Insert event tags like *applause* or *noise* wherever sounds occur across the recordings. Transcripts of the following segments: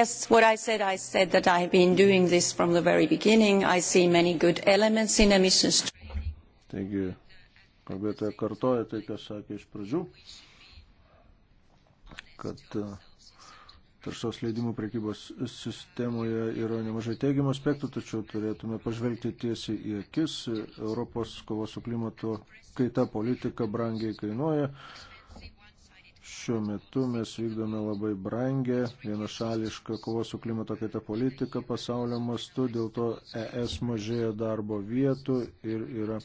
Yes, what I said, I said that I have been doing this from the very beginning. I see many good elements in emissions. Taigi, kalbėtoja kartoja tai, ką sakė iš pradžių, kad e, taršos leidimų prekybos sistemoje yra nemažai teigiamų aspektų, tačiau turėtume pažvelgti tiesiai į akis. Europos kovos su klimato kaita politika brangiai kainuoja Šiuo metu mes vykdome labai brangę vienašališką kovos su klimato kaita politiką pasaulio mastu, dėl to ES mažėja darbo vietų ir yra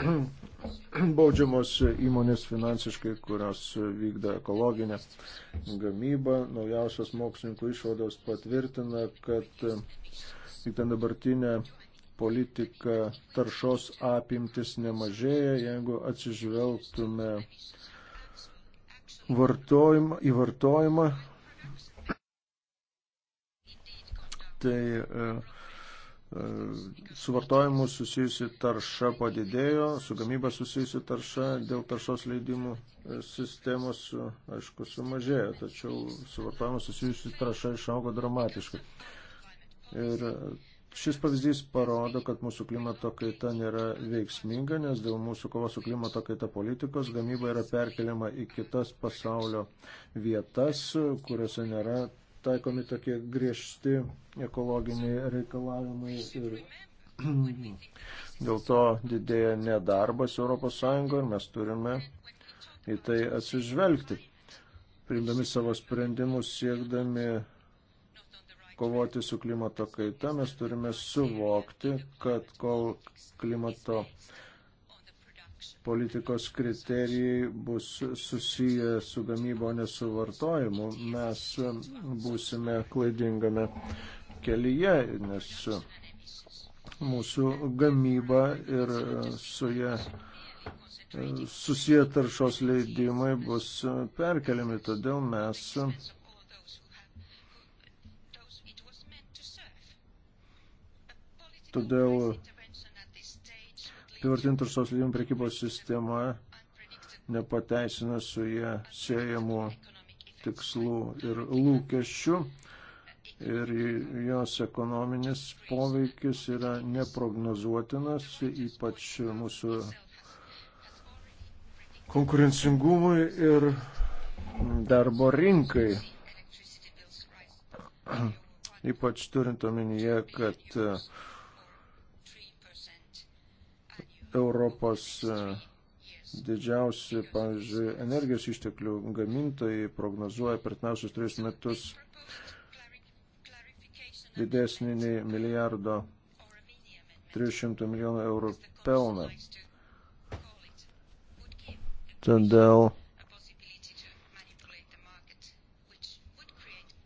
*clears throat* baudžiamos įmonės finansiškai, kurios vykdo ekologinę gamybą. Naujausios mokslininkų išvados patvirtina, kad ten dabartinė politika taršos apimtis nemažėja, jeigu atsižvelgtume vartojimą, į vartojimą, tai e, e, su vartojimu susijusi tarša padidėjo, su gamyba susijusi tarša dėl taršos leidimų e, sistemos, aišku, sumažėjo, tačiau su vartojimu susijusi tarša išaugo dramatiškai. Ir e, Šis pavyzdys parodo, kad mūsų klimato kaita nėra veiksminga, nes dėl mūsų kovos su klimato kaita politikos gamyba yra perkeliama į kitas pasaulio vietas, kuriuose nėra taikomi tokie griežti ekologiniai reikalavimai ir *clears throat* dėl to didėja nedarbas ES ir mes turime į tai atsižvelgti, priimdami savo sprendimus siekdami kovoti su klimato kaita, mes turime suvokti, kad kol klimato politikos kriterijai bus susiję su gamybo nesuvartojimu, mes būsime klaidingame kelyje, nes mūsų gamyba ir su ją susiję taršos leidimai bus perkeliami, todėl mes Todėl pivartintų ir sauslydimų prekybos sistema nepateisina su jie siejamų tikslų ir lūkesčių. Ir jos ekonominis poveikis yra neprognozuotinas, ypač mūsų konkurencingumui ir darbo rinkai. Ypač turint omenyje, kad Europos e, didžiausi, pavyzdžiui, energijos išteklių gamintojai prognozuoja per tnausius tris metus didesnį nei milijardo 300 milijonų eurų pelną. Todėl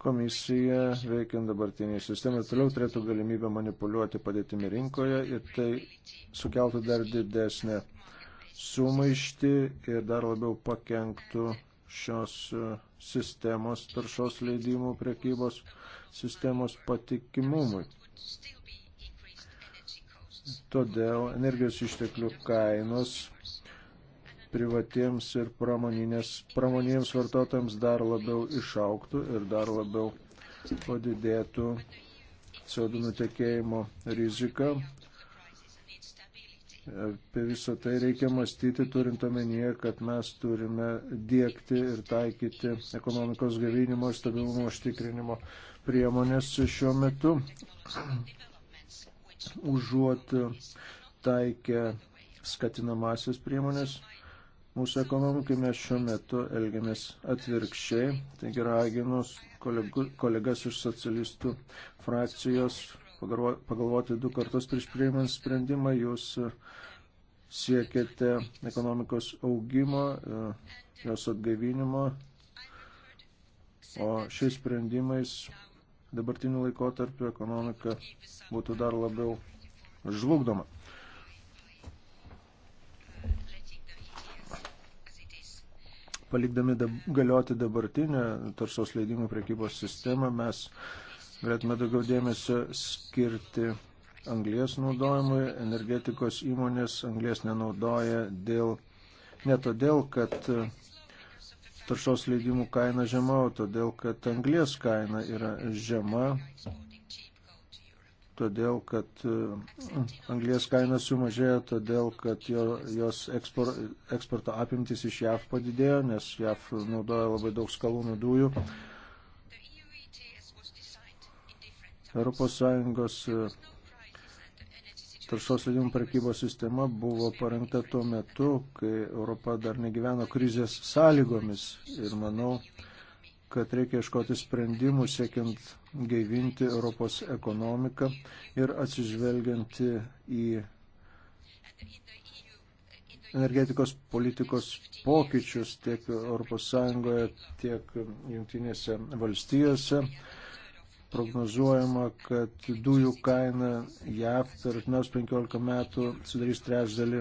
komisija, veikiant dabartiniai sistemai, toliau turėtų galimybę manipuliuoti padėtimi rinkoje ir tai sukeltų dar didesnę sumaištį ir dar labiau pakenktų šios e, sistemos taršos leidimų prekybos sistemos patikimumui. Todėl energijos išteklių kainos privatiems ir pramoniniams vartotojams dar labiau išauktų ir dar labiau padidėtų CO2 nutekėjimo rizika, Apie visą tai reikia mąstyti, turint omenyje, kad mes turime dėkti ir taikyti ekonomikos gavinimo ir stabilumo užtikrinimo priemonės šiuo metu, užuot taikę skatinamasios priemonės. Mūsų ekonomikai mes šiuo metu elgiamės atvirkščiai, taigi raginus kolegas iš socialistų frakcijos pagalvoti du kartus prieš priimant sprendimą. Jūs e, siekiate ekonomikos augimo, e, jos atgaivinimo, o šiais sprendimais dabartiniu laikotarpiu ekonomika būtų dar labiau žlugdoma. Palikdami dab, galioti dabartinę tarsos leidimų prekybos sistemą, mes uh, galėtume daugiau dėmesio skirti anglės naudojimui. Energetikos įmonės anglės nenaudoja dėl, ne todėl, kad taršos leidimų kaina žema, o todėl, kad anglės kaina yra žema, todėl, kad uh, anglės kaina sumažėjo, todėl, kad jo, jos ekspor, eksporto apimtis iš JAV padidėjo, nes JAV naudoja labai daug skalūnų dujų. ES e, taršos leidimų prekybos sistema buvo parengta tuo metu, kai Europa dar negyveno krizės sąlygomis ir manau, kad reikia iškoti sprendimų siekiant gaivinti Europos ekonomiką ir atsižvelgianti į energetikos politikos pokyčius tiek ES, tiek Junktinėse valstijose prognozuojama, kad dujų kaina JAV per atmiaus 15 metų sudarys trečdalį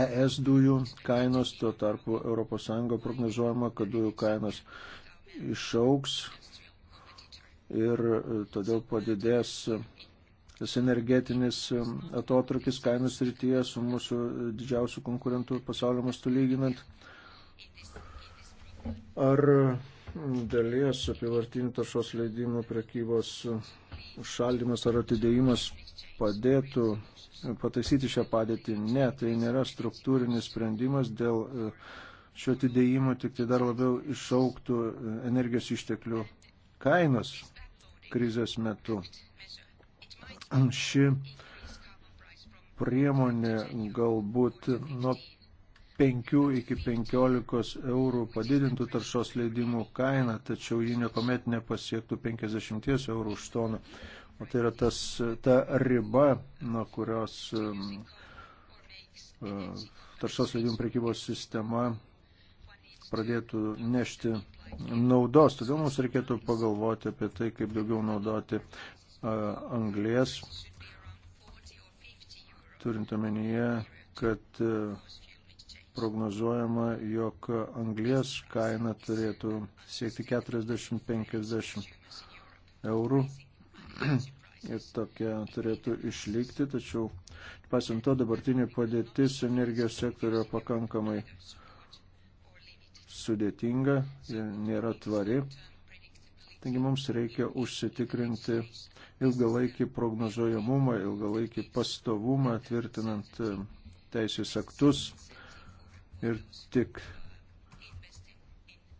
ES dujų kainos, tuo tarpu ES prognozuojama, kad dujų kainos išauks ir e, todėl padidės tas energetinis e, atotrukis kainos rytyje su mūsų didžiausių konkurentų pasaulio mastu lyginant. Ar dalies apivartinių taršos leidimų prekybos šaldymas ar atidėjimas padėtų pataisyti šią padėtį. Ne, tai nėra struktūrinis sprendimas dėl e, šio atidėjimo, tik tai dar labiau išauktų e, energijos išteklių kainos krizės metu. Ši priemonė galbūt nuo 5 iki 15 eurų padidintų taršos leidimų kainą, tačiau ji niekuomet nepasiektų 50 eurų už toną. O tai yra tas, ta riba, nuo kurios e, taršos leidimų prekybos sistema pradėtų nešti naudos. Todėl mums reikėtų pagalvoti apie tai, kaip daugiau naudoti e, anglės, turint omenyje, kad e, prognozuojama, jog anglės kaina turėtų siekti 40-50 eurų *clears throat* ir tokia turėtų išlikti, tačiau pasiant to dabartinė padėtis energijos sektorio pakankamai sudėtinga ir nėra tvari. Taigi mums reikia užsitikrinti ilgalaikį prognozuojamumą, ilgalaikį pastovumą, tvirtinant teisės aktus, ir tik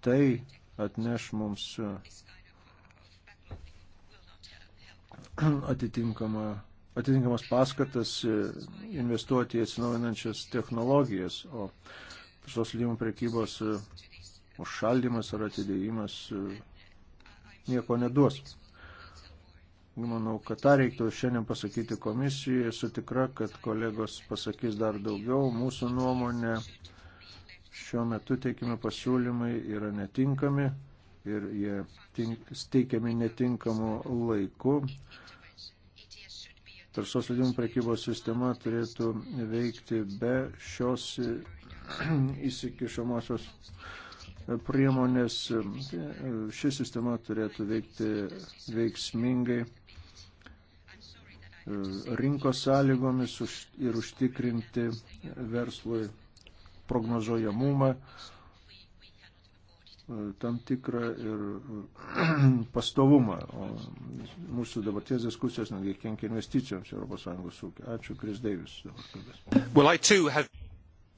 tai atneš mums atitinkamą, atitinkamas paskatas investuoti į atsinaujinančias technologijas, o visos lygimų prekybos užšaldymas ar atidėjimas nieko neduos. Manau, kad tą reiktų šiandien pasakyti komisijai. Esu tikra, kad kolegos pasakys dar daugiau. Mūsų nuomonė šiuo metu teikiami pasiūlymai yra netinkami ir jie tink, teikiami netinkamu laiku. Tarsos leidimų prekybos sistema turėtų veikti be šios *clears throat* įsikišamosios priemonės. Ši sistema turėtų veikti veiksmingai rinkos sąlygomis ir užtikrinti verslui prognozuojamumą e, tam tikrą ir e, *clears throat* pastovumą. O mūsų dabarties diskusijos netgi kenkia investicijoms ES ūkio. Ačiū, Kris Deivis. Well, have...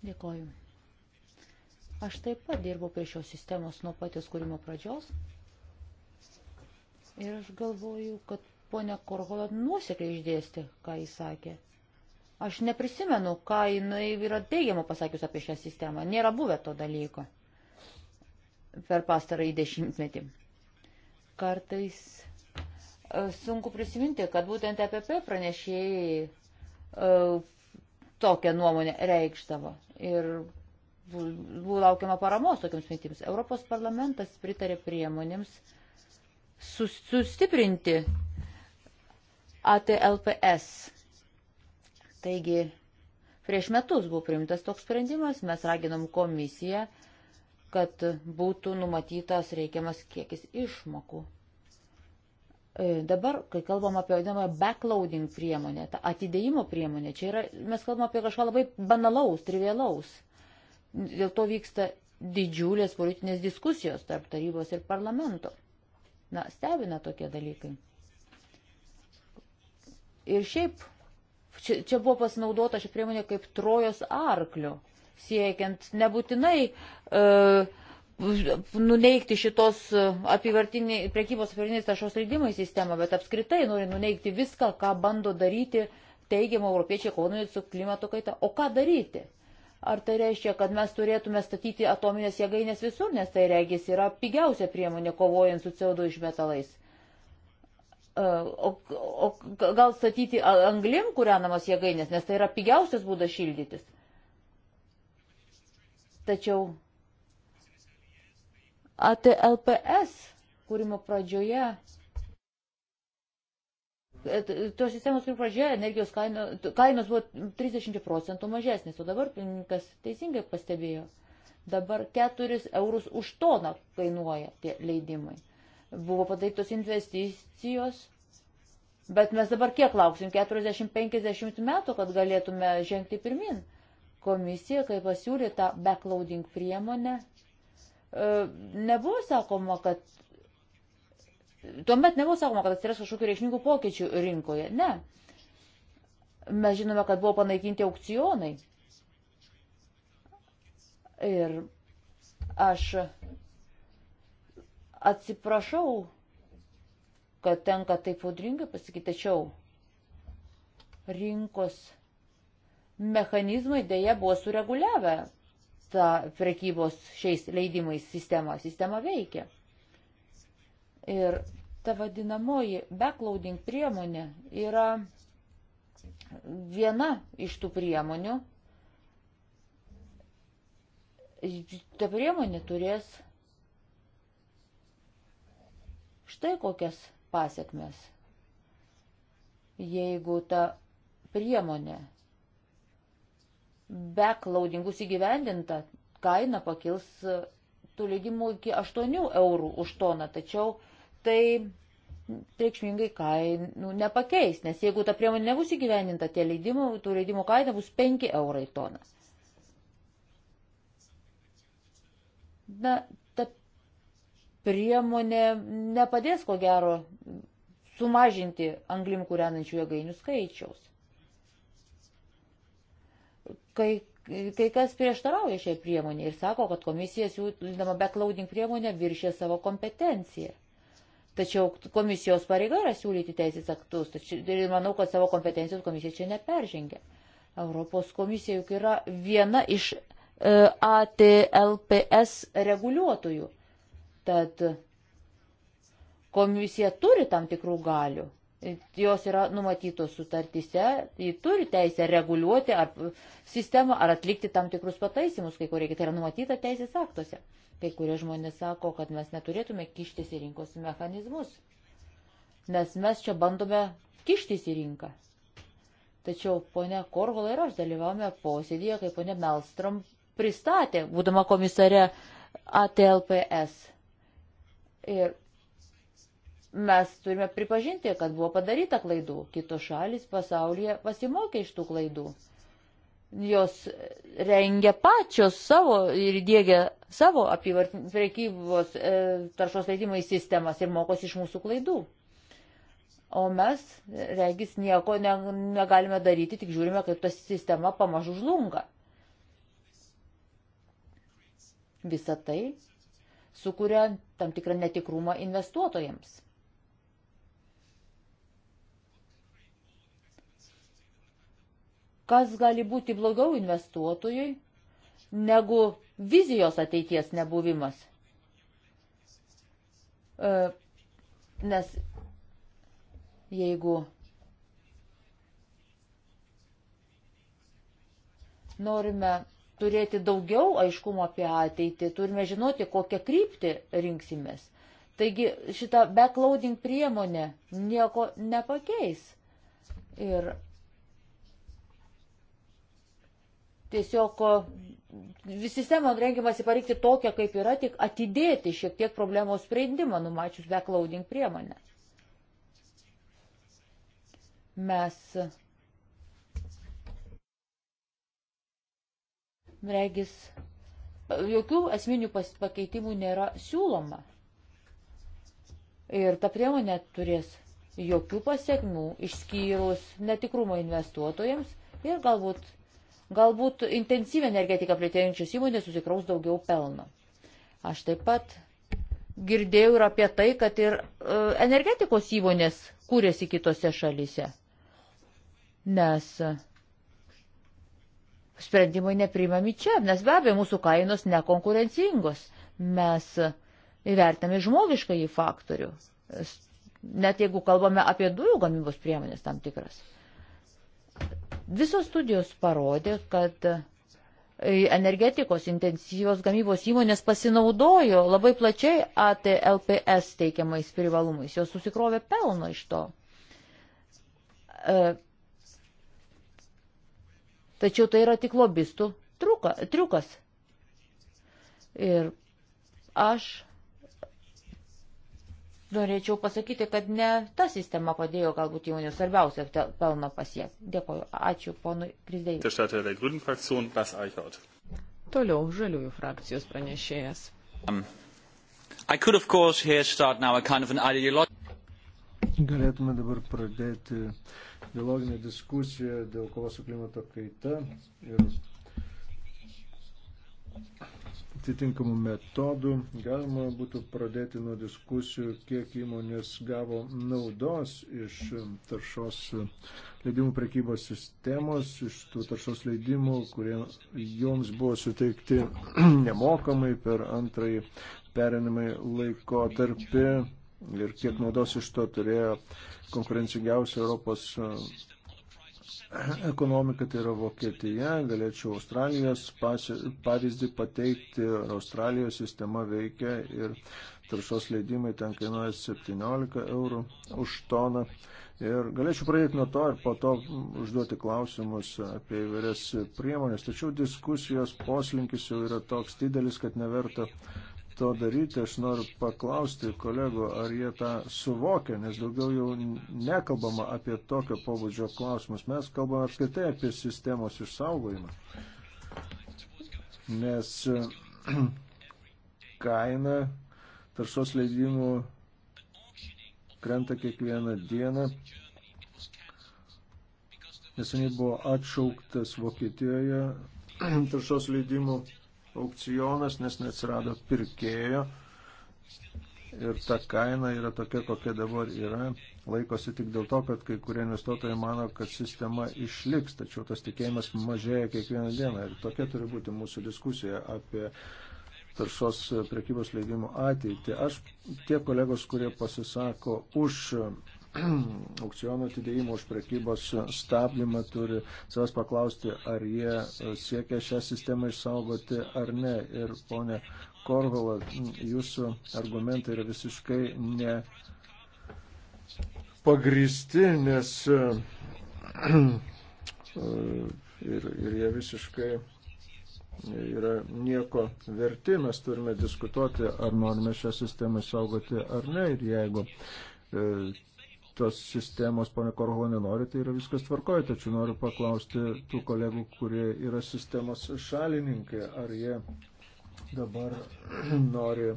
Dėkoju. Aš taip pat dirbau prie šios sistemos nuo patys kūrimo pradžios. Ir aš galvoju, kad ponia Korhola nuosekliai išdėsti, ką jis sakė. Aš neprisimenu, ką jinai yra teigiamą pasakius apie šią sistemą. Nėra buvę to dalyko per pastarąjį dešimtmetį. Kartais e, sunku prisiminti, kad būtent EPP pranešėjai uh, tokią nuomonę reikštavo. Ir buvo laukiama paramos tokiams mintims. Europos parlamentas pritarė priemonėms sustiprinti ATLPS Taigi, prieš metus buvo priimtas toks sprendimas, mes raginom komisiją, kad būtų numatytas reikiamas kiekis išmokų. E, dabar, kai kalbam apie vadinamą backloading priemonę, tą atidėjimo priemonę, čia yra, mes kalbam apie kažką labai banalaus, trivialaus. Dėl to vyksta didžiulės politinės diskusijos tarp tarybos ir parlamento. Na, stebina tokie dalykai. Ir šiaip Čia, čia buvo pasinaudota ši priemonė kaip trojos arkliu, siekiant nebūtinai e, nuneikti šitos e, apivartinį, prekybos apivartinės taršos leidimai sistemą, bet apskritai nori nuneikti viską, ką bando daryti teigiamą europiečiai kovodami su klimato kaita. O ką daryti? Ar tai reiškia, kad mes turėtume statyti atominės jėgainės visur, nes tai regis yra pigiausia priemonė kovojant su CO2 išmetalais? E, o, o gal statyti anglim kūrenamos jėgainės, nes tai yra pigiausias būdas šildytis. Tačiau ATLPS kūrimo pradžioje, e, tos sistemos kūrimo pradžioje energijos kainos, kainos buvo 30 procentų mažesnės, o dabar, kas teisingai pastebėjo, dabar 4 eurus už toną kainuoja tie leidimai buvo padarytos investicijos, bet mes dabar kiek lauksim, 40-50 metų, kad galėtume žengti pirmin. Komisija, kai pasiūlė tą backloading priemonę, e, nebuvo sakoma, kad Tuomet nebuvo sakoma, kad atsiras kažkokių reikšmingų pokyčių rinkoje. Ne. Mes žinome, kad buvo panaikinti aukcionai. Ir aš Atsiprašau, kad tenka taip audringai pasakyti, tačiau rinkos mechanizmai dėja buvo sureguliavę tą prekybos šiais leidimais sistemą. Sistema veikia. Ir ta vadinamoji backloading priemonė yra viena iš tų priemonių. Ta priemonė turės Štai kokias pasiekmes. Jeigu ta priemonė backloadingus įgyvendinta, kaina pakils tų leidimų iki 8 eurų už toną, tačiau tai reikšmingai kainų nepakeis, nes jeigu ta priemonė nebus įgyvendinta, tie leidimų, tų leidimų kaina bus 5 eurai tonas. Na, priemonė nepadės, ko gero, sumažinti anglim kūrenančių jėgainių skaičiaus. Kai, kai kas prieštarauja šiai priemonė ir sako, kad komisija siūlydama backloading priemonę viršė savo kompetenciją. Tačiau komisijos pareiga yra siūlyti teisės aktus tačiau, ir manau, kad savo kompetencijos komisija čia neperžengia. Europos komisija juk yra viena iš e, ATLPS reguliuotojų. Tad komisija turi tam tikrų galių. Jos yra numatytos sutartyse, ji turi teisę reguliuoti ar sistemą, ar atlikti tam tikrus pataisimus, kai kur reikia. Tai yra numatyta teisės aktuose. Kai kurie žmonės sako, kad mes neturėtume kištis į rinkos mechanizmus, nes mes čia bandome kištis į rinką. Tačiau ponia Korgola ir aš dalyvavome posėdėje, kai ponia Melstrom pristatė, būdama komisare ATLPS Ir mes turime pripažinti, kad buvo padaryta klaidų. Kitos šalis pasaulyje pasimokė iš tų klaidų. Jos rengia pačios savo ir dėgia savo apyvartininkybos e, taršos leidimai sistemas ir mokosi iš mūsų klaidų. O mes, regis, nieko ne, negalime daryti, tik žiūrime, kaip ta sistema pamažu žlunga. Visą tai sukuria tam tikrą netikrumą investuotojams. Kas gali būti blogiau investuotojui negu vizijos ateities nebuvimas? E, nes jeigu norime turėti daugiau aiškumo apie ateitį, turime žinoti, kokią kryptį rinksimės. Taigi šita backloading priemonė nieko nepakeis. Ir tiesiog sistemą rengimasi pareikti tokią, kaip yra, tik atidėti šiek tiek problemos sprendimą, numačius backloading priemonę. Mes regis, jokių esminių pakeitimų nėra siūloma. Ir ta priemonė turės jokių pasiekmių, išskyrus netikrumo investuotojams ir galbūt, galbūt intensyvę energetiką plėtėjančios įmonės susikraus daugiau pelno. Aš taip pat girdėjau ir apie tai, kad ir e, energetikos įmonės kūrėsi kitose šalyse. Nes sprendimai neprimami čia, nes be abejo mūsų kainos nekonkurencingos. Mes įvertiname žmogišką į faktorių, net jeigu kalbame apie dujų gamybos priemonės tam tikras. Visos studijos parodė, kad energetikos intensyvios gamybos įmonės pasinaudojo labai plačiai ATLPS teikiamais privalumais, jos susikrovė pelno iš to e, Tačiau tai yra tik lobistų truka, triukas. Ir aš norėčiau pasakyti, kad ne ta sistema padėjo galbūt įmonių svarbiausią pelną pasiekti. Dėkoju. Ačiū ponui Krisdėjui. Toliau žaliųjų frakcijos pranešėjas. Um, could, course, kind of Galėtume dabar pradėti uh, dialoginę diskusiją dėl kovos su klimato kaita ir atitinkamų metodų. Galima būtų pradėti nuo diskusijų, kiek įmonės gavo naudos iš taršos leidimų prekybos sistemos, iš tų taršos leidimų, kurie joms buvo suteikti *clears throat* nemokamai per antrąjį perinamai laikotarpį ir kiek naudos iš to turėjo konkurencingiausia Europos e, ekonomika, tai yra Vokietija, galėčiau Australijos pavyzdį pateikti, Australijos sistema veikia ir taršos leidimai ten kainuoja 17 eurų už toną. Ir galėčiau pradėti nuo to ir po to užduoti klausimus apie įvairias priemonės. Tačiau diskusijos poslinkis jau yra toks didelis, kad neverta uh, to daryti, aš noriu paklausti kolegų, ar jie tą suvokia, nes daugiau jau nekalbama apie tokio pobūdžio klausimus. Mes kalbame apskritai apie sistemos išsaugojimą. Nes *clears throat* kaina taršos leidimų krenta kiekvieną dieną. Neseniai buvo atšauktas Vokietijoje *clears throat* taršos leidimų aukcionas, nes neatsirado pirkėjo. Ir ta kaina yra tokia, kokia dabar yra. Laikosi tik dėl to, kad kai kurie investuotojai mano, kad sistema išliks, tačiau tas tikėjimas mažėja kiekvieną dieną. Ir tokia turi būti mūsų diskusija apie taršos prekybos leidimų ateitį. Aš tie kolegos, kurie pasisako už *clears throat* aukciono atidėjimo už prekybos stabdymą turi savęs paklausti, ar jie e, siekia šią sistemą išsaugoti ar ne. Ir ponė Korvala, jūsų argumentai yra visiškai ne pagristi, nes e, *clears throat* e, ir, ir jie visiškai yra nieko verti. Mes turime diskutuoti, ar norime šią sistemą saugoti ar ne. Ir jeigu tos sistemos, ponė Korhola, nenori, tai yra viskas tvarkoja, tačiau noriu paklausti tų kolegų, kurie yra sistemos šalininkai, ar jie dabar *clears throat* nori e,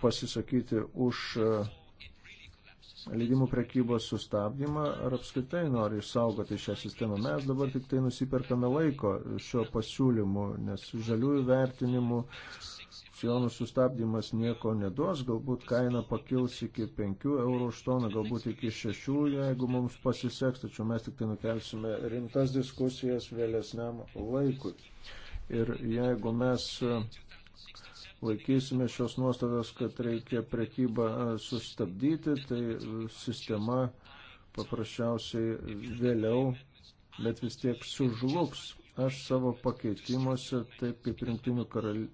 pasisakyti už e, leidimų prekybos sustabdymą ar apskritai nori išsaugoti šią sistemą. Mes dabar tik tai nusiperkame laiko šio pasiūlymu, nes žaliųjų vertinimų uh, sijonų sustabdymas nieko neduos, galbūt kaina pakils iki 5 eurų už toną, galbūt iki 6, jeigu mums pasiseks, tačiau mes tik tai nukelsime rimtas diskusijas vėlesniam laikui. Ir jeigu mes e, laikysime šios nuostatos, kad reikia prekybą e, sustabdyti, tai e, sistema paprasčiausiai vėliau, bet vis tiek sužlugs aš savo pakeitimuose, taip kaip Junktinės karal...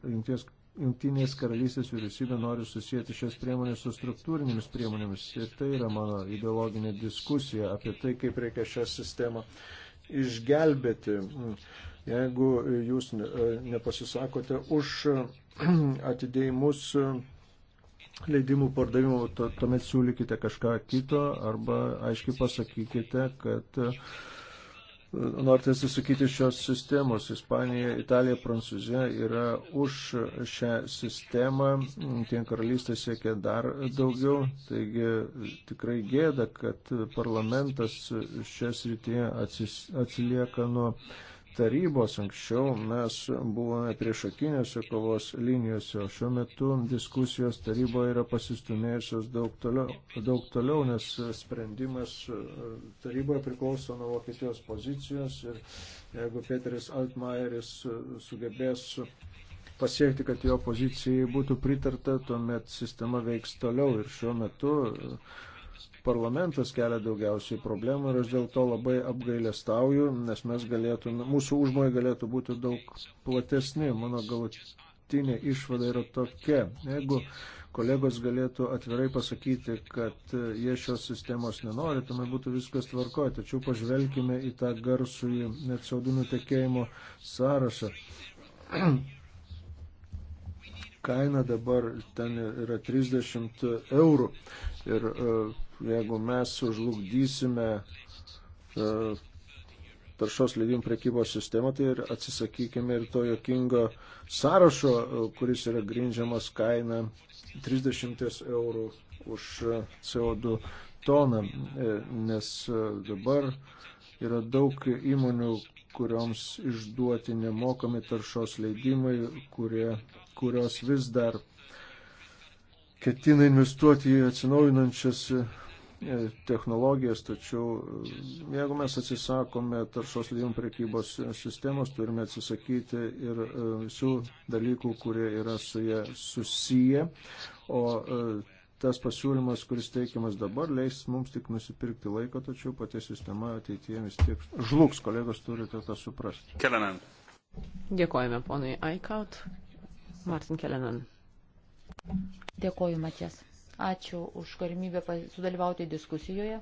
Jungtinės karalystės vyriausybė nori susijęti šias priemonės su struktūrinėmis priemonėmis. Ir tai yra mano ideologinė diskusija apie tai, kaip reikia šią sistemą išgelbėti. Jeigu jūs nepasisakote už atidėjimus leidimų pardavimų, tuomet siūlykite kažką kito arba aiškiai pasakykite, kad norite atsisakyti šios sistemos. Ispanija, Italija, Prancūzija yra už šią sistemą, tien karalystė siekia dar daugiau, taigi tikrai gėda, kad parlamentas šią srityje atsis, atsilieka nuo tarybos. Anksčiau mes buvome priešakinėse kovos linijose, o šiuo metu diskusijos taryboje yra pasistumėjusios daug toliau, daug toliau nes sprendimas e, taryboje priklauso nuo Vokietijos pozicijos ir jeigu Peteris Altmaieris e, sugebės pasiekti, kad jo pozicijai būtų pritarta, tuomet sistema veiks toliau ir šiuo metu parlamentas kelia daugiausiai problemų ir aš dėl to labai apgailestauju, nes mes galėtume, mūsų užmojai galėtų būti daug platesni. Mano galutinė išvada yra tokia. Jeigu kolegos galėtų atvirai pasakyti, kad jie šios sistemos nenori, tuomet būtų viskas tvarkoje. Tačiau pažvelkime į tą garsųjį neatsiaudų nutekėjimo sąrašą. Kaina dabar ten yra 30 eurų ir uh, Jeigu mes sužlugdysime e, taršos leidimų prekybos sistemą, tai ir atsisakykime ir to jokingo sąrašo, e, kuris yra grindžiamas kaina 30 eurų už e, CO2 toną, nes dabar yra daug įmonių, kurioms išduoti nemokami taršos leidimai, kurie, kurios vis dar ketina investuoti į atsinaujinančias technologijas, tačiau e, jeigu mes atsisakome taršos lygimų prekybos sistemos, turime atsisakyti ir e, visų dalykų, kurie yra su jie susiję, o e, tas pasiūlymas, kuris teikiamas dabar, leis mums tik nusipirkti laiko, tačiau pati sistema ateityje vis tiek žlugs, kolegos turite tą suprasti. Kelenan. Dėkojame ponui Aikaut. Martin Kelenan. Dėkoju, Matės. Ačiū už galimybę sudalyvauti diskusijoje.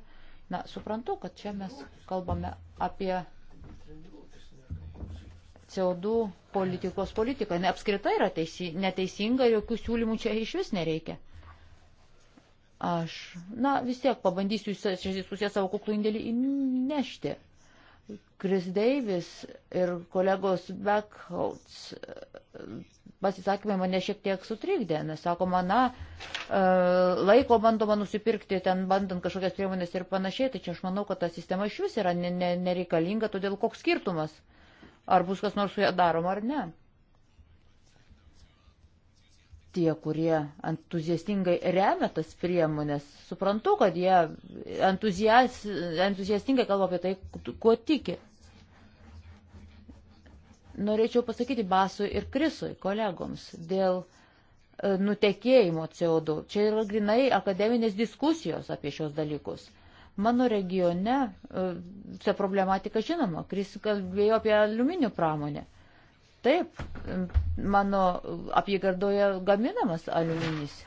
Na, suprantu, kad čia mes kalbame apie CO2 politikos politiką. Ne apskritai yra teisi, neteisinga, jokių siūlymų čia iš vis nereikia. Aš, na, vis tiek pabandysiu šias diskusijas savo kuklų indėlį įnešti. Chris Davis ir kolegos Beckholz pasisakymai mane šiek tiek sutrikdė, nes sakoma, na, e, laiko bandoma nusipirkti, ten bandant kažkokias priemonės ir panašiai, tai čia aš manau, kad ta sistema iš vis yra nereikalinga, todėl koks skirtumas, ar bus kas nors su ją daroma ar ne. Tie, kurie entuziastingai remia tas priemonės, suprantu, kad jie entuzias, entuziastingai kalba apie tai, kuo tiki. Norėčiau pasakyti Basui ir Krisui, kolegoms, dėl e, nutekėjimo CO2. Čia yra grinai akademinės diskusijos apie šios dalykus. Mano regione ta e, problematika žinoma. Kris kalbėjo apie aliuminio pramonę. Taip, e, mano apygardoje gaminamas aliuminis.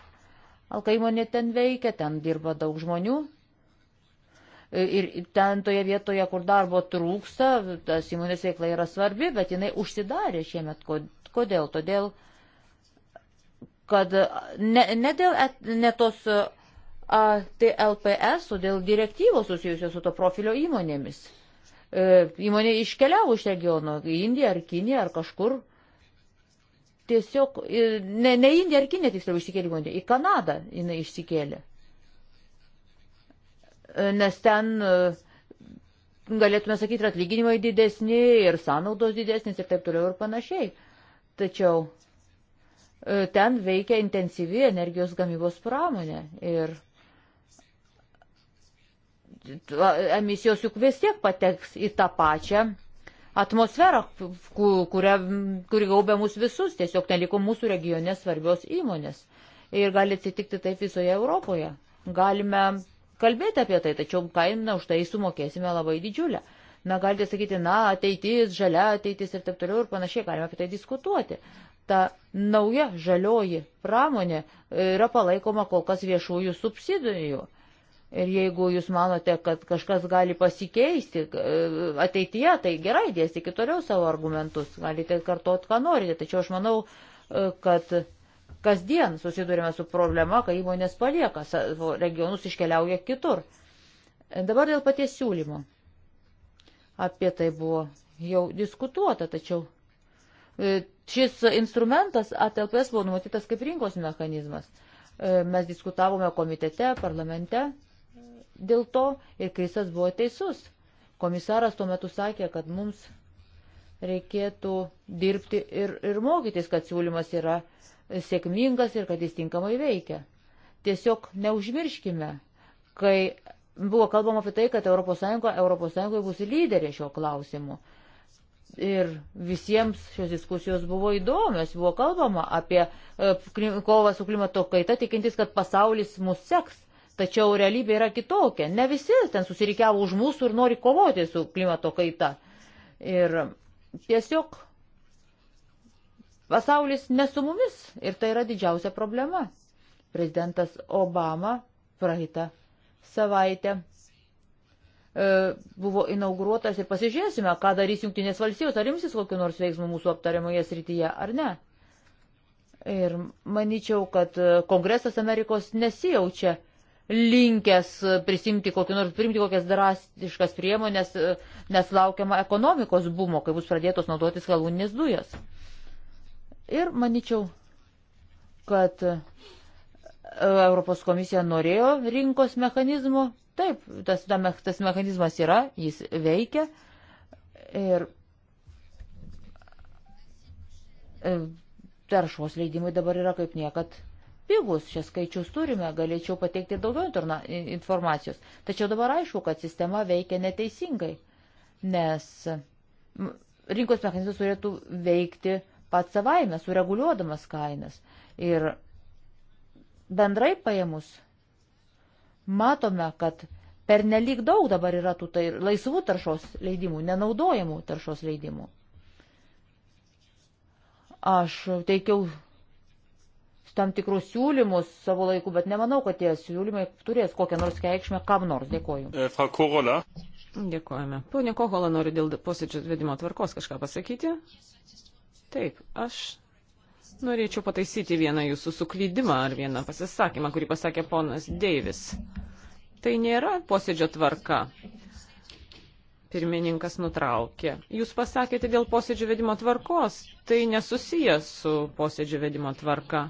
Alka įmonė ten veikia, ten dirba daug žmonių ir ten toje vietoje, kur darbo trūksta, tas įmonės veikla yra svarbi, bet jinai užsidarė šiemet. Kodėl? Todėl, kad ne, ne dėl et, ne tos TLPS, o dėl direktyvos susijusios su to profilio įmonėmis. E, įmonė iškeliavo iš regiono, į Indiją ar Kiniją ar kažkur. Tiesiog, e, ne, ne Indija ar Kinė tiksliau išsikėlė įmonė, į Kanadą jinai išsikėlė nes ten e, galėtume sakyti, atlyginimai didesni ir sąnaudos didesnis ir taip toliau ir panašiai. Tačiau e, ten veikia intensyvi energijos gamybos pramonė ir emisijos juk vis tiek pateks į tą pačią atmosferą, kurią, kuri gaubė mus visus, tiesiog neliko mūsų regione svarbios įmonės. Ir gali atsitikti taip visoje Europoje. Galime kalbėti apie tai, tačiau kainą už tai sumokėsime labai didžiulę. Na, galite sakyti, na, ateitis, žalia ateitis ir taip toliau ir panašiai, galime apie tai diskutuoti. Ta nauja žalioji pramonė yra palaikoma kol kas viešųjų subsidijų. Ir jeigu jūs manote, kad kažkas gali pasikeisti e, ateityje, tai gerai, dėstykit toliau savo argumentus, galite kartot, ką norite. Tačiau aš manau, e, kad Kasdien susidurime su problema, kai įmonės palieka savo regionus, iškeliauja kitur. Dabar dėl paties siūlymo. Apie tai buvo jau diskutuota, tačiau e, šis instrumentas ATLPS buvo numatytas kaip rinkos mechanizmas. E, mes diskutavome komitete, parlamente dėl to ir Krisas buvo teisus. Komisaras tuo metu sakė, kad mums reikėtų dirbti ir, ir mokytis, kad siūlymas yra uh, sėkmingas ir kad jis tinkamai veikia. Tiesiog neužmirškime, kai buvo kalbama apie tai, kad ES, ES bus lyderė šio klausimu. Ir visiems šios diskusijos buvo įdomios, buvo kalbama apie e, kovą su klimato kaita, tikintis, kad pasaulis mus seks. Tačiau realybė yra kitokia. Ne visi ten susirikiavo už mūsų ir nori kovoti su klimato kaita. Ir tiesiog Pasaulis nesu mumis ir tai yra didžiausia problema. Prezidentas Obama praeitą savaitę e, buvo inauguruotas ir pasižiūrėsime, ką darys Junktinės valstijos, ar imsis kokiu nors veiksmu mūsų aptariamoje srityje ar ne. Ir manyčiau, kad e, Kongresas Amerikos nesijaučia linkęs prisimti kokį nors, priimti kokias drastiškas priemonės, e, nes laukiama ekonomikos bumo, kai bus pradėtos naudotis galūninės dujas. Ir manyčiau, kad e, Europos komisija norėjo rinkos mechanizmo. Taip, tas, tas mechanizmas yra, jis veikia. Ir e, taršos leidimai dabar yra kaip niekad pigus. Šias skaičius turime, galėčiau pateikti daugiau informacijos. Tačiau dabar aišku, kad sistema veikia neteisingai, nes rinkos mechanizmas turėtų veikti uh, pat savaime, sureguliuodamas kainas. Ir bendrai paėmus, matome, kad per nelik daug dabar yra tų tai laisvų taršos leidimų, nenaudojamų taršos leidimų. Aš teikiau tam tikrus siūlymus savo laiku, bet nemanau, kad tie siūlymai turės kokią nors reikšmę kam nors. Dėkoju. E, Frau Korola. Dėkojame. Pone Kohola nori dėl posėdžio vedimo tvarkos kažką pasakyti? Taip, aš norėčiau pataisyti vieną jūsų suklydimą ar vieną pasisakymą, kurį pasakė ponas Deivis. Tai nėra posėdžio tvarka. Pirmininkas nutraukė. Jūs pasakėte dėl posėdžio vedimo tvarkos. Tai nesusijęs su posėdžio vedimo tvarka.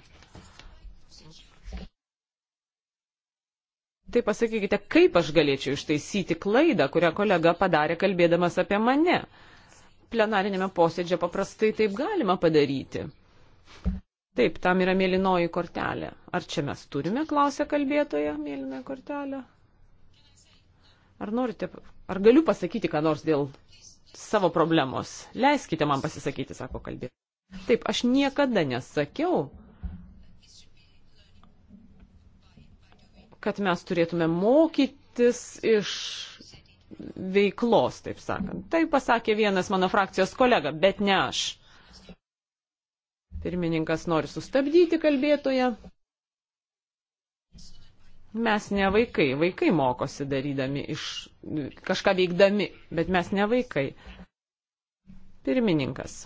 Tai pasakykite, kaip aš galėčiau ištaisyti klaidą, kurią kolega padarė kalbėdamas apie mane plenarinėme posėdžio paprastai taip galima padaryti. Taip, tam yra mėlynoji kortelė. Ar čia mes turime, klausė kalbėtoja, mėlyną kortelę? Ar norite, ar galiu pasakyti, ką nors dėl savo problemos? Leiskite man pasisakyti, sako kalbėtoja. Taip, aš niekada nesakiau, kad mes turėtume mokytis iš veiklos, taip sakant. Tai pasakė vienas mano frakcijos kolega, bet ne aš. Pirmininkas nori sustabdyti kalbėtoje. Mes ne vaikai, vaikai mokosi darydami iš kažką veikdami, bet mes ne vaikai. Pirmininkas.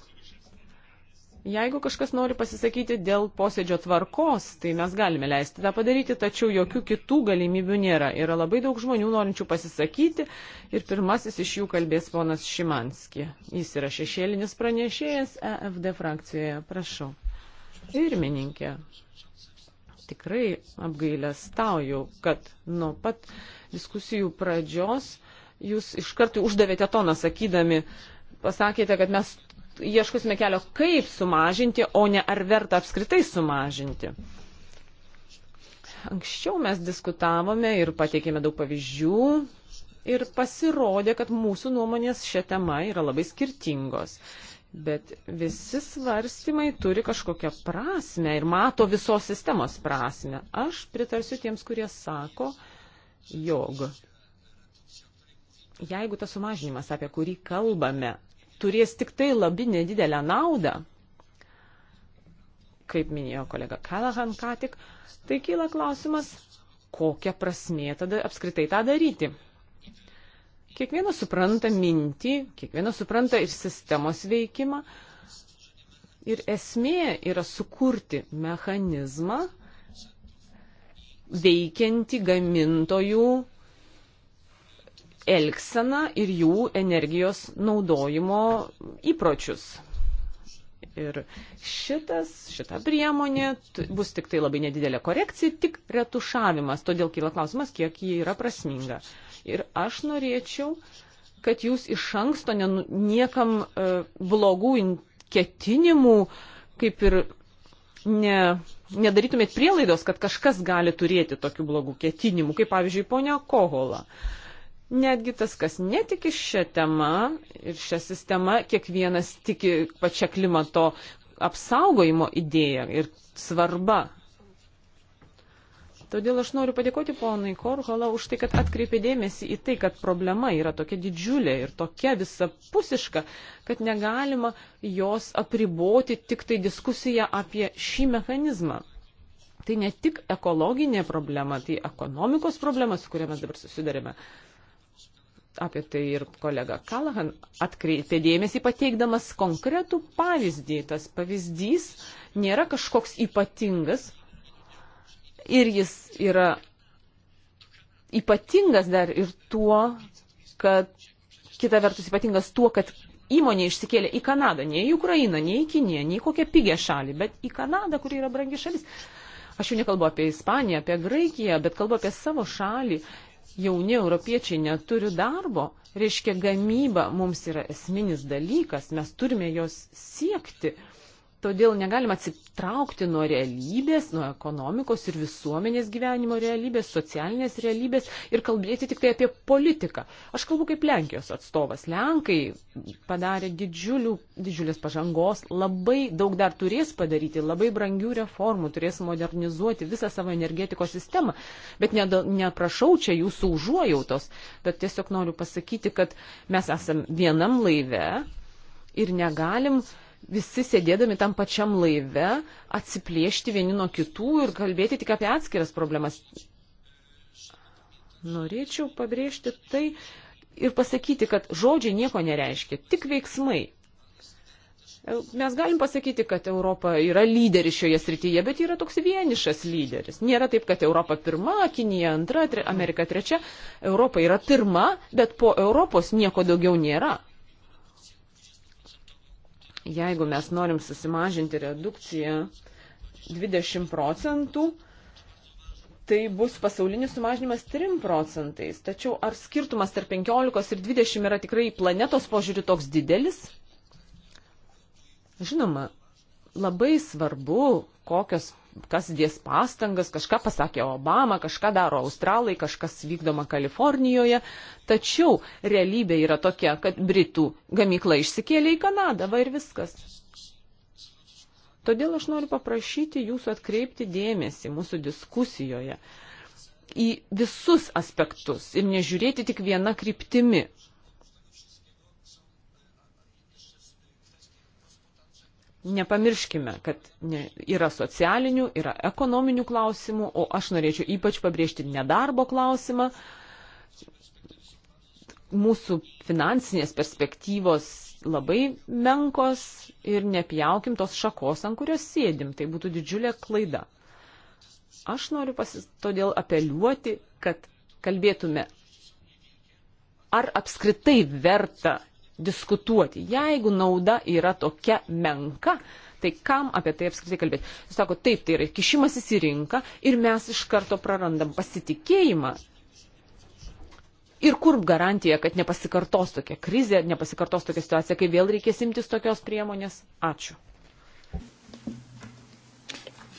Jeigu kažkas nori pasisakyti dėl posėdžio tvarkos, tai mes galime leisti tą padaryti, tačiau jokių kitų galimybių nėra. Yra labai daug žmonių norinčių pasisakyti ir pirmasis iš jų kalbės ponas Šimanski. Jis yra šešėlinis pranešėjas EFD frakcijoje. Prašau. Pirmininkė, tikrai apgailę stauju, kad nuo pat diskusijų pradžios jūs iš karto uždavėte toną sakydami, pasakėte, kad mes ieškosime kelio, kaip sumažinti, o ne ar verta apskritai sumažinti. Anksčiau mes diskutavome ir pateikėme daug pavyzdžių ir pasirodė, kad mūsų nuomonės šią temą yra labai skirtingos. Bet visi svarstymai turi kažkokią prasme ir mato visos sistemos prasme. Aš pritarsiu tiems, kurie sako, jog jeigu tas sumažinimas, apie kurį kalbame, turės tik tai labai nedidelę naudą, kaip minėjo kolega Kalahan ką tik, tai kyla klausimas, kokia prasmė tada apskritai tą daryti. Kiekvienas supranta mintį, kiekvienas supranta ir sistemos veikimą. Ir esmė yra sukurti mechanizmą veikianti gamintojų elgseną ir jų energijos naudojimo įpročius. Ir šitas, šita priemonė bus tik tai labai nedidelė korekcija, tik retušavimas, todėl kyla klausimas, kiek ji yra prasminga. Ir aš norėčiau, kad jūs iš anksto nenu, niekam e, blogų ketinimų kaip ir ne, nedarytumėt prielaidos, kad kažkas gali turėti tokių blogų ketinimų, kaip pavyzdžiui ponia Kohola. E, netgi tas, kas netiki šią temą ir šią sistemą, kiekvienas tiki pačią klimato apsaugojimo idėją ir svarba. Todėl aš noriu padėkoti ponai Korhola už tai, kad atkreipė dėmesį į tai, kad problema yra tokia didžiulė ir tokia visapusiška, kad negalima jos apriboti tik tai diskusiją apie šį mechanizmą tai ne tik ekologinė problema, tai ekonomikos problema, su kuria mes dabar susidarėme apie tai ir kolega Kalahan atkreipė dėmesį pateikdamas konkretų pavyzdį. Tas pavyzdys nėra kažkoks ypatingas ir jis yra ypatingas dar ir tuo, kad kita vertus ypatingas tuo, kad įmonė išsikėlė į Kanadą, ne į Ukrainą, ne į Kiniją, ne į kokią pigę šalį, bet į Kanadą, kuri yra brangi šalis. Aš jau nekalbu apie Ispaniją, apie Graikiją, bet kalbu apie savo šalį jauni europiečiai neturi darbo, reiškia gamyba mums yra esminis dalykas, mes turime jos siekti. Todėl negalima atsitraukti nuo realybės, nuo ekonomikos ir visuomenės gyvenimo realybės, socialinės realybės ir kalbėti tik tai apie politiką. Aš kalbu kaip Lenkijos atstovas. Lenkai padarė didžiulių, didžiulės pažangos, labai daug dar turės padaryti, labai brangių reformų, turės modernizuoti visą savo energetikos sistemą. Bet neprašau ne čia jūsų užuojautos, bet tiesiog noriu pasakyti, kad mes esame vienam laive ir negalim uh, visi sėdėdami tam pačiam laive atsiplėšti vieni nuo kitų ir kalbėti tik apie atskiras problemas. Norėčiau pabrėžti tai ir pasakyti, kad žodžiai nieko nereiškia, tik veiksmai. Mes galim pasakyti, kad Europa yra lyderis šioje srityje, bet yra toks vienišas lyderis. Nėra taip, kad Europa pirma, Kinija antra, tre, Amerika trečia. Europa yra pirma, bet po Europos nieko daugiau nėra jeigu mes norim susimažinti redukciją 20 procentų, tai bus pasaulinis sumažinimas 3 procentais. Tačiau ar skirtumas tarp 15 ir 20 yra tikrai planetos požiūriu toks didelis? Žinoma, labai svarbu, kokios, kas dės pastangas, kažką pasakė Obama, kažką daro Australai, kažkas vykdoma Kalifornijoje, tačiau realybė yra tokia, kad Britų gamykla išsikėlė į Kanadą, va ir viskas. Todėl aš noriu paprašyti jūsų atkreipti dėmesį mūsų diskusijoje į visus aspektus ir nežiūrėti tik vieną kryptimi. nepamirškime, kad ne, yra socialinių, yra ekonominių klausimų, o aš norėčiau ypač pabrėžti nedarbo klausimą. Mūsų finansinės perspektyvos labai menkos ir nepjaukim tos šakos, ant kurios sėdim. Tai būtų didžiulė klaida. Aš noriu pasis, todėl apeliuoti, kad kalbėtume, ar apskritai verta diskutuoti. Jeigu nauda yra tokia menka, tai kam apie tai apskritai kalbėti? Jis sako, taip, tai yra kišimasis į rinką ir mes iš karto prarandam pasitikėjimą. Ir kur garantija, kad nepasikartos tokia krizė, nepasikartos tokia situacija, kai vėl reikės imtis tokios priemonės? Ačiū.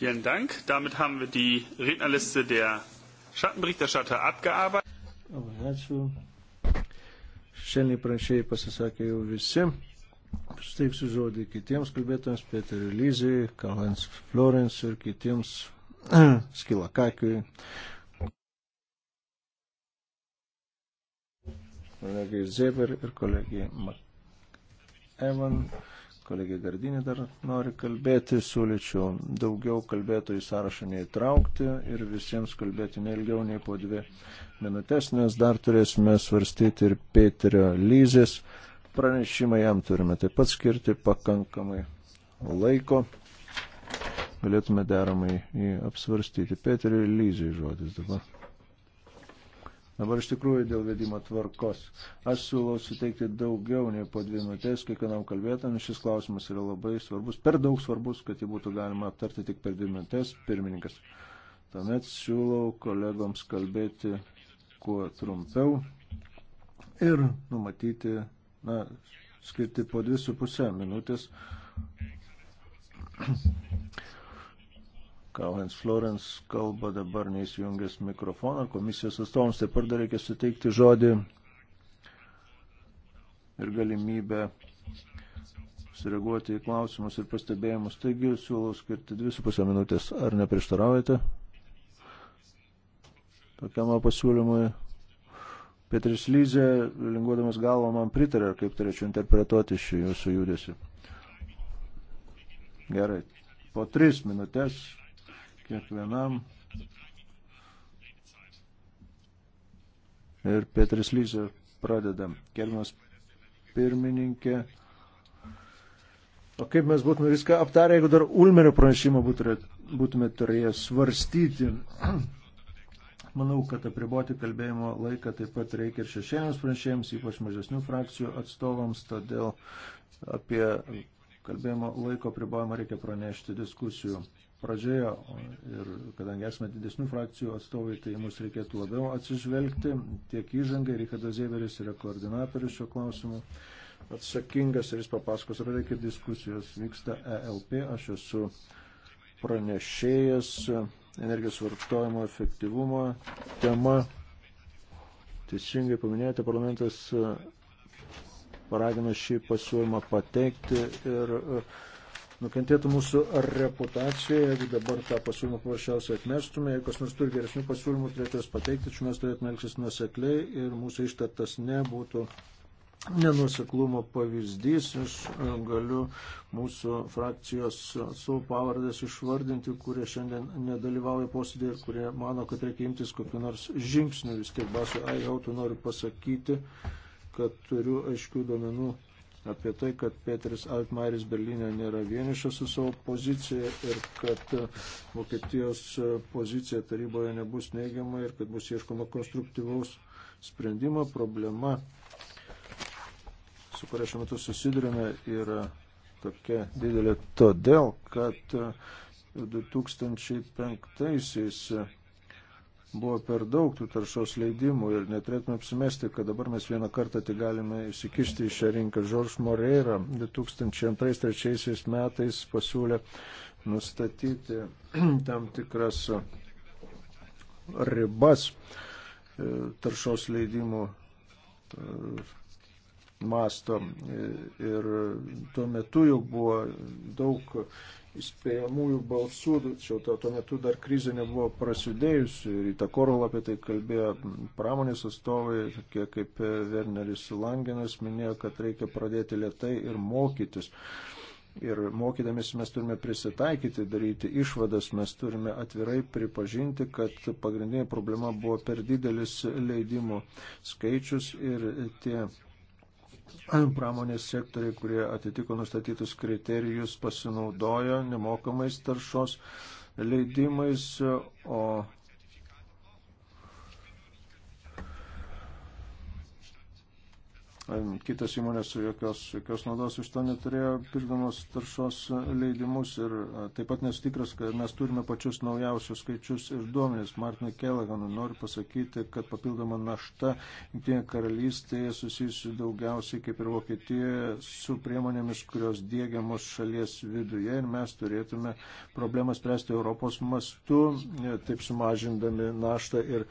Vielen Dank. Damit haben wir die Rednerliste der Schattenberichterstatter abgearbeitet. Ačiū. Šiandien pranešėjai pasisakė jau visi. Suteiksiu žodį kitiems kalbėtojams, Peteriu Lyzijai, Kalens Florence ir kitiems *clears throat* Skilakakiui. Kolegijai Zeber ir kolegijai Evan kolegė Gardinė dar nori kalbėti, siūlyčiau daugiau kalbėtojų sąrašą neįtraukti ir visiems kalbėti neilgiau nei po dvi minutės, nes dar turėsime svarstyti ir Peterio Lyzės pranešimą, jam turime taip pat skirti pakankamai laiko. Galėtume deramai jį apsvarstyti. Peteriui Lyzijai žodis dabar. Dabar iš tikrųjų dėl vedimo tvarkos. Aš siūlau suteikti daugiau nei po dvi minutės kiekvienam kalbėtam. Šis klausimas yra labai svarbus, per daug svarbus, kad jį būtų galima aptarti tik per dvi minutės. Pirmininkas. Tuomet siūlau kolegoms kalbėti kuo trumpiau ir numatyti, na, skirti po dvi su pusę minutės. Kalhens Florence kalba dabar neįsijungęs mikrofoną. Komisijos atstovams taip pat dar reikia suteikti žodį ir galimybę sureaguoti į klausimus ir pastebėjimus. Taigi siūlau skirti 2,5 minutės. Ar neprieštaraujate tokiam pasiūlymui? Petris Lyzė, linguodamas galvą, man pritarė, kaip turėčiau interpretuoti šį jūsų judesi. Gerai. Po tris minutės kiekvienam. Ir Petris Lyzė pradeda. Gerbiamas pirmininkė. O kaip mes būtume viską aptarę, jeigu dar Ulmerio pranešimą būtume turėję svarstyti. *clears throat* Manau, kad apriboti kalbėjimo laiką taip pat reikia ir šešėliams pranešėjams, ypač mažesnių frakcijų atstovams, todėl apie kalbėjimo laiko pribojimą reikia pranešti diskusijų pradžioje ir kadangi esame didesnių frakcijų atstovai, tai mus reikėtų labiau atsižvelgti. Tiek įžangai, Richardas Zėveris yra koordinatorius šio klausimu atsakingas ir jis papasakos realiai, kaip diskusijos vyksta ELP. Aš esu pranešėjas energijos vartojimo efektyvumo tema. Teisingai paminėjote, parlamentas paragino šį pasiūlymą pateikti ir uh, nukentėtų mūsų reputacija, jeigu dabar tą pasiūlymą paprasčiausiai atmestume, jeigu kas nors turi geresnių pasiūlymų, turėtų jas pateikti, čia mes turėtume elgtis nusekliai ir mūsų ištartas nebūtų nenuseklumo pavyzdys. Aš e, galiu mūsų frakcijos savo pavardės išvardinti, kurie šiandien nedalyvauja posėdėje ir kurie mano, kad reikia imtis kokiu nors žingsniu. Vis tiek, Basu, ai, jau tu noriu pasakyti, kad turiu aiškių duomenų apie tai, kad Peteris Altmairis Berlyne nėra vienišas su savo pozicija ir kad e, Vokietijos e, pozicija taryboje nebus neigiama ir kad bus ieškoma konstruktyvaus sprendimo. Problema, su kuria šiuo metu susidurime, yra tokia didelė todėl, kad 2005 e, buvo per daug tų taršos leidimų ir neturėtume apsimesti, kad dabar mes vieną kartą tik galime įsikišti į šią rinką. Žorž Moreira 2002-2003 metais pasiūlė nustatyti *clears throat* tam tikras ribas e, taršos leidimų e, masto. E, ir tuo metu jau buvo daug įspėjamųjų balsų, tačiau to, tuo metu dar krizė nebuvo prasidėjusi ir į tą korolą apie tai kalbėjo pramonės atstovai, tokie kaip Werneris Langenas minėjo, kad reikia pradėti lietai ir mokytis. Ir mokydamėsi mes turime prisitaikyti, daryti išvadas, mes turime atvirai pripažinti, kad pagrindinė problema buvo per didelis leidimų skaičius ir tie pramonės sektoriai, kurie atitiko nustatytus kriterijus, pasinaudojo nemokamais taršos leidimais, o Kitas įmonės jokios, jokios naudos iš to neturėjo, pirkdamos taršos leidimus ir taip pat nesutikras, kad mes turime pačius naujausius skaičius ir duomenys. Martinui Kelaganui noriu pasakyti, kad papildoma našta Junktinėje karalystėje susijusi daugiausiai, kaip ir Vokietijoje, su priemonėmis, kurios dėgiamos šalies viduje ir mes turėtume problemą spręsti Europos mastu, e, taip sumažindami naštą ir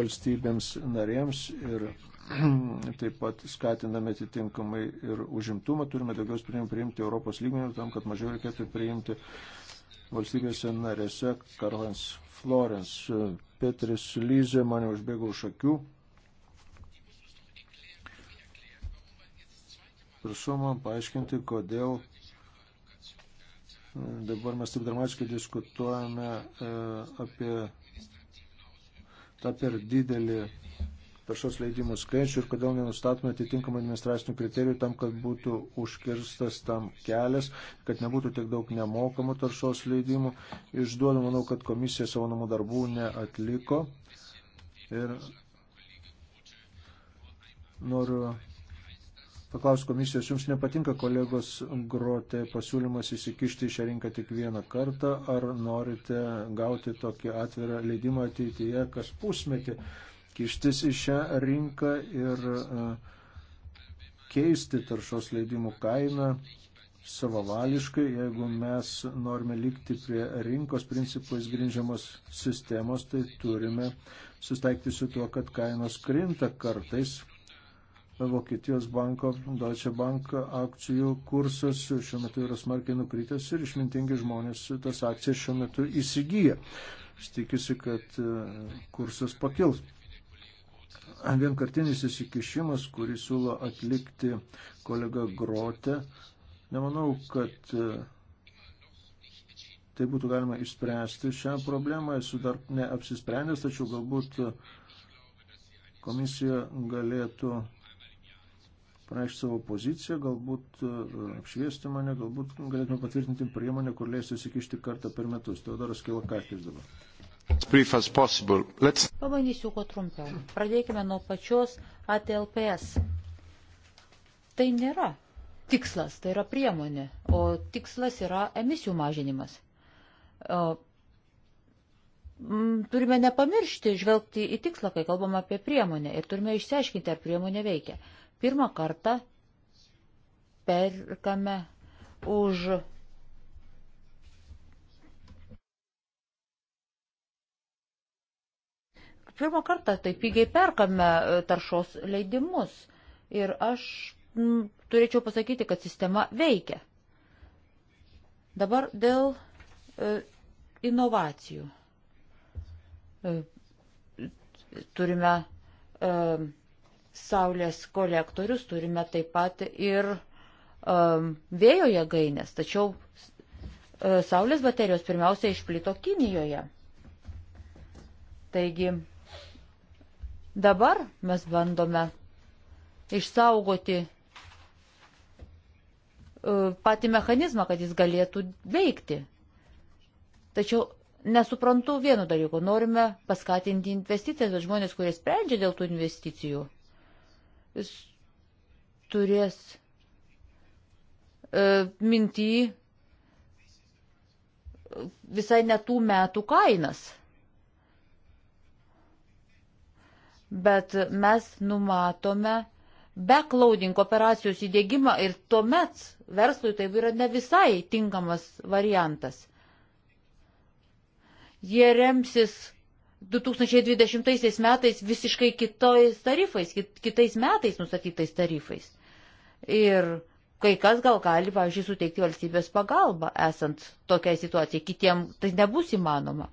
valstybėms narėms. Ir *clears throat* Taip pat skatiname atitinkamai ir užimtumą, turime daugiau sprendimų priimti Europos lygmenių tam, kad mažiau reikėtų priimti valstybėse narėse. Karlans Florence, Petris Lyze mane užbėgo už akių. Prašau man paaiškinti, kodėl dabar mes taip dramatiškai diskutuojame e, apie tą per didelį taršos leidimų skaičių ir kodėl nenustatome atitinkamų administracinių kriterijų tam, kad būtų užkirstas tam kelias, kad nebūtų tiek daug nemokamų taršos leidimų. Išduodu, manau, kad komisija savo namų darbų neatliko. Ir noriu paklausti komisijos, jums nepatinka kolegos groti pasiūlymas įsikišti į šią rinką tik vieną kartą, ar norite gauti tokį atvirą leidimą ateityje kas pusmetį? kištis į šią rinką ir e, keisti taršos leidimų kainą savavališkai, jeigu mes norime likti prie rinkos principais grindžiamos sistemos, tai turime sustaikti su tuo, kad kainos krinta kartais. Vokietijos banko, Deutsche Bank akcijų kursas šiuo metu yra smarkiai nukritęs ir išmintingi žmonės tas akcijas šiuo metu įsigyja. Aš tikiuosi, kad e, kursas pakils vienkartinis įsikišimas, kurį siūlo atlikti kolega Grote, nemanau, kad e, tai būtų galima išspręsti šią problemą. Esu dar neapsisprendęs, tačiau galbūt komisija galėtų pareikšti savo poziciją, galbūt e, apšviesti mane, galbūt galėtume patvirtinti priemonę, kur leistų įsikišti kartą per metus. Teodoras Kilakakis dabar. As brief as possible. Let's Pabandysiu kuo trumpiau. Pradėkime nuo pačios ATLPS. Tai nėra tikslas, tai yra priemonė, o tikslas yra emisijų mažinimas. Turime nepamiršti žvelgti į tikslą, kai kalbam apie priemonę ir turime išsiaiškinti, ar priemonė veikia. Pirmą kartą perkame už pirmą kartą taip pigiai perkame e, taršos leidimus. Ir aš m, turėčiau pasakyti, kad sistema veikia. Dabar dėl e, inovacijų. E, turime e, saulės kolektorius, turime taip pat ir e, vėjo jėgainės, tačiau e, saulės baterijos pirmiausia išplito Kinijoje. Taigi Dabar mes bandome išsaugoti e, patį mechanizmą, kad jis galėtų veikti. Tačiau nesuprantu vieno dalyko. Norime paskatinti investicijas, bet žmonės, kurie sprendžia dėl tų investicijų, jis turės e, mintį visai netų metų kainas. bet mes numatome backloading operacijos įdėgymą ir tuomet verslui tai yra ne visai tinkamas variantas. Jie remsis 2020 metais visiškai kitais tarifais, kitais metais nustatytais tarifais. Ir kai kas gal gali, pavyzdžiui, suteikti valstybės pagalbą esant tokiai situacijai, kitiem tai nebus įmanoma.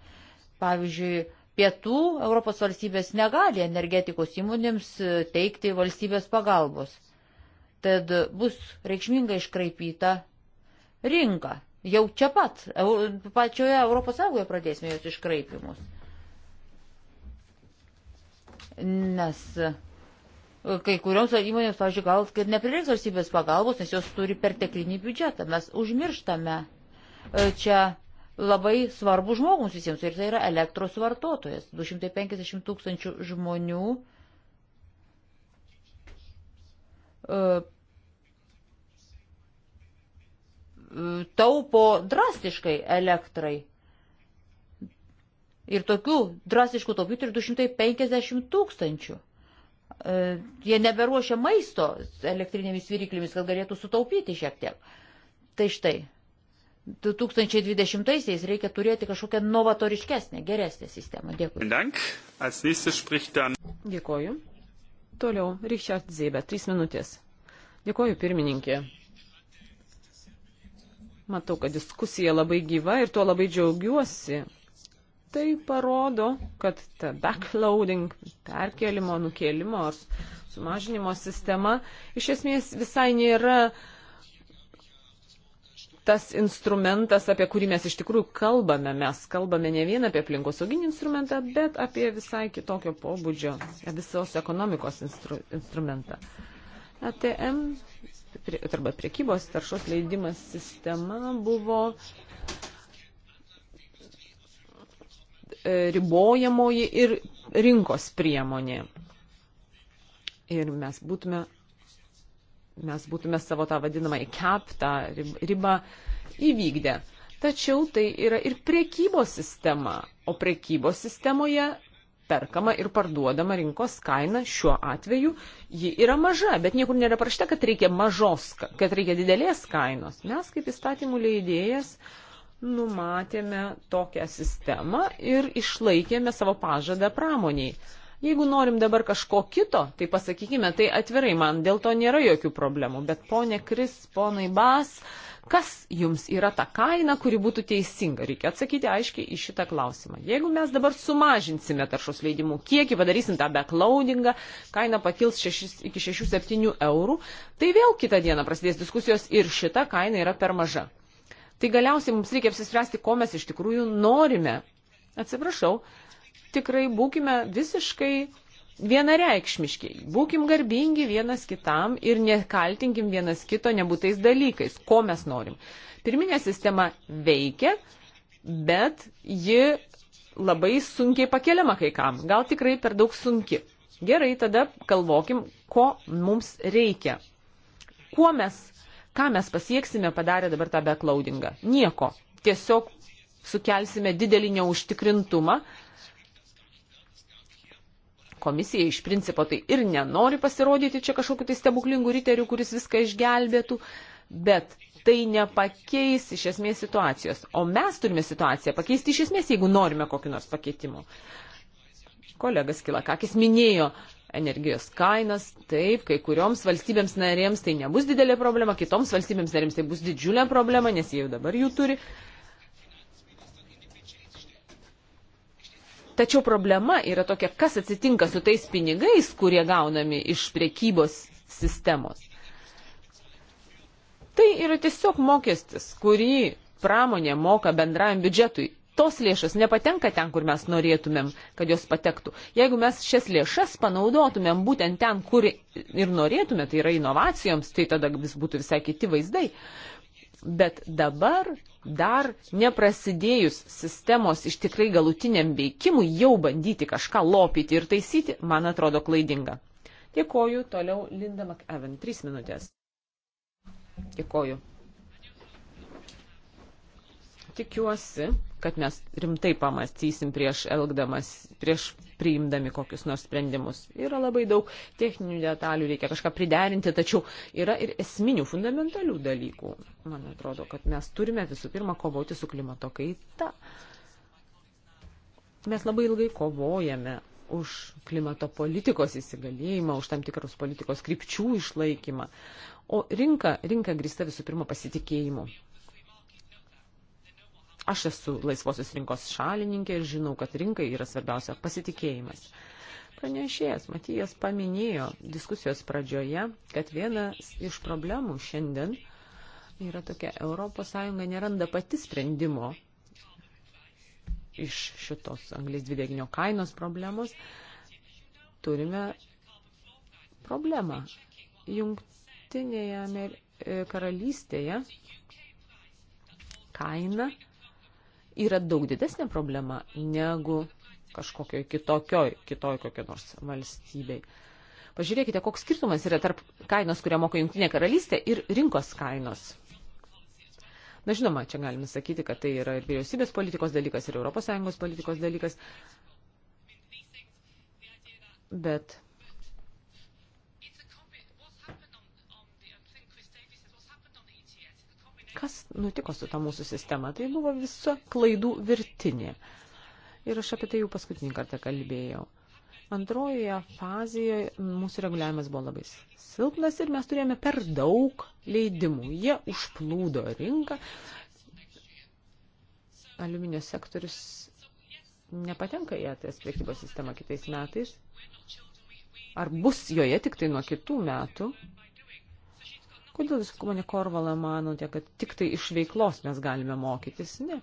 Pavyzdžiui, Pietų Europos valstybės negali energetikos įmonėms e, teikti valstybės pagalbos. Tad bus reikšmingai iškraipyta rinka. Jau čia pat, pačioje Europos Sąjungoje pradėsime jos iškraipimus. Nes e, kai kurioms įmonėms, pavyzdžiui, gal ir neprireiks valstybės pagalbos, nes jos turi perteklinį biudžetą. Mes užmirštame e, čia labai svarbu žmogus visiems ir tai yra elektros vartotojas. 250 tūkstančių žmonių e, taupo drastiškai elektrai. Ir tokių drastiškų taupytų ir 250 tūkstančių. E, jie neberuošia maisto elektrinėmis viryklėmis, kad galėtų sutaupyti šiek tiek. Tai štai, 2020-aisiais reikia turėti kažkokią novatoriškesnę, geresnę sistemą. Dėkui. Dėkoju. Toliau, Richard Zėbė, trys minutės. Dėkoju, pirmininkė. Matau, kad diskusija labai gyva ir tuo labai džiaugiuosi. Tai parodo, kad ta backloading, perkelimo, nukėlimo ar sumažinimo sistema iš esmės visai nėra uh, tas instrumentas, apie kurį mes iš tikrųjų kalbame. Mes kalbame ne vien apie aplinkosauginį instrumentą, bet apie visai kitokio pobūdžio, visos ekonomikos instru, instrumentą. ATM, arba priekybos taršos leidimas sistema buvo e, ribojamoji ir rinkos priemonė. Ir mes būtume mes būtume savo tą vadinamą keptą ribą įvykdę. Tačiau tai yra ir priekybos sistema, o priekybos sistemoje perkama ir parduodama rinkos kaina šiuo atveju, ji yra maža, bet niekur nėra parašta, kad reikia mažos, kad reikia didelės kainos. Mes kaip įstatymų leidėjas numatėme tokią sistemą ir išlaikėme savo pažadą pramoniai. Jeigu norim dabar kažko kito, tai pasakykime, tai atvirai man dėl to nėra jokių problemų. Bet ponė Kris, ponai Bas, kas jums yra ta kaina, kuri būtų teisinga? Reikia atsakyti aiškiai į šitą klausimą. Jeigu mes dabar sumažinsime taršos leidimų kiekį, padarysim tą backloadingą, kaina pakils 6, iki 6-7 eurų, tai vėl kitą dieną prasidės diskusijos ir šita kaina yra per maža. Tai galiausiai mums reikia apsispręsti, ko mes iš tikrųjų norime. Atsiprašau, tikrai būkime visiškai vienareikšmiški. Būkim garbingi vienas kitam ir nekaltinkim vienas kito nebūtais dalykais, ko mes norim. Pirminė sistema veikia, bet ji labai sunkiai pakeliama kai kam. Gal tikrai per daug sunki. Gerai, tada galvokim, ko mums reikia. Kuo mes, ką mes pasieksime padarę dabar tą beklaudingą? Nieko. Tiesiog sukelsime didelį neužtikrintumą, Komisija iš principo tai ir nenori pasirodyti čia kažkokiu tai stebuklingu riteriu, kuris viską išgelbėtų, bet tai nepakeis iš esmės situacijos. O mes turime situaciją pakeisti iš esmės, jeigu norime kokį nors pakeitimų. Kolegas Kilakakis minėjo energijos kainas, taip, kai kurioms valstybėms narėms tai nebus didelė problema, kitoms valstybėms narėms tai bus didžiulė problema, nes jie jau dabar jų turi. Uh, Tačiau problema yra tokia, kas atsitinka su tais pinigais, kurie gaunami iš priekybos sistemos. Tai yra tiesiog mokestis, kurį pramonė moka bendrajam biudžetui. Tos lėšas nepatenka ten, kur mes norėtumėm, kad jos patektų. Jeigu mes šias lėšas panaudotumėm būtent ten, kur ir norėtumėm, tai yra inovacijoms, tai tada vis būtų visai kiti vaizdai. Bet dabar dar neprasidėjus sistemos iš tikrai galutiniam veikimui jau bandyti kažką lopyti ir taisyti, man atrodo klaidinga. Dėkoju, toliau Linda McEwen, trys minutės. Dėkoju. Tikiuosi, kad mes rimtai pamastysim prieš elgdamas, prieš priimdami kokius nors sprendimus. Yra labai daug techninių detalių, reikia kažką priderinti, tačiau yra ir esminių, fundamentalių dalykų. Man atrodo, kad mes turime visų pirma kovoti su klimato kaita. Mes labai ilgai kovojame už klimato politikos įsigalėjimą, už tam tikrus politikos krypčių išlaikymą. O rinka, rinka grįsta visų pirma pasitikėjimu. Aš esu laisvosios rinkos šalininkė ir žinau, kad rinkai yra svarbiausia pasitikėjimas. Pranešėjas Matijas paminėjo diskusijos pradžioje, kad viena iš problemų šiandien yra tokia, ES neranda pati sprendimo iš šitos anglis dvideginio kainos problemos. Turime problemą. Jungtinėje e, karalystėje kaina yra daug didesnė problema negu kažkokioj kitokioj, kitoj kokioj nors valstybei. Pažiūrėkite, koks skirtumas yra tarp kainos, kurią moka Junktinė karalystė ir rinkos kainos. Na žinoma, čia galime sakyti, kad tai yra ir vyriausybės politikos dalykas, ir ES politikos dalykas. Bet kas nutiko su ta mūsų sistema. Tai buvo visa klaidų virtinė. Ir aš apie tai jau paskutinį kartą kalbėjau. Antrojoje fazėje mūsų reguliavimas buvo labai silpnas ir mes turėjome per daug leidimų. Jie užplūdo rinką. Aliuminio sektorius nepatenka į ATS priekybos sistemą kitais metais. Ar bus joje tik tai nuo kitų metų. Kodėl jūs, ponė Korvala, manote, kad tik tai iš veiklos mes galime mokytis? Ne.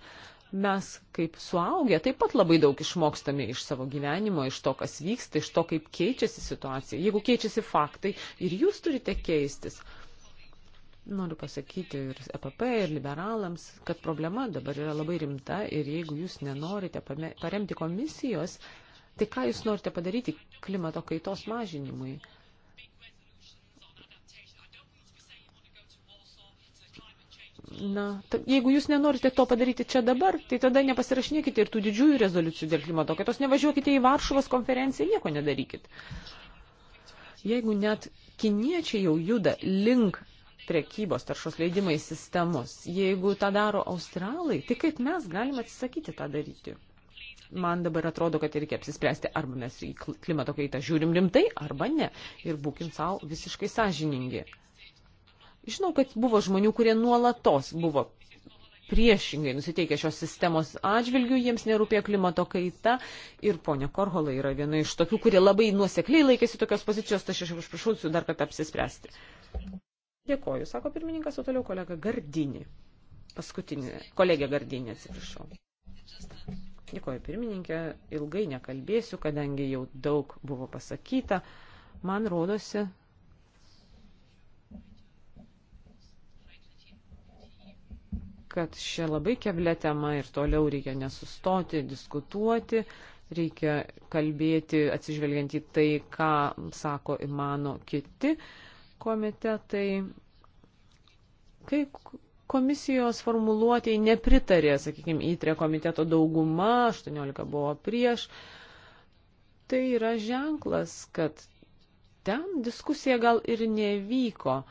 Mes kaip suaugę taip pat labai daug išmokstame iš savo gyvenimo, iš to, kas vyksta, iš to, kaip keičiasi situacija. Jeigu keičiasi faktai ir jūs turite keistis, noriu pasakyti ir EPP, ir liberalams, kad problema dabar yra labai rimta ir jeigu jūs nenorite paremti komisijos, tai ką jūs norite padaryti klimato kaitos mažinimui? na, ta, jeigu jūs nenorite to padaryti čia dabar, tai tada nepasirašinėkite ir tų didžiųjų rezoliucijų dėl klimato kaitos, nevažiuokite į Varšuvos konferenciją, nieko nedarykit. Jeigu net kiniečiai jau juda link prekybos taršos leidimai sistemos, jeigu tą daro australai, tai kaip mes galime atsisakyti tą daryti? man dabar atrodo, kad reikia apsispręsti, arba mes į klimato kaitą žiūrim rimtai, arba ne. Ir būkim savo visiškai sąžiningi. Žinau, kad buvo žmonių, kurie nuolatos buvo priešingai nusiteikę šios sistemos atžvilgių, jiems nerūpėjo klimato kaita ir ponia Korhola yra viena iš tokių, kurie labai nuosekliai laikėsi tokios pozicijos, tačiau aš prašau jūsų dar kartą apsispręsti. Dėkoju, sako pirmininkas, o toliau kolega Gardinį. Paskutinė, kolegė Gardinė, atsiprašau. Dėkoju pirmininkė, ilgai nekalbėsiu, kadangi jau daug buvo pasakyta. Man rodosi, kad šią labai keblę temą ir toliau reikia nesustoti, diskutuoti, reikia kalbėti atsižvelgiant į tai, ką sako ir mano kiti komitetai. Kai komisijos formuluotėjai nepritarė, sakykime, įtrė komiteto dauguma, 18 buvo prieš, tai yra ženklas, kad ten diskusija gal ir nevyko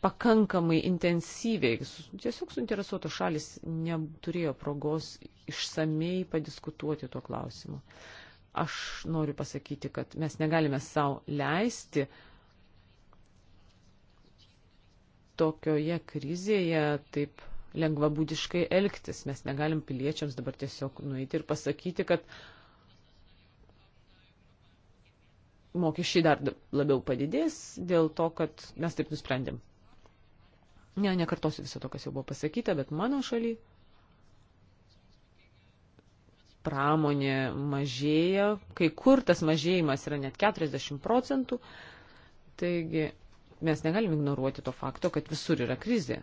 pakankamai intensyviai. Tiesiog suinteresuotos šalis neturėjo progos išsamei padiskutuoti tuo klausimu. Aš noriu pasakyti, kad mes negalime savo leisti tokioje krizėje taip lengvabūdiškai elgtis. Mes negalim piliečiams dabar tiesiog nueiti ir pasakyti, kad mokesčiai dar labiau padidės dėl to, kad mes taip nusprendėm. Ne, nekartosiu viso to, kas jau buvo pasakyta, bet mano šaly pramonė mažėja, kai kur tas mažėjimas yra net 40 procentų, taigi mes negalim ignoruoti to fakto, kad visur yra krizė.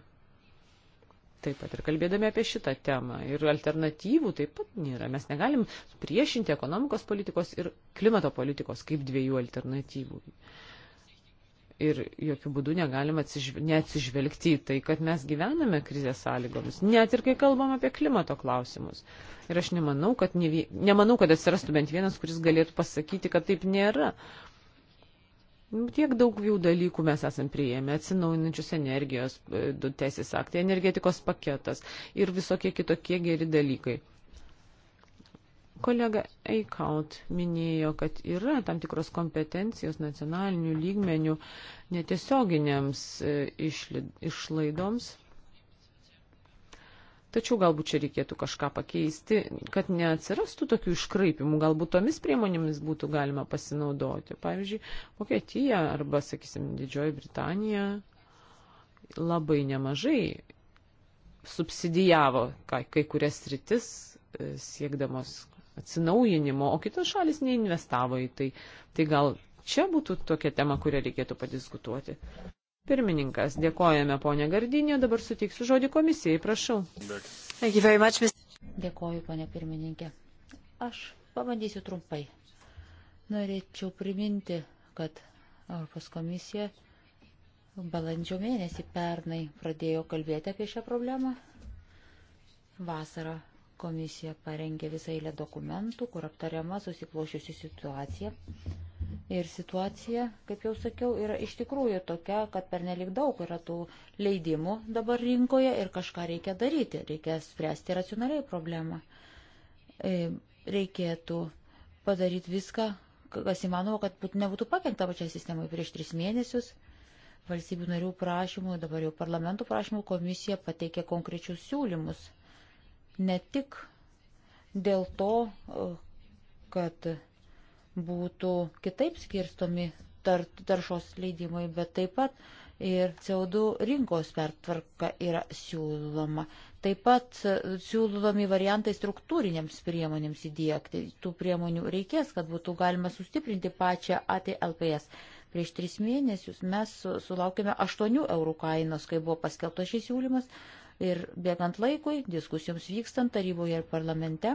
Taip pat ir kalbėdami apie šitą temą ir alternatyvų taip pat nėra. Mes negalim priešinti ekonomikos politikos ir klimato politikos kaip dviejų alternatyvų. Uh, Ir jokių būdų negalime atsižv neatsižvelgti į tai, kad mes gyvename krizės sąlygomis, net ir kai kalbam apie klimato klausimus. Ir aš nemanau, kad, ne, nemanau, kad atsirastų bent vienas, kuris galėtų pasakyti, kad taip nėra. Tiek daug jų dalykų mes esam prieėmę - atsinaujinančius energijos e, teisės aktai, energetikos paketas ir visokie kitokie geri dalykai. Kolega Eikaut minėjo, kad yra tam tikros kompetencijos nacionalinių lygmenių netiesioginėms e, išlaidoms. Tačiau galbūt čia reikėtų kažką pakeisti, kad neatsirastų tokių iškraipimų, galbūt tomis priemonėmis būtų galima pasinaudoti. Pavyzdžiui, Vokietija arba, sakysim, Didžioji Britanija labai nemažai subsidijavo kai, kai kurias rytis e, siekdamos atsinaujinimo, o kitos šalis neinvestavo į tai. Tai gal čia būtų tokia tema, kurią reikėtų padiskutuoti. Pirmininkas, dėkojame ponė Gardinė, dabar sutiksiu žodį komisijai, prašau. Dėkoju, ponė pirmininkė. Aš pabandysiu trumpai. Norėčiau priminti, kad Europos komisija balandžio mėnesį pernai pradėjo kalbėti apie šią problemą. Vasarą Komisija parengė visą eilę dokumentų, kur aptariama susiklošiusi situacija. Ir situacija, kaip jau sakiau, yra iš tikrųjų tokia, kad pernelik daug yra tų leidimų dabar rinkoje ir kažką reikia daryti. Reikia spręsti racionaliai problemą. E, reikėtų padaryti viską, kas įmanoma, kad būt, nebūtų pakengta pačiai sistemai prieš tris mėnesius valstybių narių prašymų, dabar jau parlamentų prašymų komisija pateikė konkrečius siūlymus ne tik dėl to, e, kad būtų kitaip skirstomi tar, taršos leidimai, bet taip pat ir CO2 rinkos pertvarka yra siūloma. Taip pat e, siūlomi variantai struktūrinėms priemonėms įdėkti. Tų priemonių reikės, kad būtų galima sustiprinti pačią ATLPS. Prieš tris mėnesius mes sulaukėme 8 eurų kainos, kai buvo paskelbtas šis siūlymas. Ir bėgant laikui, diskusijoms vykstant taryboje ir parlamente,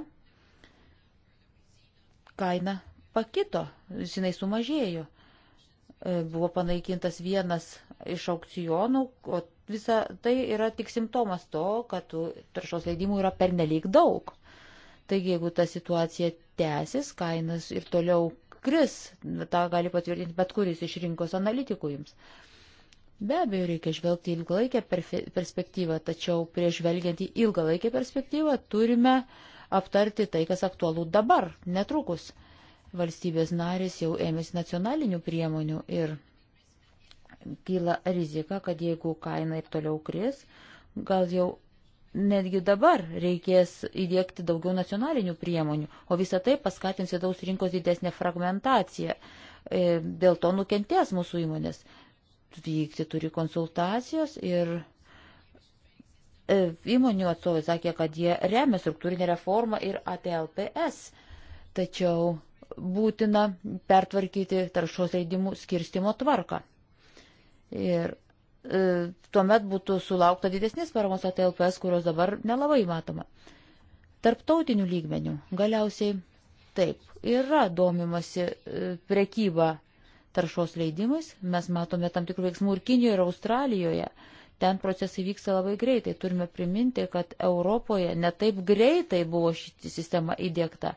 kaina pakito, jinai sumažėjo. E, buvo panaikintas vienas iš aukcionų, o visa tai yra tik simptomas to, kad taršos leidimų yra pernelyg daug. Taigi, jeigu ta situacija tęsis, kainas ir toliau kris, tą gali patvirtinti bet kuris iš rinkos analitikų jums. Be abejo, reikia žvelgti ilgalaikę perspektyvą, tačiau prieš žvelgiant į ilgalaikę perspektyvą turime aptarti tai, kas aktualu dabar, netrukus. Valstybės narės jau ėmėsi nacionalinių priemonių ir kyla rizika, kad jeigu kaina ir toliau kris, gal jau netgi dabar reikės įdėkti daugiau nacionalinių priemonių, o visą tai paskatins vidaus rinkos didesnę fragmentaciją. E, dėl to nukentės mūsų įmonės vykti turi konsultacijos ir e, įmonių atstovai sakė, kad jie remia struktūrinę reformą ir ATLPS, tačiau būtina pertvarkyti taršos leidimų skirstimo tvarką. Ir e, tuomet būtų sulaukta didesnės paramos ATLPS, kurios dabar nelabai matoma. Tarptautinių lygmenių galiausiai taip yra domimasi e, prekyba taršos leidimais. Mes matome tam tikrų veiksmų ir Kinijoje, ir Australijoje. Ten procesai vyksta labai greitai. Turime priminti, kad Europoje netaip greitai buvo ši sistema įdėkta.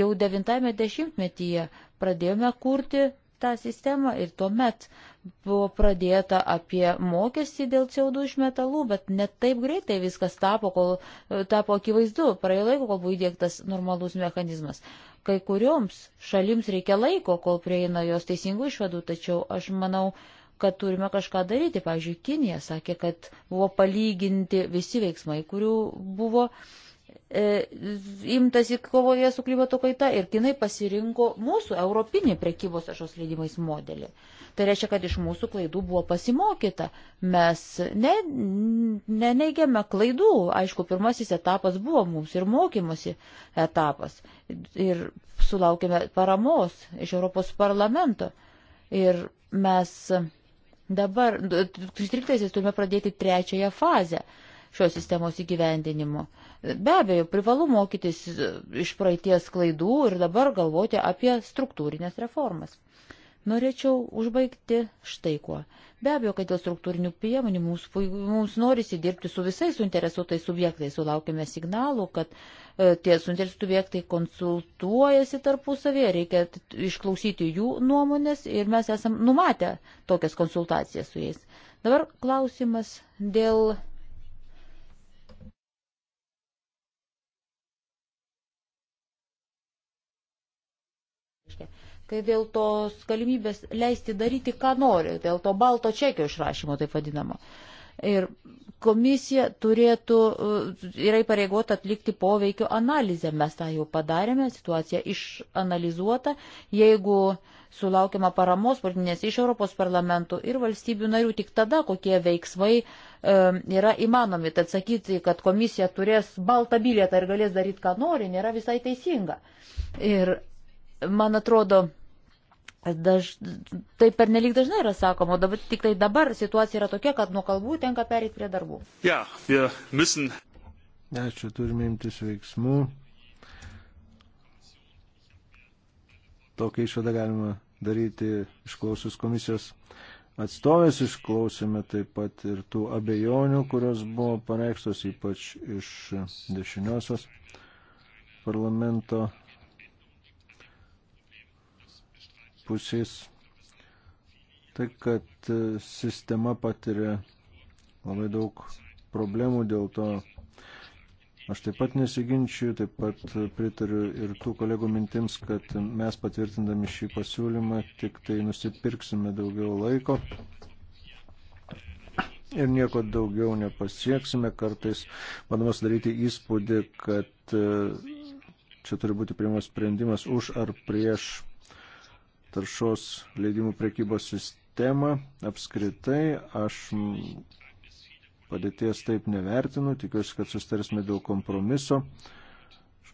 Jau 90-metyje pradėjome kurti tą sistemą ir tuomet buvo pradėta apie mokestį dėl CO2 iš metalų, bet net taip greitai viskas tapo, kol tapo akivaizdu, praėjo laiko, kol buvo įdėktas normalus mechanizmas kai kurioms šalims reikia laiko, kol prieina jos teisingų išvadų, tačiau aš manau, kad turime kažką daryti. Pavyzdžiui, Kinija sakė, kad buvo palyginti visi veiksmai, kurių buvo E, imtasi kovoje su klimato kaita ir kinai pasirinko mūsų europinį prekybos ašos leidimais modelį. Tai reiškia, kad iš mūsų klaidų buvo pasimokyta. Mes ne, neneigiame klaidų. Aišku, pirmasis etapas buvo mums ir mokymosi etapas. Ir sulaukėme paramos iš Europos parlamento. Ir mes dabar, 13-aisiais turime pradėti trečiąją fazę šios sistemos įgyvendinimo. Be abejo, privalu mokytis e, iš praeities klaidų ir dabar galvoti apie struktūrinės reformas. Norėčiau užbaigti štai kuo. Be abejo, kad dėl struktūrinių priemonių mums, mums norisi dirbti su visais suinteresuotais subjektais. Sulaukime signalų, kad e, tie suinteresuotų subjektai konsultuojasi tarpusavėje, reikia išklausyti jų nuomonės ir mes esam numatę tokias konsultacijas su jais. Dabar klausimas dėl kai dėl tos galimybės leisti daryti, ką nori, dėl to balto čekio išrašymo taip vadinamo. Ir komisija turėtų, e, yra įpareigota atlikti poveikio analizę. Mes tą jau padarėme, situacija išanalizuota. Jeigu sulaukiama paramos politinės iš Europos parlamentų ir valstybių narių, tik tada kokie veiksmai e, yra įmanomi. Tad sakyti, kad komisija turės baltą bilietą ir galės daryti, ką nori, nėra visai teisinga. Ir man atrodo, daž, tai pernelyg dažnai yra sakoma, o dabar tik tai dabar situacija yra tokia, kad nuo kalbų tenka perėti prie darbų. Ja, wir müssen. Ačiū, turime imtis veiksmų. Tokią išvadą galima daryti išklausus komisijos atstovės, išklausėme taip pat ir tų abejonių, kurios buvo pareikštos ypač iš dešiniosios parlamento pusės tai, kad e, sistema patiria labai daug problemų dėl to. Aš taip pat nesiginčiu, taip pat pritariu ir tų kolegų mintims, kad mes patvirtindami šį pasiūlymą tik tai nusipirksime daugiau laiko ir nieko daugiau nepasieksime. Kartais bandomas daryti įspūdį, kad e, čia turi būti priimas sprendimas už ar prieš taršos leidimų prekybos sistemą apskritai. Aš padėties taip nevertinu, tikiuosi, kad sustarsime dėl kompromiso.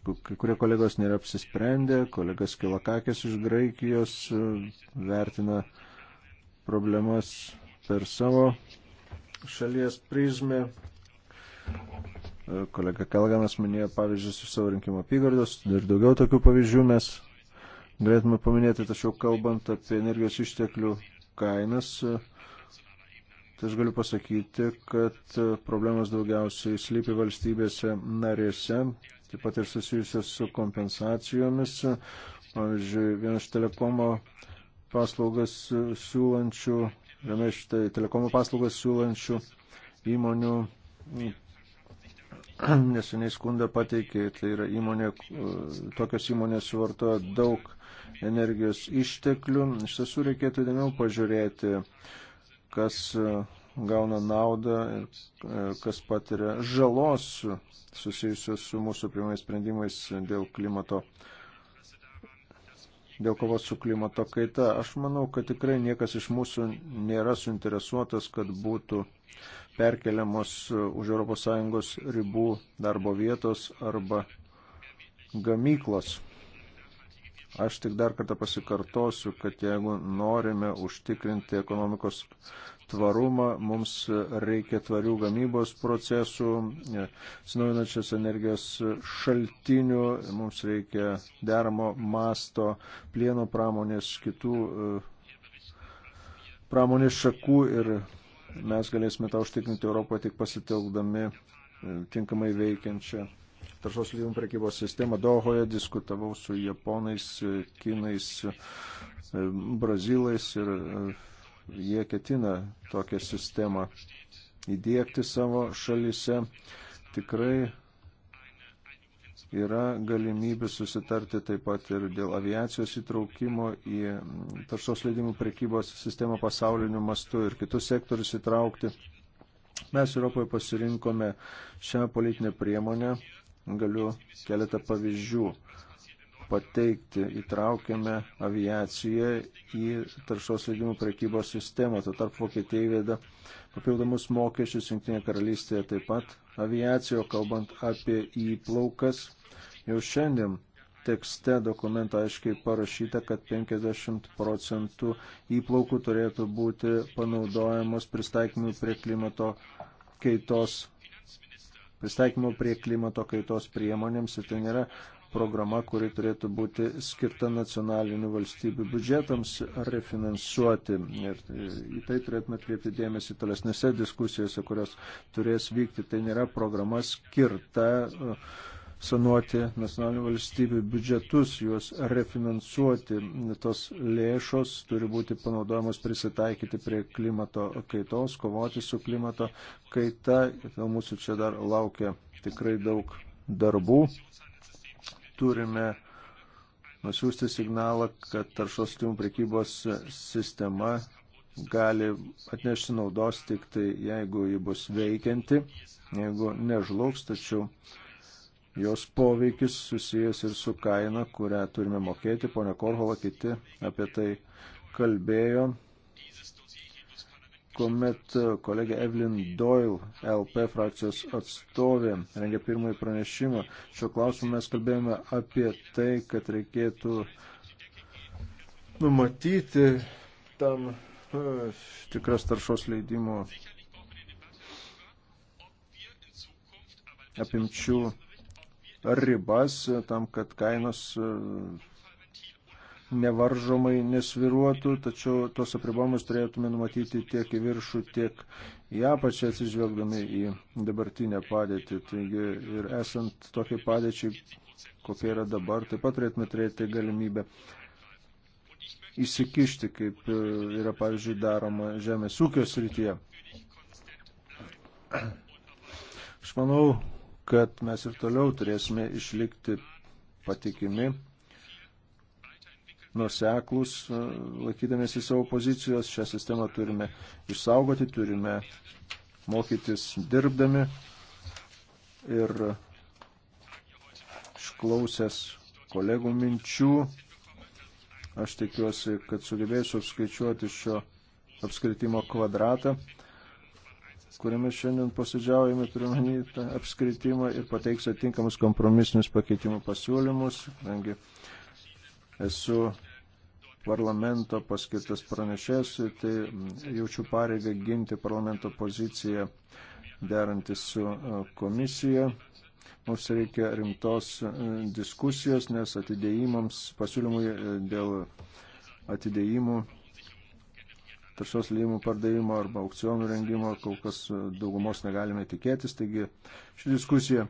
Kai kurie kolegos nėra apsisprendę, kolegas Kilakakis iš Graikijos e, vertina problemas per savo šalies prizmę. E, kolega Kalganas minėjo pavyzdžius iš savo rinkimo apygardos, dar daugiau tokių pavyzdžių mes galėtume paminėti, tačiau kalbant apie energijos išteklių kainas, tai aš galiu pasakyti, kad problemas daugiausiai slypi valstybėse narėse, taip pat ir susijusios su kompensacijomis. Pavyzdžiui, vienas telekomo paslaugas siūlančių, viena iš tai telekomo paslaugas siūlančių įmonių neseniai skundą pateikė, tai yra įmonė, tokios įmonės suvartoja daug energijos išteklių. Iš tiesų reikėtų įdėmiau pažiūrėti, kas e, gauna naudą ir e, kas patiria žalos susijusios su mūsų primais sprendimais dėl klimato, dėl kovos su klimato kaita. Aš manau, kad tikrai niekas iš mūsų nėra suinteresuotas, kad būtų perkeliamos už ES ribų darbo vietos arba gamyklos. Aš tik dar kartą pasikartosiu, kad jeigu norime užtikrinti ekonomikos tvarumą, mums reikia tvarių gamybos procesų, atsinaujinančios energijos šaltinių, mums reikia deramo masto plieno pramonės, kitų e, pramonės šakų ir mes galėsime tą užtikrinti Europoje tik pasitelkdami e, tinkamai veikiančią taršos lygimų prekybos sistemą. Dohoje diskutavau su japonais, kinais, brazilais ir e, jie ketina tokią sistemą įdėkti savo šalise. Tikrai yra galimybė susitarti taip pat ir dėl aviacijos įtraukimo į taršos leidimų prekybos sistemą pasauliniu mastu ir kitus sektorius įtraukti. Mes Europoje pasirinkome šią politinę priemonę galiu keletą pavyzdžių pateikti, įtraukėme aviaciją į taršos leidimų prekybos sistemą. Tuo tarp Vokietija įveda papildomus mokesčius, Junktinė karalystėje taip pat aviacijo, kalbant apie įplaukas. Jau šiandien tekste dokumento aiškiai parašyta, kad 50 procentų įplaukų turėtų būti panaudojamos pristaikymui prie klimato kaitos pristaikymo prie klimato kaitos priemonėms ir tai nėra programa, kuri turėtų būti skirta nacionalinių valstybių biudžetams refinansuoti. Ir e, į tai turėtume atkreipti dėmesį tolesnėse diskusijose, kurios turės vykti. Tai nėra programa skirta uh, sanuoti nacionalinių valstybių biudžetus, juos refinansuoti. Tos lėšos turi būti panaudojamos prisitaikyti prie klimato kaitos, kovoti su klimato kaita. Dėl mūsų čia dar laukia tikrai daug darbų. Turime nusiųsti signalą, kad taršos stimų prekybos sistema gali atnešti naudos tik tai, jeigu ji bus veikianti, jeigu nežlugs, tačiau jos poveikis susijęs ir su kaina, kurią turime mokėti. Pone Korhova, kiti apie tai kalbėjo. Komet kolegė Evelyn Doyle, LP frakcijos atstovė, rengė pirmąjį pranešimą. Šio klausimu mes kalbėjome apie tai, kad reikėtų numatyti tam e, tikras taršos leidimo apimčių ribas tam, kad kainos e, nevaržomai nesviruotų, tačiau tos apribomus turėtume numatyti tiek į viršų, tiek į apačią atsižvelgdami į dabartinę padėtį. Taigi ir esant tokiai padėčiai, kokia yra dabar, taip pat turėtume turėti galimybę įsikišti, kaip e, yra, pavyzdžiui, daroma žemės ūkio srityje. Aš manau, kad mes ir toliau turėsime išlikti patikimi, nuseklus, e, laikydamėsi savo pozicijos. Šią sistemą turime išsaugoti, turime mokytis dirbdami ir išklausęs kolegų minčių. Aš tikiuosi, kad sugebėsiu apskaičiuoti šio apskritimo kvadratą kuriame šiandien posėdžiaujame, turiuomenį tą apskritimą ir pateiksiu atinkamus kompromisinius pakeitimų pasiūlymus, kadangi esu parlamento paskirtas pranešės, tai jaučiu pareigą ginti parlamento poziciją derantis su e, komisija. Mums reikia rimtos e, diskusijos, nes atidėjimams, pasiūlymui e, dėl atidėjimų taršos leidimų pardavimo arba aukcionų rengimo, kol kas e, daugumos negalime tikėtis. Taigi ši diskusija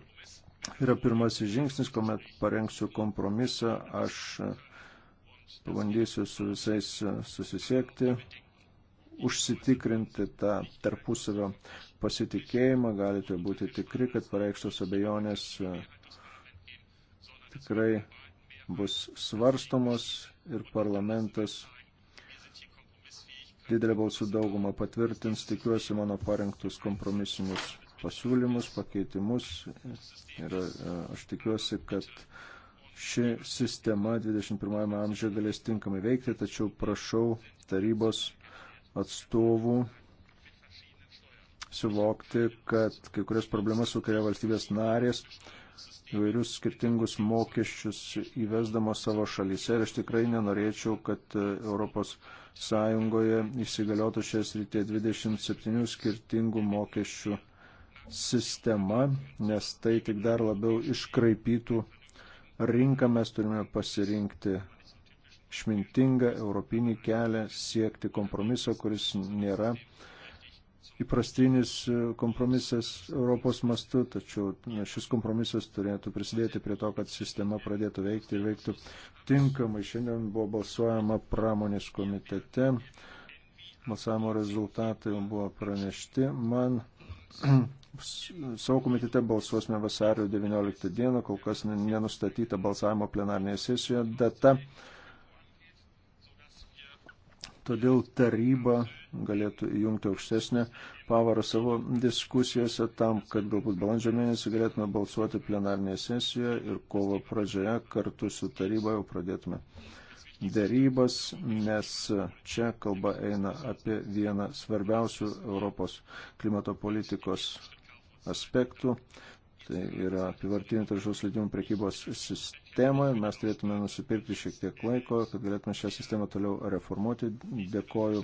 yra pirmasis žingsnis, kuomet parengsiu kompromisą. Aš e, pabandysiu su visais e, susisiekti, užsitikrinti tą tarpusavio pasitikėjimą. Galite būti tikri, kad pareikštos abejonės tikrai bus svarstomos ir parlamentas didelė balsų dauguma patvirtins, tikiuosi, mano parengtus kompromisinius pasiūlymus, pakeitimus ir e, aš tikiuosi, kad ši sistema 21 amžiuje galės tinkamai veikti, tačiau prašau tarybos atstovų suvokti, kad kai kurias problemas sukelia valstybės narės, įvairius skirtingus mokesčius įvesdamos savo šalyse ir aš tikrai nenorėčiau, kad e, Europos Sąjungoje įsigaliotų šias rytė 27 skirtingų mokesčių sistema, nes tai tik dar labiau iškraipytų rinką. Mes turime pasirinkti išmintingą europinį kelią, siekti kompromiso, kuris nėra uh, įprastinis e, kompromisas Europos mastu, tačiau šis kompromisas turėtų prisidėti prie to, kad sistema pradėtų veikti ir veiktų tinkamai. Šiandien buvo balsuojama pramonės komitete, balsavimo rezultatai buvo pranešti. Man *clears throat* savo komitete balsuosime vasario 19 dieną, kol kas nenustatyta balsavimo plenarnėje sesijoje data. Todėl taryba galėtų įjungti aukštesnę pavarą savo diskusijose tam, kad galbūt balandžio mėnesį galėtume balsuoti plenarnėje sesijoje ir kovo pradžioje kartu su taryba jau pradėtume dėrybas, nes čia kalba eina apie vieną svarbiausių Europos klimato politikos aspektų tai yra apivartinių taršos leidimų prekybos sistema ir mes turėtume nusipirkti šiek tiek laiko, kad galėtume šią sistemą toliau reformuoti. Dėkoju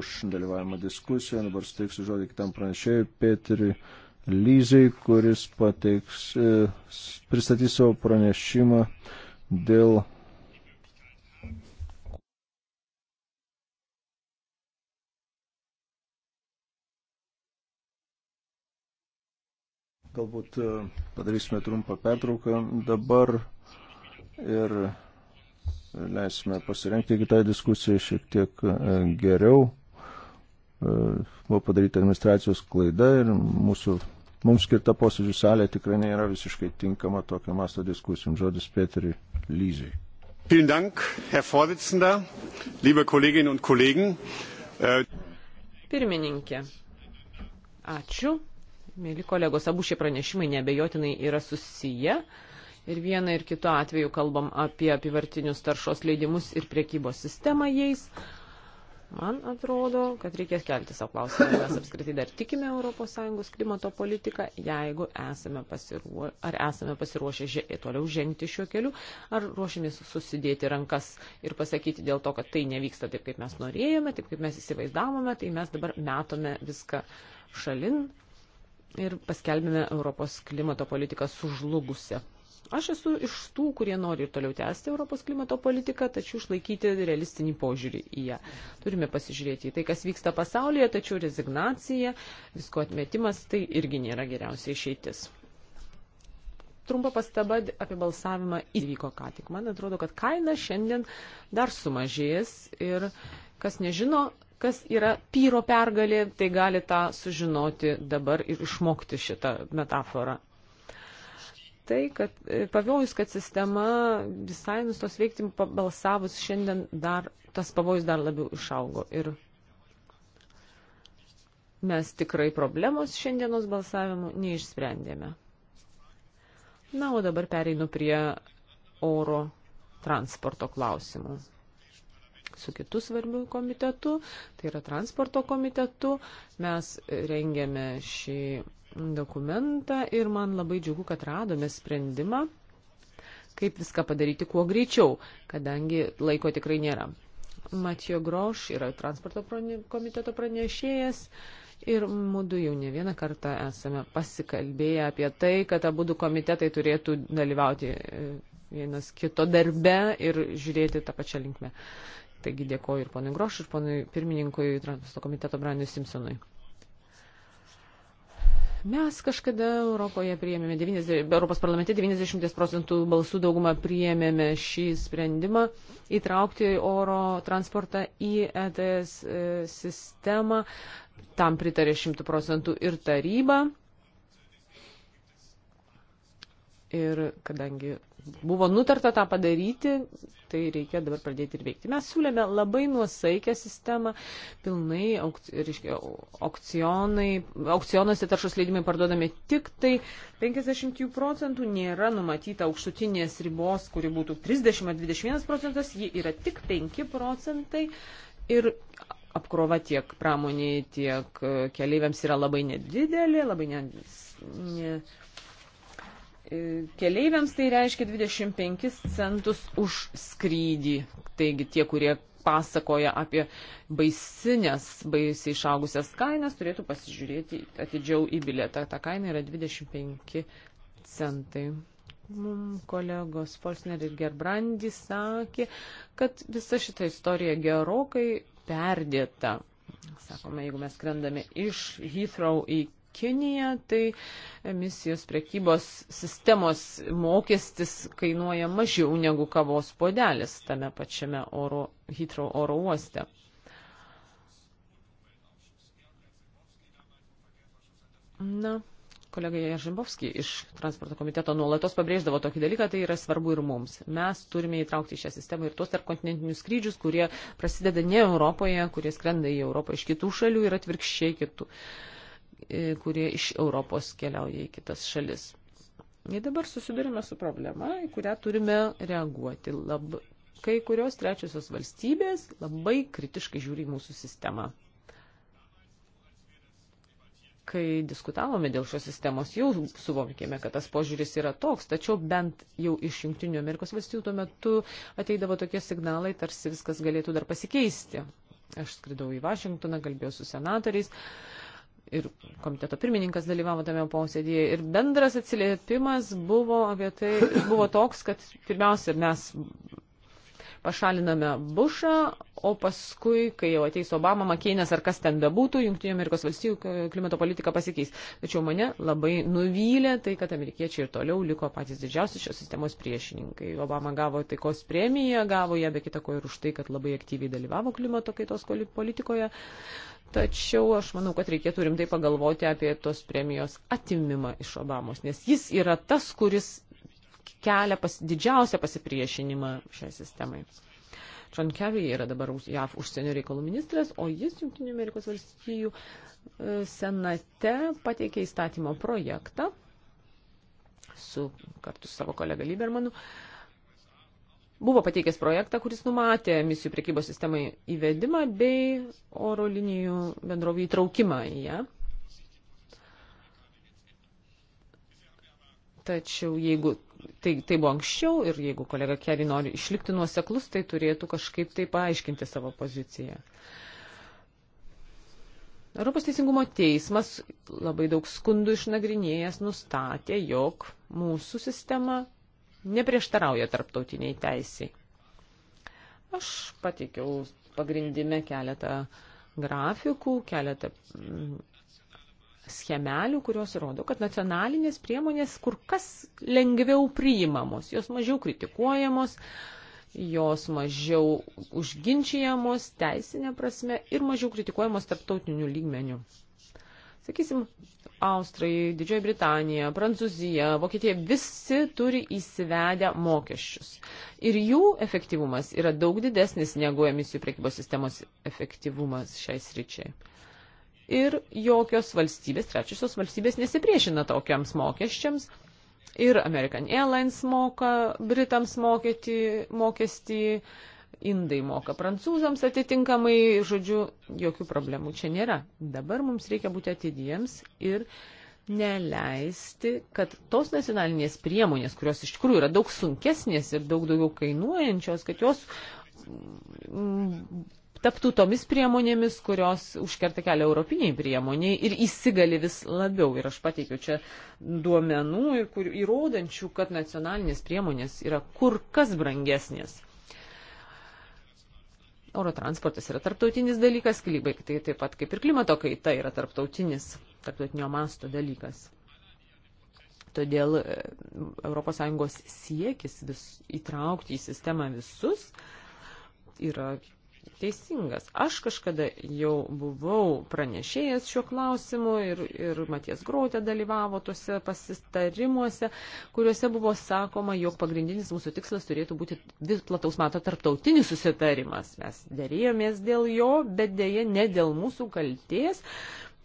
už dalyvavimą diskusijoje. Dabar suteiksiu žodį kitam pranešėjui, Peteriui Lyzai, kuris pateiks, e, pristatys savo pranešimą dėl Galbūt e, padarysime trumpą pertrauką dabar ir leisime pasirengti kitai diskusijai šiek tiek e, geriau. E, buvo padaryta administracijos klaida ir mūsų, mums skirta posėdžių salė tikrai nėra visiškai tinkama tokio masto diskusijom. Žodis Peteriui Lyzei. Vielen Dank, Herr Vorsitzender, liebe Kolleginnen und Kollegen. Äh, Pirmininkė, ačiū. Mėly kolegos, abu šie pranešimai nebejotinai yra susiję. Ir vieną ir kitu atveju kalbam apie apivartinius taršos leidimus ir priekybos sistemą jais. Man atrodo, kad reikės kelti savo klausimą, mes apskritai dar tikime ES klimato politiką, jeigu esame, pasiruo, ar esame pasiruošę že, toliau žengti šiuo keliu, ar ruošiamės susidėti rankas ir pasakyti dėl to, kad tai nevyksta taip, kaip mes norėjome, taip, kaip mes įsivaizdavome, tai mes dabar metome viską šalin ir paskelbėme Europos klimato politiką sužlugusią. Aš esu iš tų, kurie nori ir toliau tęsti Europos klimato politiką, tačiau išlaikyti realistinį požiūrį į ją. Turime pasižiūrėti į tai, kas vyksta pasaulyje, tačiau rezignacija, visko atmetimas, tai irgi nėra geriausia išeitis. Trumpa pastaba apie balsavimą įvyko ką tik. Man atrodo, kad kaina šiandien dar sumažės ir, kas nežino, kas yra pyro pergalė, tai gali tą sužinoti dabar ir išmokti šitą metaforą. Tai, kad e, pavojus, kad sistema visai nustos veikti pabalsavus, šiandien dar tas pavojus dar labiau išaugo. Ir mes tikrai problemos šiandienos balsavimu neišsprendėme. Na, o dabar pereinu prie oro transporto klausimų su kitu svarbiu komitetu, tai yra transporto komitetu. Mes rengėme šį dokumentą ir man labai džiugu, kad radome sprendimą, kaip viską padaryti kuo greičiau, kadangi laiko tikrai nėra. Matijo Groš yra transporto komiteto pranešėjas. Ir mūdu jau ne vieną kartą esame pasikalbėję apie tai, kad abu du komitetai turėtų dalyvauti e, vienas kito darbe ir žiūrėti tą pačią linkmę. Uh, Taigi dėkoju ir ponui Grošui, ir ponui pirmininkui transporto komiteto Braniui Simpsonui. Mes kažkada Europoje priėmėme, 90, Europos parlamente 90 procentų balsų daugumą priėmėme šį sprendimą įtraukti oro transportą į ETS e, sistemą. Tam pritarė 100 procentų ir taryba. Ir kadangi buvo nutarta tą padaryti, tai reikia dabar pradėti ir veikti. Mes siūlėme labai nuosaikę sistemą, pilnai aukcionai, aukcionuose taršos leidimai parduodami tik tai 50 procentų, nėra numatyta aukštutinės ribos, kuri būtų 30 ar 21 procentas, ji yra tik 5 procentai ir apkrova tiek pramoniai, tiek e, keleiviams yra labai nedidelė, labai ne, ne, E, keleiviams tai reiškia 25 centus už skrydį. Taigi tie, kurie pasakoja apie baisinės, baisiai išaugusias kainas, turėtų pasižiūrėti atidžiau į bilietą. Ta kaina yra 25 centai. Mums kolegos Folsner ir Gerbrandi sakė, kad visa šita istorija gerokai perdėta. Sakome, jeigu mes skrendame iš Heathrow į Kinija, tai emisijos prekybos sistemos mokestis kainuoja mažiau negu kavos podelis tame pačiame oro, hitro oro uoste. Na, kolega Ježimbovski iš transporto komiteto nuolatos pabrėždavo tokį dalyką, tai yra svarbu ir mums. Mes turime įtraukti šią sistemą ir tuos tarpkontinentinius skrydžius, kurie prasideda ne Europoje, kurie skrenda į Europą iš kitų šalių ir atvirkščiai kitų. Uh, E, kurie iš Europos keliauja į kitas šalis. Ir dabar susidurime su problema, į kurią turime reaguoti. Lab... Kai kurios trečiosios valstybės labai kritiškai žiūri į mūsų sistemą. Kai diskutavome dėl šios sistemos, jau suvokėme, kad tas požiūris yra toks, tačiau bent jau iš Junktinių Amerikos valstybių tuo metu ateidavo tokie signalai, tarsi viskas galėtų dar pasikeisti. Aš skridau į Vašingtoną, kalbėjau su senatoriais, ir komiteto pirmininkas dalyvavo tame posėdėje. Ir bendras atsiliepimas buvo, tai, buvo toks, kad pirmiausia mes pašaliname Bušą, o paskui, kai jau ateis Obama, Makeinas ar kas ten bebūtų, Junktinių Amerikos valstybių klimato politika pasikeis. Tačiau mane labai nuvylė tai, kad amerikiečiai ir toliau liko patys didžiausi šios sistemos priešininkai. Obama gavo taikos premiją, gavo ją be kitako ir už tai, kad labai aktyviai dalyvavo klimato kaitos politikoje. Uh, Tačiau aš manau, kad reikėtų rimtai pagalvoti apie tos premijos atimimą iš Obamos, nes jis yra tas, kuris kelia pas, didžiausią pasipriešinimą šiai sistemai. John Kerry yra dabar JAV užsienio reikalų ministras, o jis Junktinių Amerikos valstijų e, senate pateikė įstatymo projektą su kartu su savo kolega Liebermanu, uh, buvo pateikęs projektą, kuris numatė emisijų priekybos sistemai įvedimą bei oro linijų bendrovį įtraukimą į ją. Tačiau jeigu tai, tai buvo anksčiau ir jeigu kolega Kerry nori išlikti nuoseklus, tai turėtų kažkaip tai paaiškinti savo poziciją. Europos Teisingumo teismas labai daug skundų išnagrinėjęs nustatė, jog mūsų sistema neprieštarauja tarptautiniai teisiai. Aš pateikiau pagrindime keletą grafikų, keletą mm, schemelių, kurios rodo, kad nacionalinės priemonės kur kas lengviau priimamos, jos mažiau kritikuojamos, jos mažiau užginčiamos teisinė prasme ir mažiau kritikuojamos tarptautiniu lygmeniu. Sakysim, Austrai, Didžioji Britanija, Prancūzija, Vokietija visi turi įsivedę mokesčius. Ir jų efektyvumas yra daug didesnis negu emisijų priekybos sistemos efektyvumas šiai sričiai. Ir jokios valstybės, trečiosios valstybės nesipriešina tokiams mokesčiams. Ir American Airlines moka, Britams mokėti, mokestį, mokestį indai moka prancūzams atitinkamai, žodžiu, jokių problemų čia nėra. Dabar mums reikia būti atidiems ir neleisti, kad tos nacionalinės priemonės, kurios iš tikrųjų yra daug sunkesnės ir daug daugiau kainuojančios, kad jos mm, taptų tomis priemonėmis, kurios užkerta kelią europiniai priemoniai ir įsigali vis labiau. Ir aš pateikiau čia duomenų, kur, įrodančių, kad nacionalinės priemonės yra kur kas brangesnės. Oro transportas yra tarptautinis dalykas, klybai tai taip pat kaip ir klimato kaita yra tarptautinis, tarptautinio masto dalykas. Todėl ES siekis vis, įtraukti į sistemą visus yra teisingas. Aš kažkada jau buvau pranešėjęs šiuo klausimu ir, ir Maties Grautė dalyvavo tuose pasistarimuose, kuriuose buvo sakoma, jog pagrindinis mūsų tikslas turėtų būti vis plataus mato tarptautinis susitarimas. Mes dėrėjomės dėl jo, bet dėje ne dėl mūsų kalties.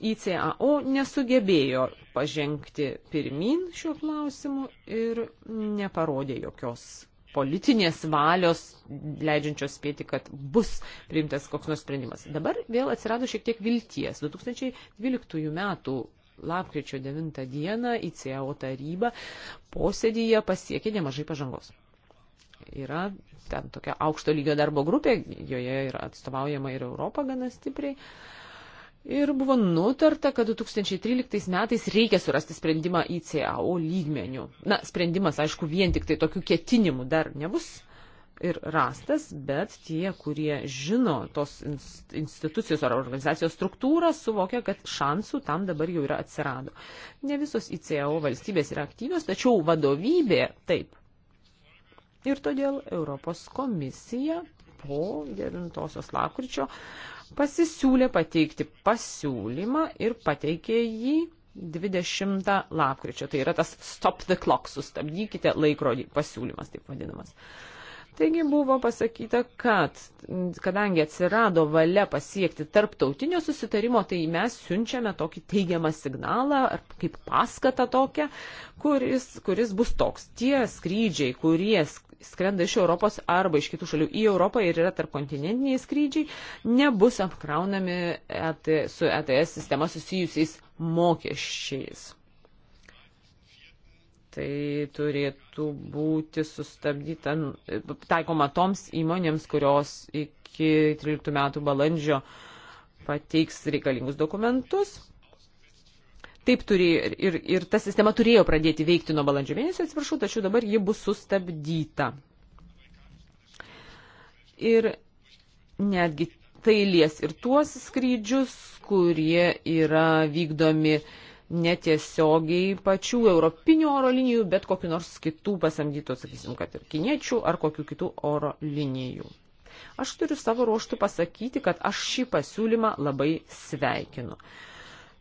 ICAO nesugebėjo pažengti pirmin šiuo klausimu ir neparodė jokios politinės valios, leidžiančios spėti, kad bus priimtas koks nors sprendimas. Dabar vėl atsirado šiek tiek vilties. 2012 metų lapkričio 9 dieną ICAO taryba posėdyje pasiekė nemažai pažangos. Yra ten tokia aukšto lygio darbo grupė, joje yra atstovaujama ir Europa gana stipriai. Uh, ir buvo nutarta, kad 2013 metais reikia surasti sprendimą ICAO lygmenių. Na, sprendimas, aišku, vien tik tai tokių ketinimų dar nebus ir rastas, bet tie, kurie žino tos institucijos ar organizacijos struktūrą, suvokia, kad šansų tam dabar jau yra atsirado. Ne visos ICAO valstybės yra aktyvios, tačiau vadovybė taip. Ir todėl Europos komisija po 9 lapkričio uh, pasisiūlė pateikti pasiūlymą ir pateikė jį 20 lapkričio. Tai yra tas stop the clock, sustabdykite laikrodį pasiūlymas, taip vadinamas. Taigi buvo pasakyta, kad kadangi atsirado valia pasiekti tarptautinio susitarimo, tai mes siunčiame tokį teigiamą signalą, ar kaip paskatą tokią, kuris, kuris bus toks. Tie skrydžiai, kurie skrenda iš Europos arba iš kitų šalių į Europą ir yra tarpkontinentiniai skrydžiai, nebus apkraunami ET, su ETS sistema susijusiais mokesčiais. Tai turėtų būti sustabdyta, taikoma toms įmonėms, kurios iki 13 metų balandžio pateiks reikalingus dokumentus Taip turėjo ir, ir ta sistema turėjo pradėti veikti nuo balandžio mėnesio, atsiprašau, tačiau dabar ji bus sustabdyta. Ir netgi tai lies ir tuos skrydžius, kurie yra vykdomi netiesiogiai pačių europinių oro linijų, bet kokiu nors kitų pasamdytų, sakysim, kad ir kiniečių ar kokiu kitų oro linijų. Aš turiu savo ruoštų pasakyti, kad aš šį pasiūlymą labai sveikinu. Uh,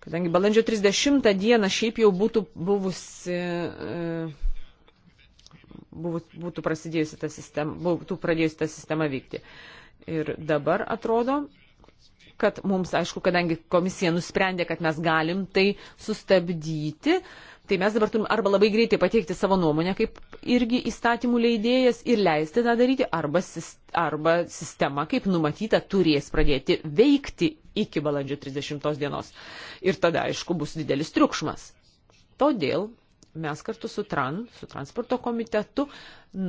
Kadangi balandžio 30 dieną šiaip jau būtų buvusi. E, būtų, prasidėjusi ta sistema, būtų pradėjusi ta sistema vykti. Ir dabar atrodo, kad mums, aišku, kadangi komisija nusprendė, kad mes galim tai sustabdyti, uh, Tai mes dabar turim arba labai greitai pateikti savo nuomonę kaip irgi įstatymų leidėjas ir leisti tą daryti, arba, arba sistema, kaip numatyta, turės pradėti veikti iki balandžio 30 dienos. Ir tada, aišku, bus didelis triukšmas. Todėl mes kartu su TRAN, su transporto komitetu,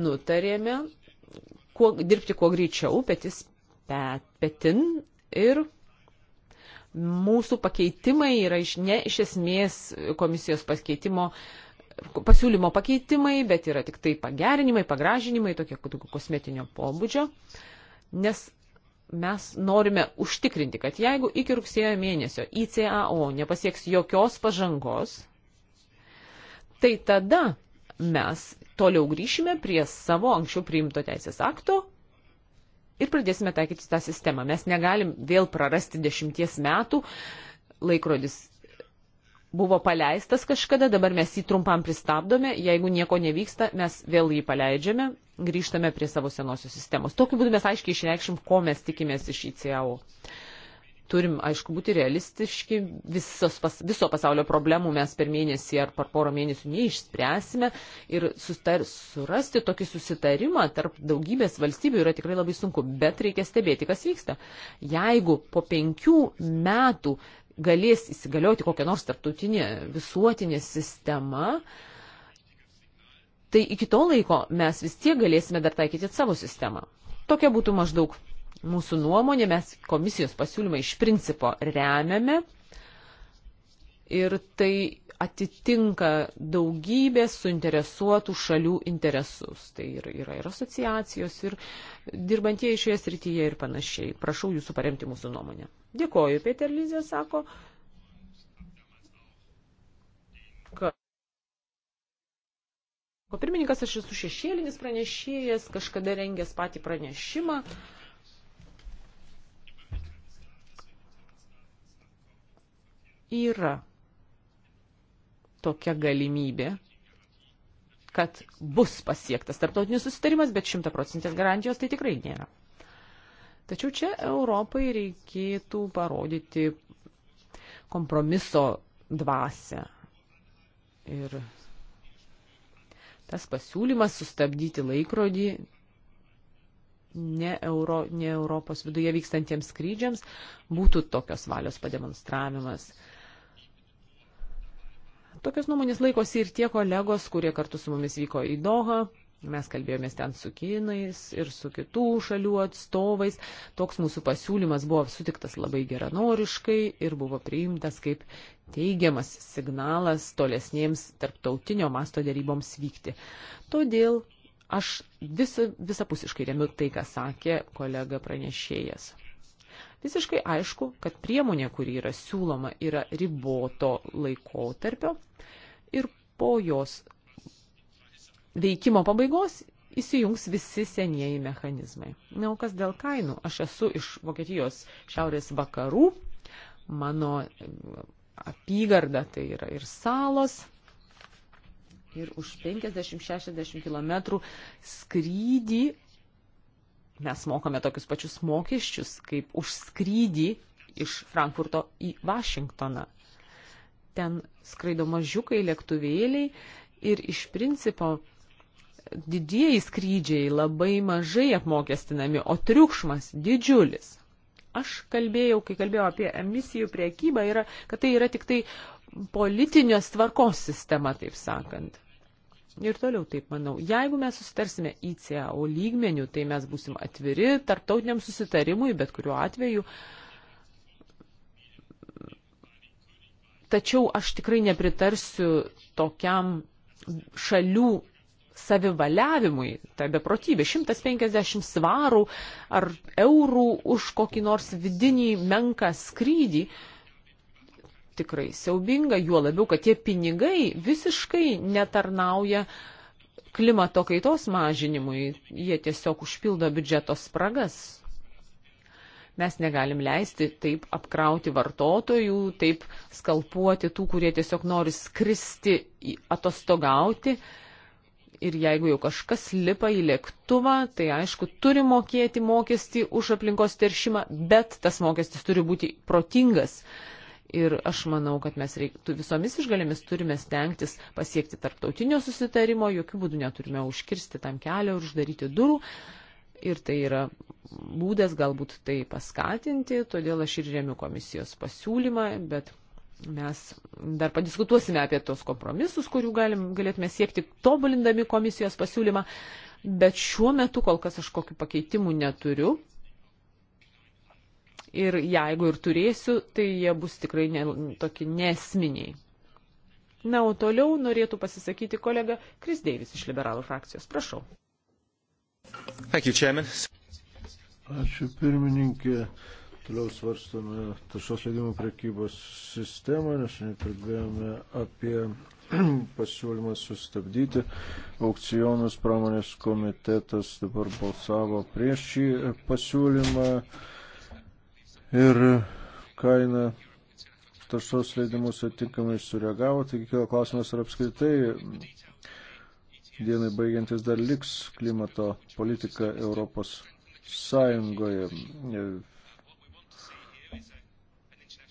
nutarėme kuo, dirbti kuo greičiau, petis pet, petin ir Mūsų pakeitimai yra iš, ne iš esmės komisijos pakeitimo pasiūlymo pakeitimai, bet yra tik tai pagerinimai, pagražinimai, tokie kosmetinio pobūdžio, nes mes norime užtikrinti, kad jeigu iki rugsėjo mėnesio ICAO nepasieks jokios pažangos, tai tada mes toliau grįšime prie savo anksčiau priimto teisės akto, ir pradėsime taikyti tą sistemą. Mes negalim vėl prarasti dešimties metų. Laikrodis buvo paleistas kažkada, dabar mes jį trumpam pristabdome, jeigu nieko nevyksta, mes vėl jį paleidžiame, grįžtame prie savo senosios sistemos. Tokiu būdu mes aiškiai išreikšim, ko mes tikimės iš ICAO. Uh, Turim, aišku, būti realistiški, Visos, pas, viso pasaulio problemų mes per mėnesį ar per porą mėnesių neišspręsime ir sustar, surasti tokį susitarimą tarp daugybės valstybių yra tikrai labai sunku, bet reikia stebėti, kas vyksta. Jeigu po penkių metų galės įsigalioti kokią nors tarptautinę visuotinę sistemą, tai iki to laiko mes vis tiek galėsime dar taikyti savo sistemą. Tokia būtų maždaug Mūsų nuomonė, mes komisijos pasiūlymą iš principo remiame ir tai atitinka daugybės suinteresuotų šalių interesus. Tai yra, yra ir asociacijos, ir dirbantieji šioje srityje ir panašiai. Prašau jūsų paremti mūsų nuomonę. Dėkoju, Peter Lyzė sako. Kad... Ko pirmininkas, aš esu šešėlinis pranešėjas, kažkada rengęs patį pranešimą. Uh, yra tokia galimybė, kad bus pasiektas tarptautinis susitarimas, bet šimtaprocentės garantijos tai tikrai nėra. Tačiau čia Europai reikėtų parodyti kompromiso dvasę. Ir tas pasiūlymas sustabdyti laikrodį ne, Euro, ne Europos viduje vykstantiems skrydžiams būtų tokios valios pademonstravimas. Uh, Tokios nuomonės laikosi ir tie kolegos, kurie kartu su mumis vyko į Dohą. Mes kalbėjomės ten su kinais ir su kitų šalių atstovais. Toks mūsų pasiūlymas buvo sutiktas labai geranoriškai ir buvo priimtas kaip teigiamas signalas tolesniems tarptautinio masto dėryboms vykti. Todėl aš vis, visapusiškai remiu tai, ką sakė kolega pranešėjas visiškai aišku, kad priemonė, kuri yra siūloma, yra riboto laikotarpio ir po jos veikimo pabaigos įsijungs visi senieji mechanizmai. Na, o kas dėl kainų? Aš esu iš Vokietijos šiaurės vakarų, mano apygarda tai yra ir salos. Ir už 50-60 km skrydį mes mokame tokius pačius mokesčius kaip už skrydį iš Frankfurto į Vašingtoną. Ten skraido mažiukai lėktuvėliai ir iš principo didieji skrydžiai labai mažai apmokestinami, o triukšmas didžiulis. Aš kalbėjau, kai kalbėjau apie emisijų priekybą, yra, kad tai yra tik tai politinios tvarkos sistema, taip sakant ir toliau taip manau. Jeigu mes susitarsime ICAO lygmenių, tai mes būsim atviri tarptautiniam susitarimui, bet kuriuo atveju. Tačiau aš tikrai nepritarsiu tokiam šalių savivaliavimui, ta beprotybė, 150 svarų ar eurų už kokį nors vidinį menką skrydį. Uh, tikrai siaubinga, juo labiau, kad tie pinigai visiškai netarnauja klimato kaitos mažinimui, jie tiesiog užpildo biudžeto spragas. Mes negalim leisti taip apkrauti vartotojų, taip skalpuoti tų, kurie tiesiog nori skristi atostogauti. Ir jeigu jau kažkas lipa į lėktuvą, tai aišku, turi mokėti mokestį už aplinkos teršimą, bet tas mokestis turi būti protingas. Uh, Ir aš manau, kad mes reiktų, visomis išgalėmis turime stengtis pasiekti tarptautinio susitarimo, jokių būdų neturime užkirsti tam kelią ir uždaryti durų. Ir tai yra būdas galbūt tai paskatinti, todėl aš ir remiu komisijos pasiūlymą, bet mes dar padiskutuosime apie tos kompromisus, kurių galim, galėtume siekti tobulindami komisijos pasiūlymą, bet šiuo metu kol kas aš kokių pakeitimų neturiu ir jeigu ir turėsiu, tai jie bus tikrai ne, tokie nesminiai. Na, o toliau norėtų pasisakyti kolega Kris Deivis iš liberalų frakcijos. Prašau. Thank you, chairman. Ačiū pirmininkė. Toliau svarstame taršos leidimų prekybos sistemą, nes šiandien kalbėjome apie *clears throat* pasiūlymą sustabdyti aukcionus. Pramonės komitetas dabar balsavo prieš šį pasiūlymą ir kaina taršos leidimus atitinkamai sureagavo. Taigi kilo klausimas, ar apskritai dienai baigiantis dar liks klimato politika Europos Sąjungoje.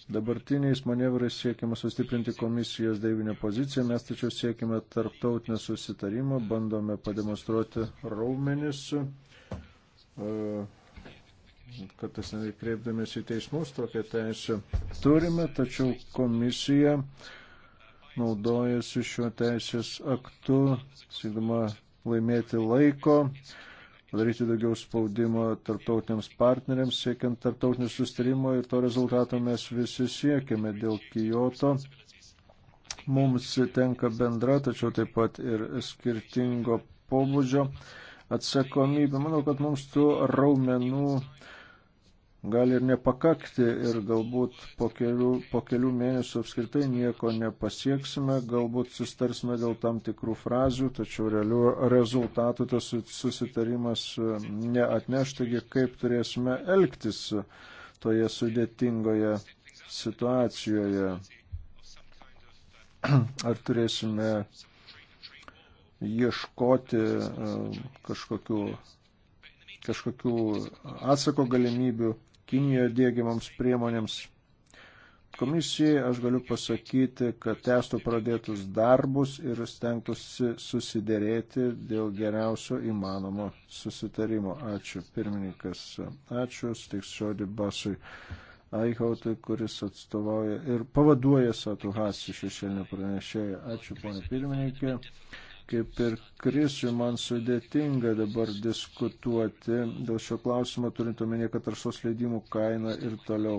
Dabartiniais manevrais siekiama sustiprinti komisijos daivinę poziciją, mes tačiau siekime tarptautinę susitarimą, bandome pademonstruoti raumenis. Uh, kartais nekreipdamės į teismus tokią teisę turime, tačiau komisija naudojasi šiuo teisės aktu, siekdama laimėti laiko, padaryti daugiau spaudimo tarptautiniams partneriams, siekiant tarptautinio sustarimo ir to rezultato mes visi siekiame dėl Kijoto. Mums tenka bendra, tačiau taip pat ir skirtingo pobūdžio atsakomybė. Manau, kad mums tų raumenų gali ir nepakakti ir galbūt po kelių, po kelių mėnesių apskritai nieko nepasieksime, galbūt sustarsime dėl tam tikrų frazių, tačiau realių rezultatų tas susitarimas e, neatneš, taigi kaip turėsime elgtis toje sudėtingoje situacijoje. *clears throat* Ar turėsime ieškoti e, kažkokių, kažkokių atsako galimybių Kinijoje dėgiamams priemonėms. Komisijai aš galiu pasakyti, kad testų pradėtus darbus ir stengtųsi susidėrėti dėl geriausio įmanomo susitarimo. Ačiū, pirmininkas. Ačiū, stiks žodį basui Aichautui, kuris atstovauja ir pavaduoja Satuhasi šešėlinio pranešėją. Ačiū, ponė pirmininkė kaip ir Krisui, man sudėtinga dabar diskutuoti dėl šio klausimo, turint omenyje, kad taršos leidimų kaina ir toliau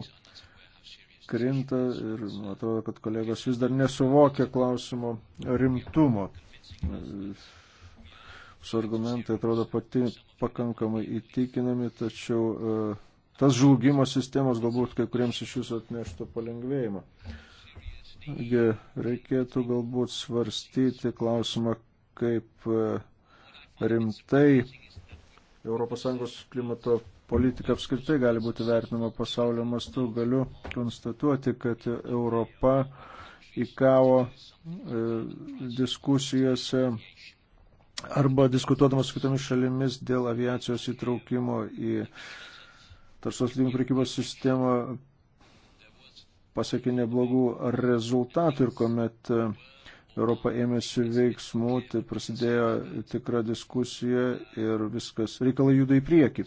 krinta ir atrodo, kad kolegos vis dar nesuvokia klausimo rimtumo. Su argumentai atrodo pati pakankamai įtikinami, tačiau e, tas žlugimo sistemos galbūt kai kuriems iš jūsų atneštų palengvėjimą. Taigi reikėtų galbūt svarstyti klausimą, kaip e, rimtai ES klimato politika apskritai gali būti vertinama pasaulio mastu. Galiu konstatuoti, kad Europa įkavo e, diskusijose arba diskutuodamas su kitomis šalimis dėl aviacijos įtraukimo į tarsos lygimų prekybos sistemą pasiekė neblogų rezultatų ir kuomet e, Europa ėmėsi veiksmų, tai prasidėjo tikra diskusija ir viskas, reikalai juda į priekį.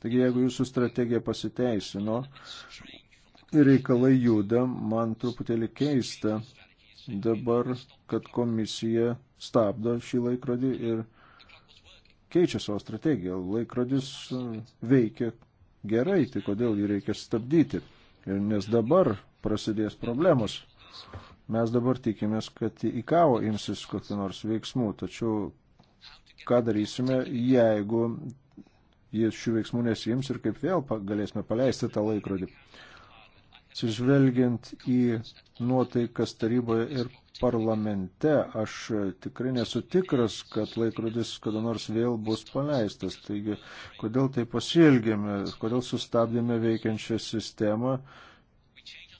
Taigi, jeigu jūsų strategija pasiteisino ir reikalai juda, man truputėlį keista dabar, kad komisija stabdo šį laikrodį ir keičia savo strategiją. Laikrodis e, veikia gerai, tai kodėl jį reikia stabdyti. Ir nes dabar prasidės problemos. Mes dabar tikimės, kad į kavo imsis kokiu nors veiksmu, tačiau ką darysime, jeigu jis šių veiksmų nesijims ir kaip vėl galėsime paleisti tą laikrodį. Atsižvelgiant į nuotaikas taryboje ir parlamente, aš tikrai nesu tikras, kad laikrodis kada nors vėl bus paleistas. Taigi, kodėl tai pasielgėme, kodėl sustabdėme veikiančią sistemą,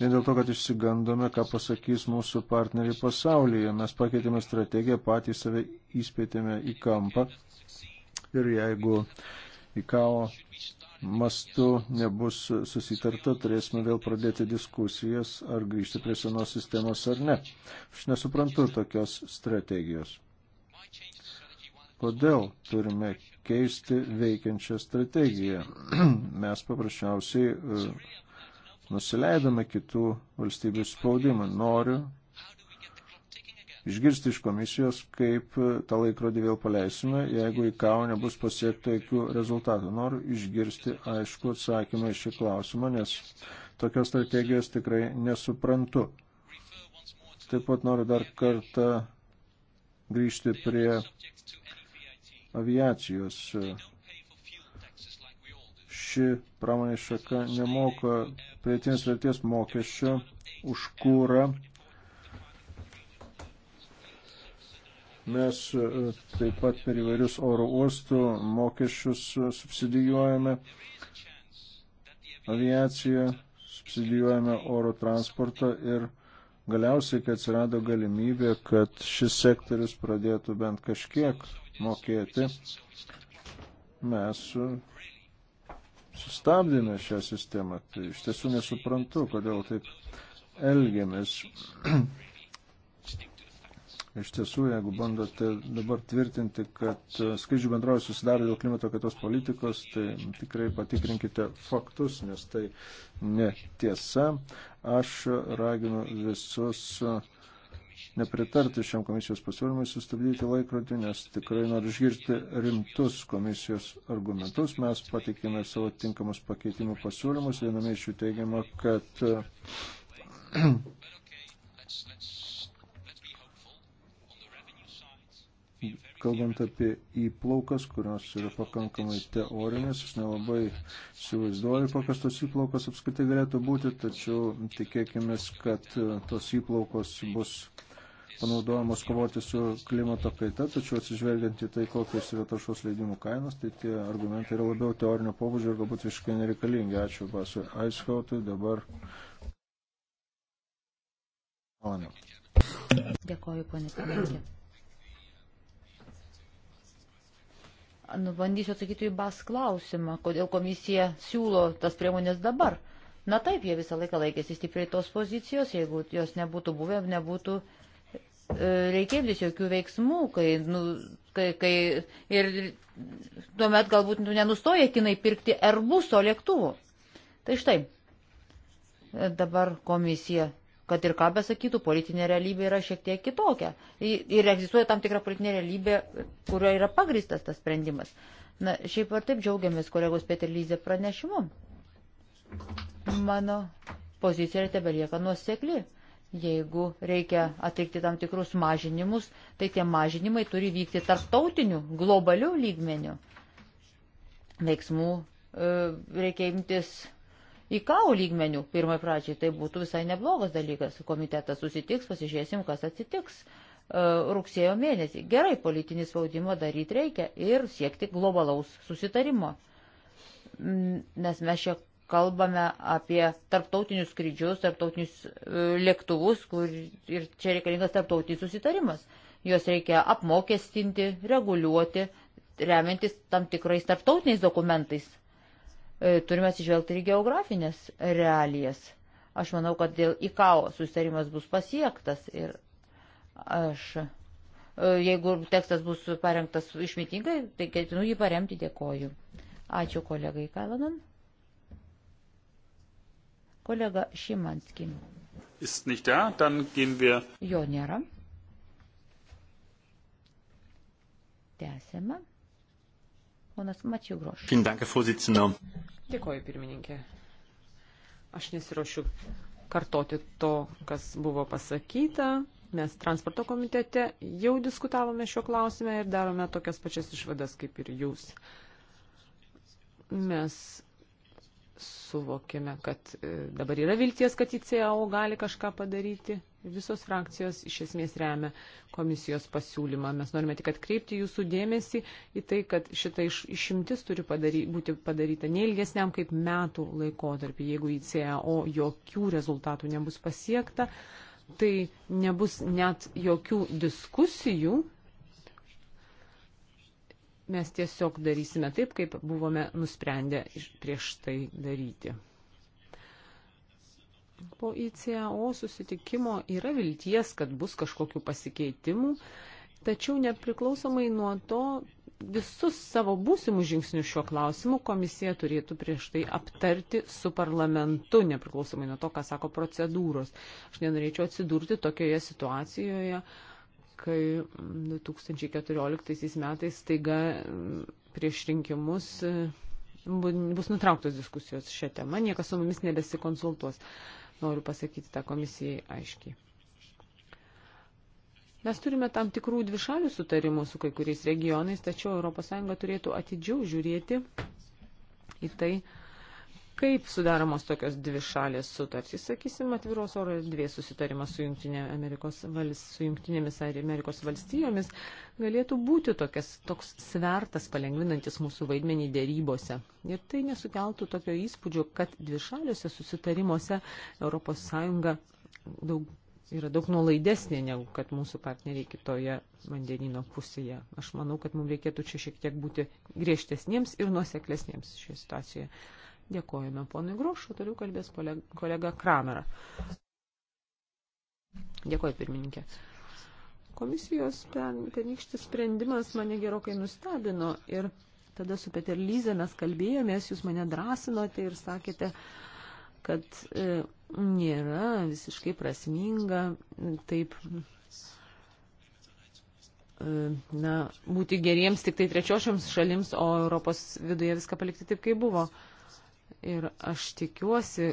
Vien dėl to, kad išsigandome, ką pasakys mūsų partneriai pasaulyje. Mes pakeitėme strategiją, patys save įspėtėme į kampą. Ir jeigu į kao mastu nebus susitarta, turėsime vėl pradėti diskusijas, ar grįžti prie senos sistemos ar ne. Aš nesuprantu tokios strategijos. Kodėl turime keisti veikiančią strategiją? *clears throat* Mes paprasčiausiai nusileidome kitų valstybių spaudimą. Noriu išgirsti iš komisijos, kaip tą laikrodį vėl paleisime, jeigu į kavo nebus pasiekta jokių rezultatų. Noriu išgirsti aišku atsakymą iš šį klausimą, nes tokios strategijos tikrai nesuprantu. Taip pat noriu dar kartą grįžti prie aviacijos ši pramonės šaka nemoka prietinės vertės mokesčio už kūrą. Mes e, taip pat per įvairius oro uostų mokesčius e, subsidijuojame aviaciją, subsidijuojame oro transportą ir galiausiai, kai atsirado galimybė, kad šis sektorius pradėtų bent kažkiek mokėti, mes e, sustabdėme šią sistemą. Tai iš tiesų nesuprantu, kodėl taip elgiamės. *clears throat* Iš tiesų, jeigu bandote dabar tvirtinti, kad skrydžių bendrovė susidarė dėl klimato kaitos politikos, tai tikrai patikrinkite faktus, nes tai netiesa. Aš raginu visus uh, nepritarti šiam komisijos pasiūlymui sustabdyti laikrodį, nes tikrai noriu išgirsti rimtus komisijos argumentus. Mes pateikėme savo tinkamus pakeitimų pasiūlymus. Viename iš jų teigiama, kad *clears throat* kalbant apie įplaukas, kurios yra pakankamai teorinės, aš nelabai įsivaizduoju, kokios tos įplaukas apskritai galėtų būti, tačiau tikėkime, kad tos įplaukos bus panaudojamos kovoti su klimato kaita, tačiau atsižvelgiant į tai, kokios yra taršos leidimų kainos, tai tie argumentai yra labiau teorinio pobūdžio ir galbūt visiškai nereikalingi. Ačiū Basui Aiskautui, dabar. Maloniau. Dėkoju, ponė Pirmininkė. Nu, bandysiu atsakyti į bas klausimą, kodėl komisija siūlo tas priemonės dabar. Na taip, jie visą laiką laikėsi stipriai tos pozicijos, jeigu jos nebūtų buvę, nebūtų uh, E, reikėdis jokių veiksmų, kai, nu, kai, kai ir tuomet galbūt nu, nenustoja kinai pirkti Airbuso lėktuvų. Tai štai, e, dabar komisija, kad ir ką besakytų, politinė realybė yra šiek tiek kitokia. Ir egzistuoja tam tikra politinė realybė, kurio yra pagristas tas sprendimas. Na, šiaip ar taip džiaugiamės kolegos Peter Lyze pranešimu. Mano pozicija tebelieka nuosekli. Jeigu reikia atlikti tam tikrus mažinimus, tai tie mažinimai turi vykti tarptautiniu, globaliu lygmeniu. Veiksmų e, reikia imtis į kau lygmenių pirmai pradžiai. Tai būtų visai neblogas dalykas. Komitetas susitiks, pasižiūrėsim, kas atsitiks e, rugsėjo mėnesį. Gerai, politinį spaudimą daryti reikia ir siekti globalaus susitarimo. Nes mes čia kalbame apie tarptautinius skrydžius, tarptautinius e, lėktuvus, kur ir čia reikalingas tarptautinis susitarimas. Juos reikia apmokestinti, reguliuoti, remiantis tam tikrais tarptautiniais dokumentais. E, turime atsižvelgti ir geografinės realijas. Aš manau, kad dėl IKAO susitarimas bus pasiektas ir aš, e, jeigu tekstas bus parengtas išmitingai, tai ketinu jį paremti, dėkoju. Ačiū kolegai Kalanan. Kolega Šimanski. Ist nicht da, dann gehen wir. Jo nėra. Tęsėme. Ponas Mačių Groš. Dėkoju, pirmininkė. Aš nesiuošiu kartoti to, kas buvo pasakyta. Mes transporto komitete jau diskutavome šiuo klausime ir darome tokias pačias išvadas kaip ir jūs. Mes suvokėme, kad e, dabar yra vilties, kad ICAO gali kažką padaryti. Visos frakcijos iš esmės remia komisijos pasiūlymą. Mes norime tik atkreipti jūsų dėmesį į tai, kad šita iš, išimtis turi padary, būti padaryta neilgesniam kaip metų laikotarpį. Jeigu ICAO jokių rezultatų nebus pasiekta, tai nebus net jokių diskusijų mes tiesiog darysime taip, kaip buvome nusprendę prieš tai daryti. Po ICAO susitikimo yra vilties, kad bus kažkokių pasikeitimų, tačiau nepriklausomai nuo to visus savo būsimus žingsnius šiuo klausimu komisija turėtų prieš tai aptarti su parlamentu, nepriklausomai nuo to, ką sako procedūros. Aš nenorėčiau atsidurti tokioje situacijoje, uh, kai 2014 metais staiga mm, prieš rinkimus mm, bus nutrauktos diskusijos šią temą, niekas su mumis nebesikonsultuos. Noriu pasakyti tą komisijai aiškiai. Mes turime tam tikrų dvišalių sutarimų su kai kuriais regionais, tačiau ES turėtų atidžiau žiūrėti į tai, Kaip sudaromos tokios dvi šalės sutartys, sakysim, atviros oro erdvės susitarimas su, Junktinė Amerikos, su Junktinėmis Amerikos valstijomis galėtų būti tokias, toks svertas palengvinantis mūsų vaidmenį dėrybose. Ir tai nesukeltų tokio įspūdžio, kad dvi šaliuose susitarimuose ES daug yra daug nuolaidesnė negu kad mūsų partneriai kitoje vandenino pusėje. Aš manau, kad mums reikėtų čia šiek tiek būti griežtesniems ir nuoseklesniems šioje situacijoje. Dėkojame ponui Grošu, toliau kalbės kolega Kramera. Dėkoju, pirmininkė. Komisijos pernykštis sprendimas mane gerokai nustebino ir tada su Peter Lyze mes kalbėjomės, jūs mane drąsinote ir sakėte, kad e, nėra visiškai prasminga taip e, na, būti geriems tik tai trečiošiams šalims, o Europos viduje viską palikti taip, kaip buvo. E, Ir aš tikiuosi,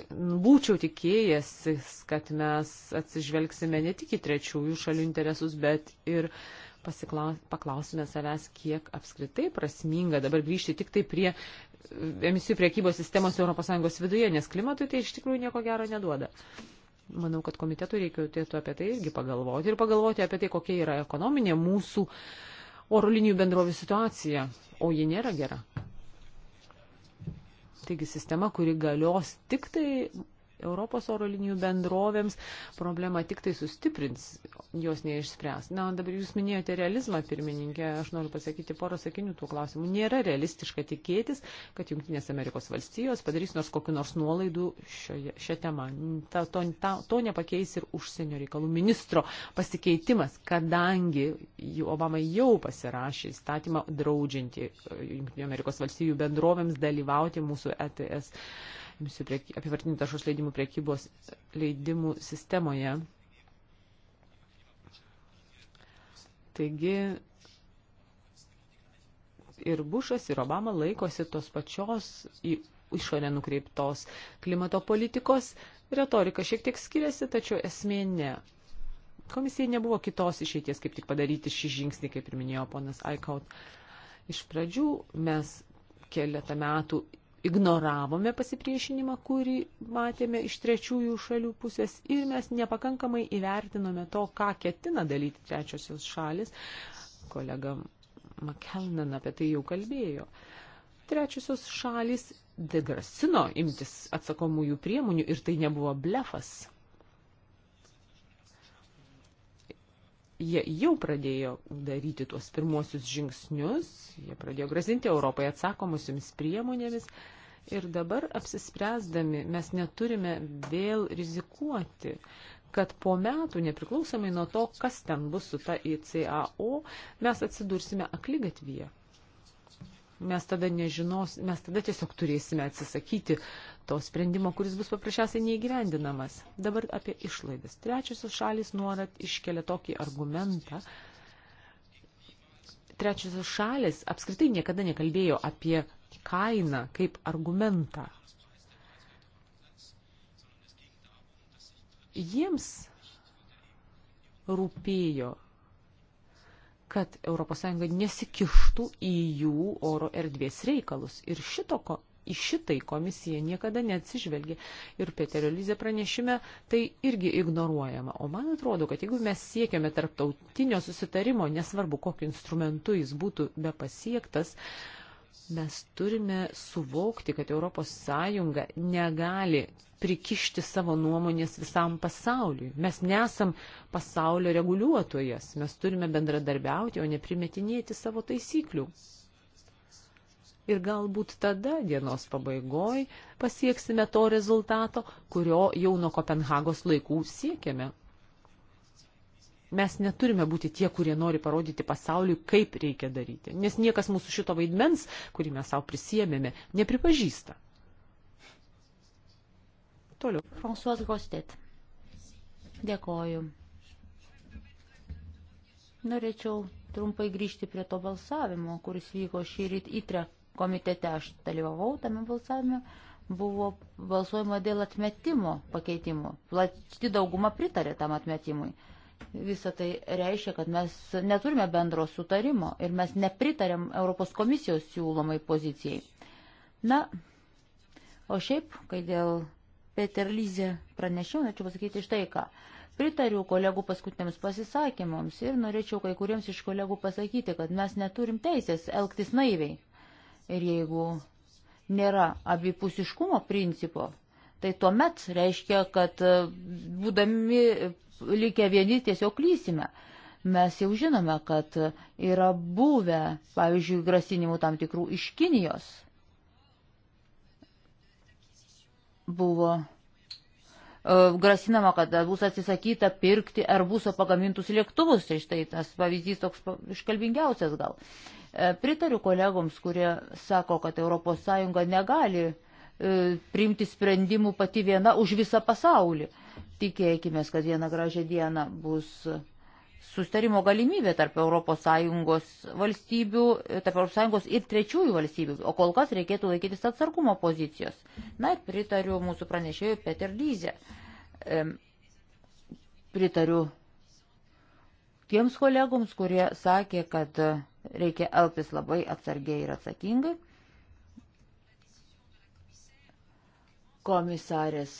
būčiau tikėjęsis, kad mes atsižvelgsime ne tik į trečiųjų šalių interesus, bet ir paklausime savęs, kiek apskritai prasminga dabar grįžti tik tai prie e, emisijų priekybos sistemos ES viduje, nes klimatui tai iš tikrųjų nieko gero neduoda. Manau, kad komitetui reikėtų apie tai irgi pagalvoti ir pagalvoti apie tai, kokia yra ekonominė mūsų oro linijų bendrovių situacija, o ji nėra gera. Taigi sistema, kuri galios tik tai Europos oro linijų bendrovėms problema tik tai sustiprins, jos neišspręs. Na, dabar jūs minėjote realizmą, pirmininkė, aš noriu pasakyti porą sakinių tų klausimų. Nėra realistiška tikėtis, kad Junktinės Amerikos valstijos padarys nors kokiu nors nuolaidų šioje, šią temą. Ta, to, ta, to nepakeis ir užsienio reikalų ministro pasikeitimas, kadangi Obama jau pasirašė įstatymą draudžiantį e, Junktinių Amerikos valstijų bendrovėms dalyvauti mūsų ETS apivartinių taršos leidimų priekybos leidimų sistemoje. Taigi ir Bušas, ir Obama laikosi tos pačios į išorę nukreiptos klimato politikos. Retorika šiek tiek skiriasi, tačiau esmė ne. Komisijai nebuvo kitos išeities, kaip tik padaryti šį žingsnį, kaip ir minėjo ponas Aikaut. Iš pradžių mes keletą metų ignoravome pasipriešinimą, kurį matėme iš trečiųjų šalių pusės ir mes nepakankamai įvertinome to, ką ketina dalyti trečiosios šalis. Kolega Makelnan apie tai jau kalbėjo. Trečiosios šalis degrasino imtis atsakomųjų priemonių ir tai nebuvo blefas. jie jau pradėjo daryti tuos pirmuosius žingsnius, jie pradėjo grasinti Europai atsakomusiamis priemonėmis ir dabar apsispręsdami mes neturime vėl rizikuoti, kad po metų, nepriklausomai nuo to, kas ten bus su ta ICAO, mes atsidursime aklygatvyje mes tada nežinos, mes tada tiesiog turėsime atsisakyti to sprendimo, kuris bus paprasčiausiai neįgyvendinamas. Dabar apie išlaidas. Trečiosios šalis nuolat iškelia tokį argumentą. Trečiosios šalis apskritai niekada nekalbėjo apie kainą kaip argumentą. Jiems rūpėjo kad ES nesikištų į jų oro erdvės reikalus. Ir šito, į šitai komisija niekada neatsižvelgia. Ir Peterio Lyze pranešime tai irgi ignoruojama. O man atrodo, kad jeigu mes siekiame tarptautinio susitarimo, nesvarbu kokiu instrumentu jis būtų be pasiektas, uh, mes turime suvokti, kad ES negali prikišti savo nuomonės visam pasauliui. Mes nesam pasaulio reguliuotojas, mes turime bendradarbiauti, o ne primetinėti savo taisyklių. Ir galbūt tada dienos pabaigoj pasieksime to rezultato, kurio jau nuo Kopenhagos laikų siekiame. Mes neturime būti tie, kurie nori parodyti pasauliu, kaip reikia daryti, nes niekas mūsų šito vaidmens, kurį mes savo prisėmėme, nepripažįsta. Toliau. François Gostet. Dėkoju. Norėčiau trumpai grįžti prie to balsavimo, kuris vyko šį rytį įtre komitete. Aš dalyvavau tame balsavime. Buvo balsuojama dėl atmetimo pakeitimo. Plati dauguma pritarė tam atmetimui. Visą tai reiškia, kad mes neturime bendro sutarimo ir mes nepritarėm Europos komisijos siūlomai pozicijai. Na, o šiaip, kai dėl Peter Lyzė pranešiau, norėčiau pasakyti štai ką. Pritariu kolegų paskutiniams pasisakymams ir norėčiau kai kuriems iš kolegų pasakyti, kad mes neturim teisės elgtis naiviai. Ir jeigu nėra abipusiškumo principo, tai tuomet reiškia, kad būdami likę vieni tiesiog klysime. Mes jau žinome, kad yra buvę, pavyzdžiui, grasinimų tam tikrų iš Kinijos. Buvo e, grasinama, kad bus atsisakyta pirkti Airbuso pagamintus lėktuvus. Ir tai štai tas pavyzdys toks iškalbingiausias gal. E, pritariu kolegoms, kurie sako, kad ES negali e, priimti sprendimų pati viena už visą pasaulį. Tikėkime, kad vieną gražią dieną bus sustarimo galimybė tarp ES valstybių, tarp ES ir trečiųjų valstybių, o kol kas reikėtų laikytis atsargumo pozicijos. Na ir pritariu mūsų pranešėjui Peter Lyze. E, pritariu tiems kolegoms, kurie sakė, kad reikia elgtis labai atsargiai ir atsakingai. Komisarės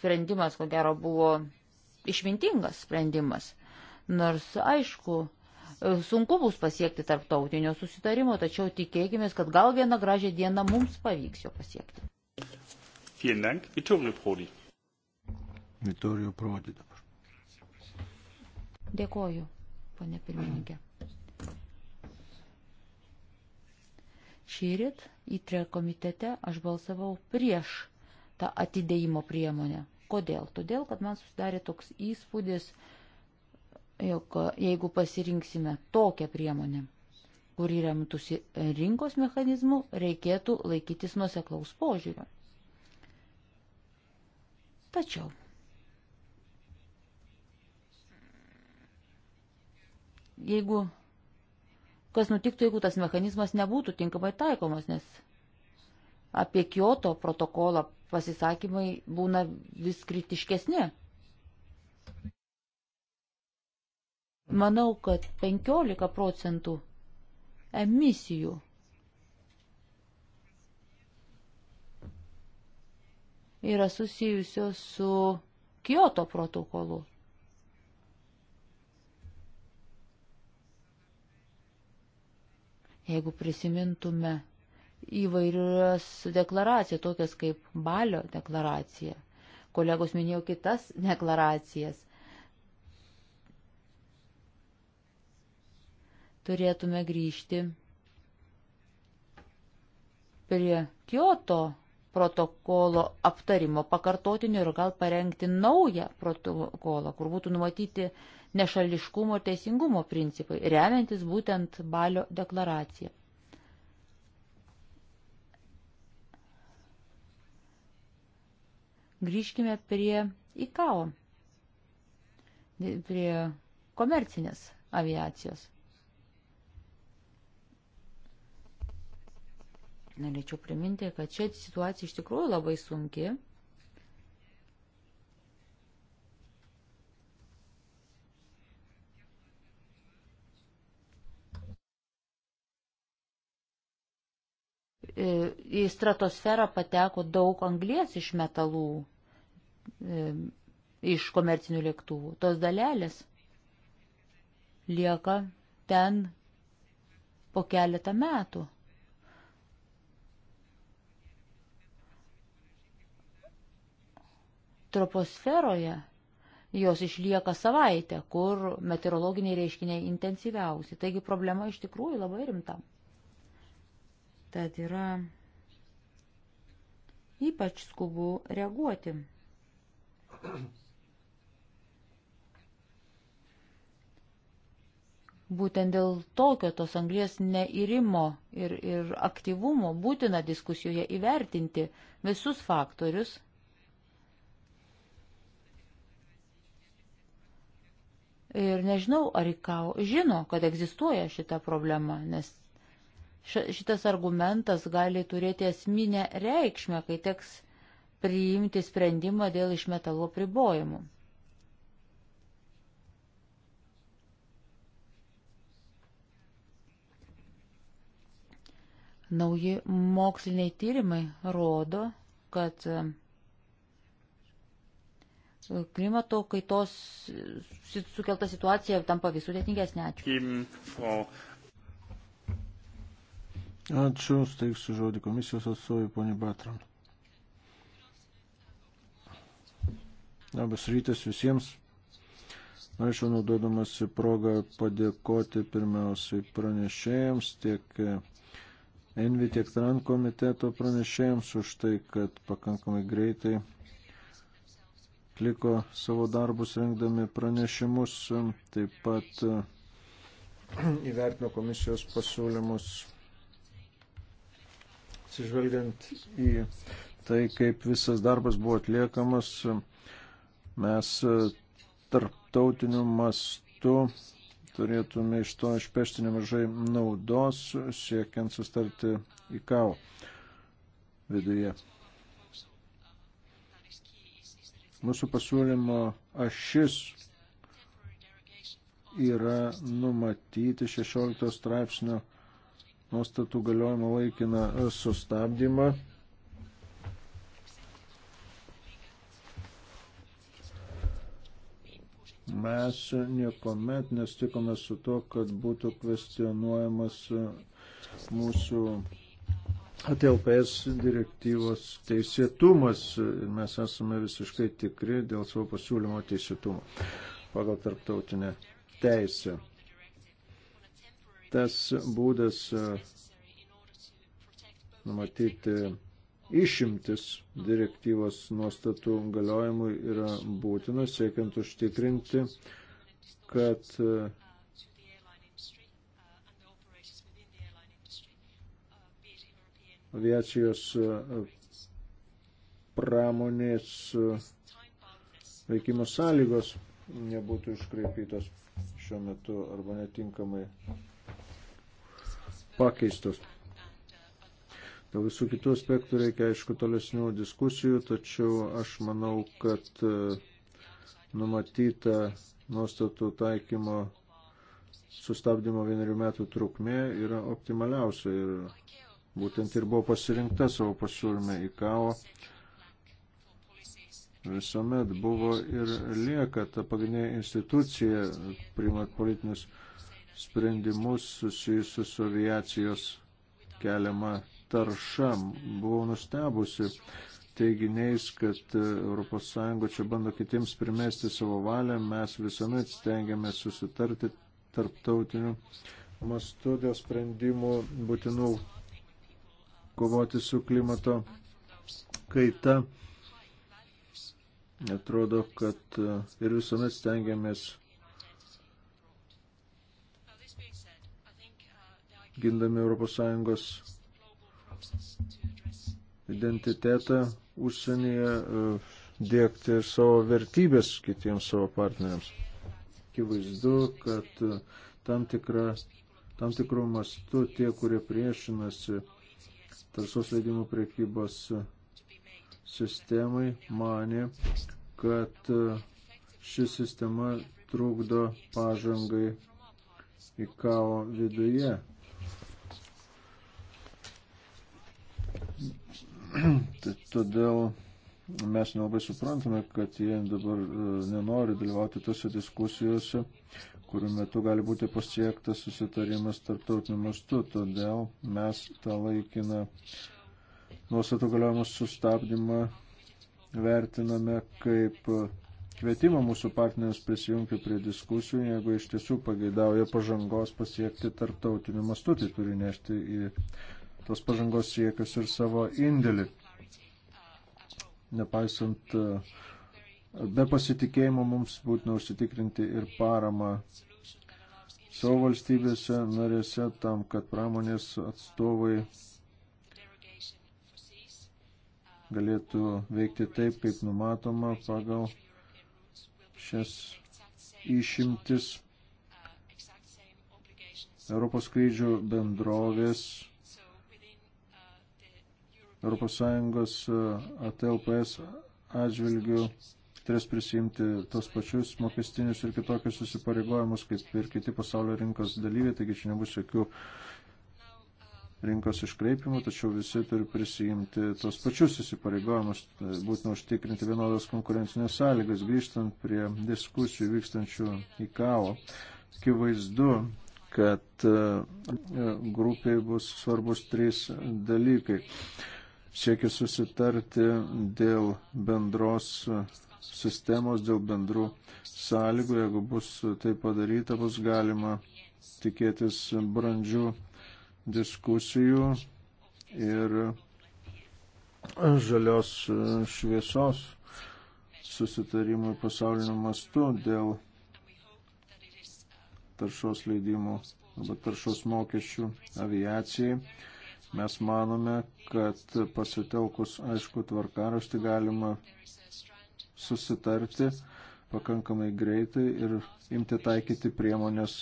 sprendimas, ko gero, buvo išmintingas sprendimas. Nors, aišku, sunku bus pasiekti tarptautinio susitarimo, tačiau tikėkime, kad gal vieną gražią dieną mums pavyks jo pasiekti. Dank, Vittorio Prodi. Vittorio Prodi dabar. Dėkoju, ponė pirmininkė. Šįryt įtre komitete aš balsavau prieš tą atidėjimo priemonę. Kodėl? Todėl, kad man susidarė toks įspūdis, jog jeigu pasirinksime tokią priemonę, kuri remtųsi rinkos mechanizmu, reikėtų laikytis nuseklaus požiūrio. Tačiau. Jeigu kas nutiktų, jeigu tas mechanizmas nebūtų tinkamai taikomas, nes apie Kyoto protokolą pasisakymai būna vis kritiškesni. Manau, kad 15 procentų emisijų yra susijusios su Kyoto protokolu. Jeigu prisimintume įvairias deklaracijas, tokias kaip Balio deklaracija. Kolegos minėjo kitas deklaracijas. Turėtume grįžti prie Kyoto protokolo aptarimo pakartotinio ir gal parengti naują protokolą, kur būtų numatyti nešališkumo ir teisingumo principai, remiantis būtent Balio deklaraciją. Grįžkime prie ICAO, prie komercinės aviacijos. Norėčiau priminti, kad čia situacija iš tikrųjų labai sunki. į stratosferą pateko daug anglies iš metalų, e, iš komercinių lėktuvų. Tos dalelės lieka ten po keletą metų. Troposferoje jos išlieka savaitę, kur meteorologiniai reiškiniai intensyviausi. Taigi problema iš tikrųjų labai rimta. Tad yra ypač skubu reaguoti. Būtent dėl tokio tos anglės neįrimo ir, ir aktyvumo būtina diskusijoje įvertinti visus faktorius. Ir nežinau, ar IKAO žino, kad egzistuoja šita problema, nes šitas argumentas gali turėti esminę reikšmę, kai teks priimti sprendimą dėl išmetalo pribojimų. Nauji moksliniai tyrimai rodo, kad e, klimato kaitos sukelta situacija tampa vis sudėtingesnė. Ačiū. Ačiū, steiksiu žodį komisijos atstovui, ponė Batran. Labas rytas visiems. Norėčiau naudodamas į progą padėkoti pirmiausiai pranešėjams, tiek Envi, tiek Tran komiteto pranešėjams už tai, kad pakankamai greitai atliko savo darbus rengdami pranešimus, taip pat *clears throat* įvertino komisijos pasiūlymus Atsižvelgiant į tai, kaip visas darbas buvo atliekamas, mes e, tarptautiniu mastu turėtume iš to išpešti nemažai naudos, siekiant sustarti į kau viduje. Mūsų pasiūlymo ašis yra numatyti 16 straipsnio nuostatų galiojimo laikiną sustabdymą. Mes niekuomet nestikome su to, kad būtų kvestionuojamas mūsų ATLPS direktyvos teisėtumas ir mes esame visiškai tikri dėl savo pasiūlymo teisėtumo pagal tarptautinę teisę tas būdas e, numatyti išimtis direktyvos nuostatų galiojimui yra būtina, siekiant užtikrinti, kad e, aviacijos e, pramonės veikimo sąlygos nebūtų iškreipytos šiuo metu arba netinkamai pakeistos. Dėl visų kitų aspektų reikia, aišku, tolesnių diskusijų, tačiau aš manau, kad e, numatyta nuostatų taikymo sustabdymo vienerių metų trukmė yra optimaliausia ir būtent ir buvo pasirinkta savo pasiūlyme į kavo. Visuomet buvo ir lieka ta pagrindinė institucija, priimant politinius sprendimus susijusius su aviacijos keliama tarša. Buvau nustebusi teiginiais, kad ES čia bando kitiems primesti savo valią, mes visuomet stengiamės susitarti tarptautiniu mastu dėl sprendimų būtinų kovoti su klimato kaita. Atrodo, kad ir visuomet stengiamės gindami ES identitetą užsienyje, e, dėkti savo vertybės kitiems savo partneriams. Kivaizdu, kad e, tam, tikra, tam tikrų mastų tie, kurie priešinasi tarsos leidimų priekybos e, sistemai, mane, kad ši sistema trukdo pažangai į kavo viduje. *clears throat* Tai todėl mes nelabai suprantame, kad jie dabar e, nenori dalyvauti tose diskusijose, kurių metu gali būti pasiektas susitarimas tarptautiniu mastu. Todėl mes tą laikiną nuostatų galiojimo sustabdymą vertiname kaip kvietimą mūsų partneriams prisijungti prie diskusijų, jeigu iš tiesų pageidauja pažangos pasiekti tarptautiniu mastu, tai turi nešti į tos pažangos siekius ir savo indėlį. Nepaisant, e, be pasitikėjimo mums būtina užsitikrinti ir paramą savo valstybėse narėse tam, kad pramonės atstovai galėtų veikti taip, kaip numatoma pagal šias išimtis Europos skrydžių bendrovės ES e, ATLPS atžvilgių turės prisijimti tos pačius mokestinius ir kitokius susipareigojimus, kaip ir kiti pasaulio rinkos dalyviai, taigi čia nebus jokių rinkos iškreipimų, tačiau visi turi prisijimti tos pačius susipareigojimus, e, būtina užtikrinti vienodas konkurencinės sąlygas, grįžtant prie diskusijų vykstančių į kavo. Akivaizdu, kad e, grupiai bus svarbus trys dalykai siekia susitarti dėl bendros sistemos, dėl bendrų sąlygų. Jeigu bus tai padaryta, bus galima tikėtis brandžių diskusijų ir žalios šviesos susitarimui pasauliniu mastu dėl taršos leidimų arba taršos mokesčių aviacijai. Mes manome, kad pasitelkus aišku tvarkaraštį galima susitarti pakankamai greitai ir imti taikyti priemonės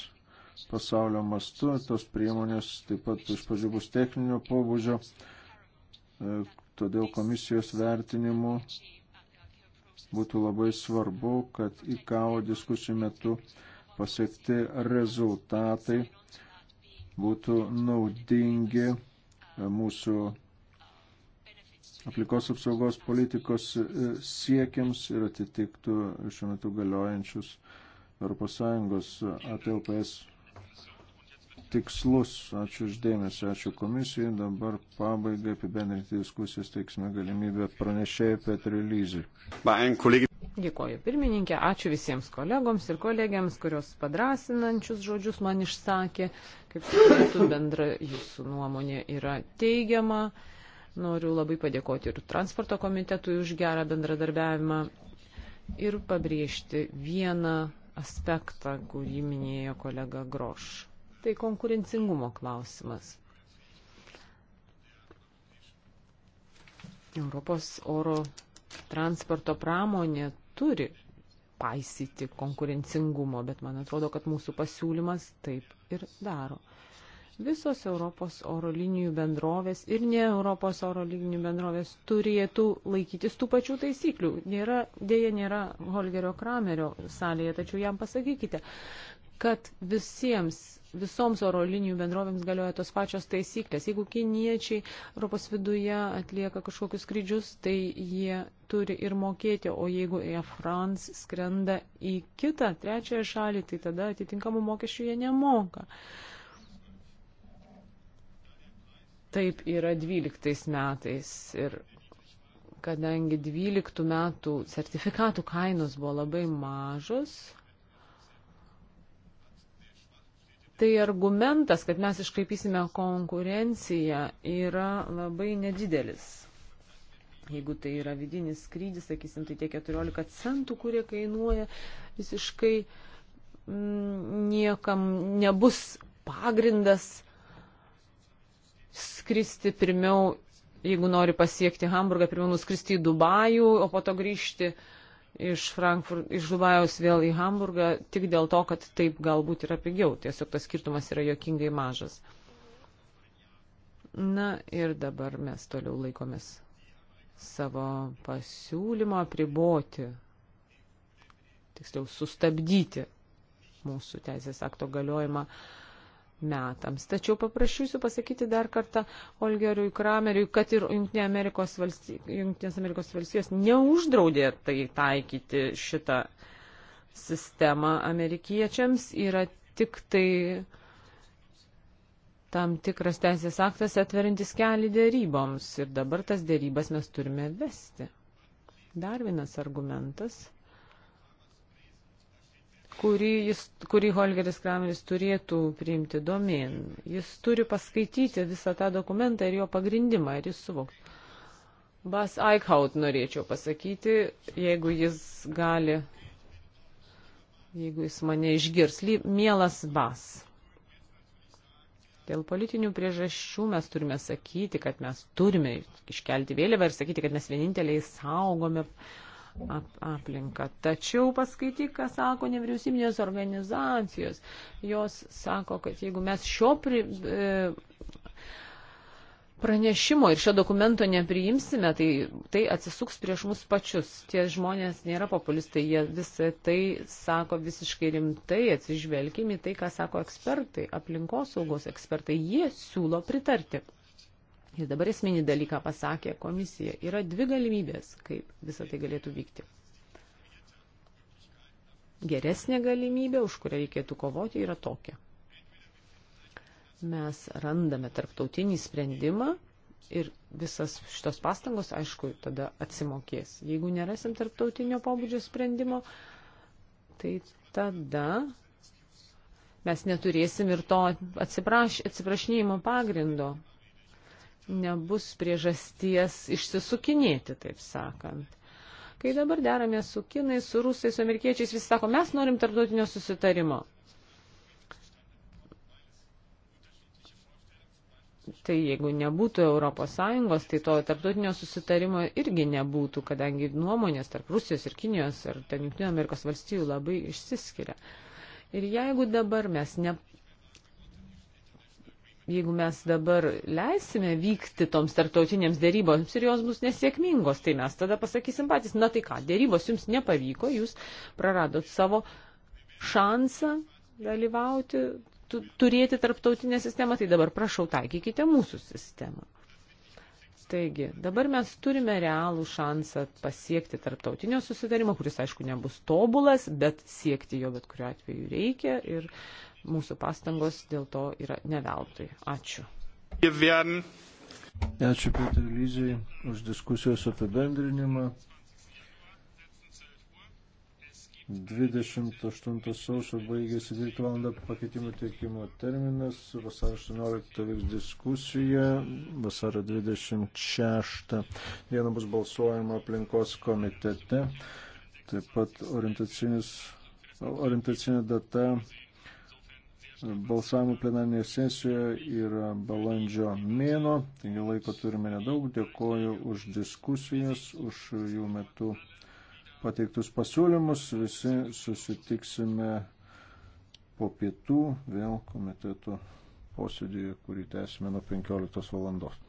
pasaulio mastu. Tos priemonės taip pat iš pradžių bus techninio pobūdžio, e, todėl komisijos vertinimu būtų labai svarbu, kad į kavo diskusijų metu pasiekti rezultatai būtų naudingi mūsų aplikos apsaugos politikos e, siekiams ir atitiktų šiuo metu galiojančius ES e, ATLPS tikslus. Ačiū uždėmesi, ačiū komisijai. Dabar pabaigai apibendrinti diskusijas teiksime galimybę pranešėjai Petri Lyzį. Dėkoju pirmininkė, ačiū visiems kolegoms ir kolegiams, kurios padrasinančius žodžius man išsakė. Kaip suprantu, bendra jūsų nuomonė yra teigiama. Noriu labai padėkoti ir transporto komitetui už gerą bendradarbiavimą ir pabrėžti vieną aspektą, kurį minėjo kolega Groš. Tai konkurencingumo klausimas. Europos oro transporto pramonė turi paisyti konkurencingumo, bet man atrodo, kad mūsų pasiūlymas taip ir daro. Visos Europos oro linijų bendrovės ir ne Europos oro linijų bendrovės turėtų laikytis tų pačių taisyklių. Nėra, dėja nėra Holgerio Kramerio salėje, tačiau jam pasakykite, kad visiems, visoms oro linijų bendrovėms galioja tos pačios taisyklės. Jeigu kiniečiai Europos viduje atlieka kažkokius skrydžius, tai jie turi ir mokėti, o jeigu Air France skrenda į kitą, trečiąją šalį, tai tada atitinkamų mokesčių jie nemoka. Taip yra 12 metais ir kadangi 12 metų sertifikatų kainos buvo labai mažos, tai argumentas, kad mes iškaipysime konkurenciją, yra labai nedidelis. Jeigu tai yra vidinis skrydis, sakysim, tai tie 14 centų, kurie kainuoja, visiškai mm, niekam nebus pagrindas skristi pirmiau, jeigu nori pasiekti Hamburgą, pirmiau nuskristi į Dubajų, o po to grįžti uh, iš, Frankfurt, iš Dubajaus vėl į Hamburgą tik dėl to, kad taip galbūt yra pigiau. Tiesiog tas skirtumas yra jokingai mažas. Na ir dabar mes toliau laikomės savo pasiūlymą priboti, tiksliau sustabdyti mūsų teisės akto galiojimą metams. Tačiau paprašysiu pasakyti dar kartą Olgeriui Krameriui, kad ir Junktinės Amerikos, valsty... Junktinės Amerikos valstijos neuždraudė tai taikyti šitą sistemą amerikiečiams. Yra tik tai tam tikras teisės aktas atverintis kelią dėryboms. Ir dabar tas dėrybas mes turime vesti. Dar vienas argumentas kurį, jis, kurį Holgeris Krameris turėtų priimti domin. Jis turi paskaityti visą tą dokumentą ir jo pagrindimą ir jis suvokti. Bas Eichhaut norėčiau pasakyti, jeigu jis gali, jeigu jis mane išgirs, ly, mielas Bas. Dėl politinių priežasčių mes turime sakyti, kad mes turime iškelti vėliavą ir sakyti, kad mes vieninteliai saugome uh, aplinką. Tačiau paskaityk, ką sako nevyriausybinės organizacijos. Jos sako, kad jeigu mes šio pri, e, pranešimo ir šio dokumento nepriimsime, tai tai atsisuks prieš mus pačius. Tie žmonės nėra populistai, jie visą tai sako visiškai rimtai, atsižvelgime į tai, ką sako ekspertai, aplinkosaugos ekspertai. Jie siūlo pritarti Jis dabar esminį dalyką pasakė komisija. Yra dvi galimybės, kaip visą tai galėtų vykti. Geresnė galimybė, už kurią reikėtų kovoti, yra tokia. Mes randame tarptautinį sprendimą ir visas šitos pastangos, aišku, tada atsimokės. Jeigu nerasim tarptautinio pobūdžio sprendimo, tai tada mes neturėsim ir to atsipraš, atsiprašinėjimo pagrindo nebus priežasties išsisukinėti, taip sakant. Kai dabar deramės su kinais, su rusais, su amerikiečiais, visi sako, mes norim tarptautinio susitarimo. Tai jeigu nebūtų ES, tai to tarptautinio susitarimo irgi nebūtų, kadangi nuomonės tarp Rusijos ir Kinijos ar ten Junktinio Amerikos valstijų labai išsiskiria. Ir jeigu dabar mes ne, jeigu mes dabar leisime vykti toms tarptautinėms dėryboms ir jos bus nesėkmingos, tai mes tada pasakysim patys, na tai ką, dėrybos jums nepavyko, jūs praradot savo šansą dalyvauti, tu, turėti tarptautinę sistemą, tai dabar prašau taikykite mūsų sistemą. Taigi, dabar mes turime realų šansą pasiekti tarptautinio susitarimo, kuris, aišku, nebus tobulas, bet siekti jo bet kuriuo atveju reikia. Ir uh, mūsų pastangos dėl to yra neveltui. Ačiū. Ačiū Peter Lyzijai už diskusijos apibendrinimą. 28 sausio baigėsi 12 val. pakeitimų teikimo terminas, vasario 18 vyks diskusija, vasario 26 dieną bus balsuojama aplinkos komitete, taip pat orientacinė data Balsavimo plenarinėje sesijoje yra balandžio mėno, taigi laiko turime nedaug. Dėkoju už diskusijas, už jų metu pateiktus pasiūlymus. Visi susitiksime po pietų vėl komiteto posėdėje, kurį tęsime nuo 15 valandos.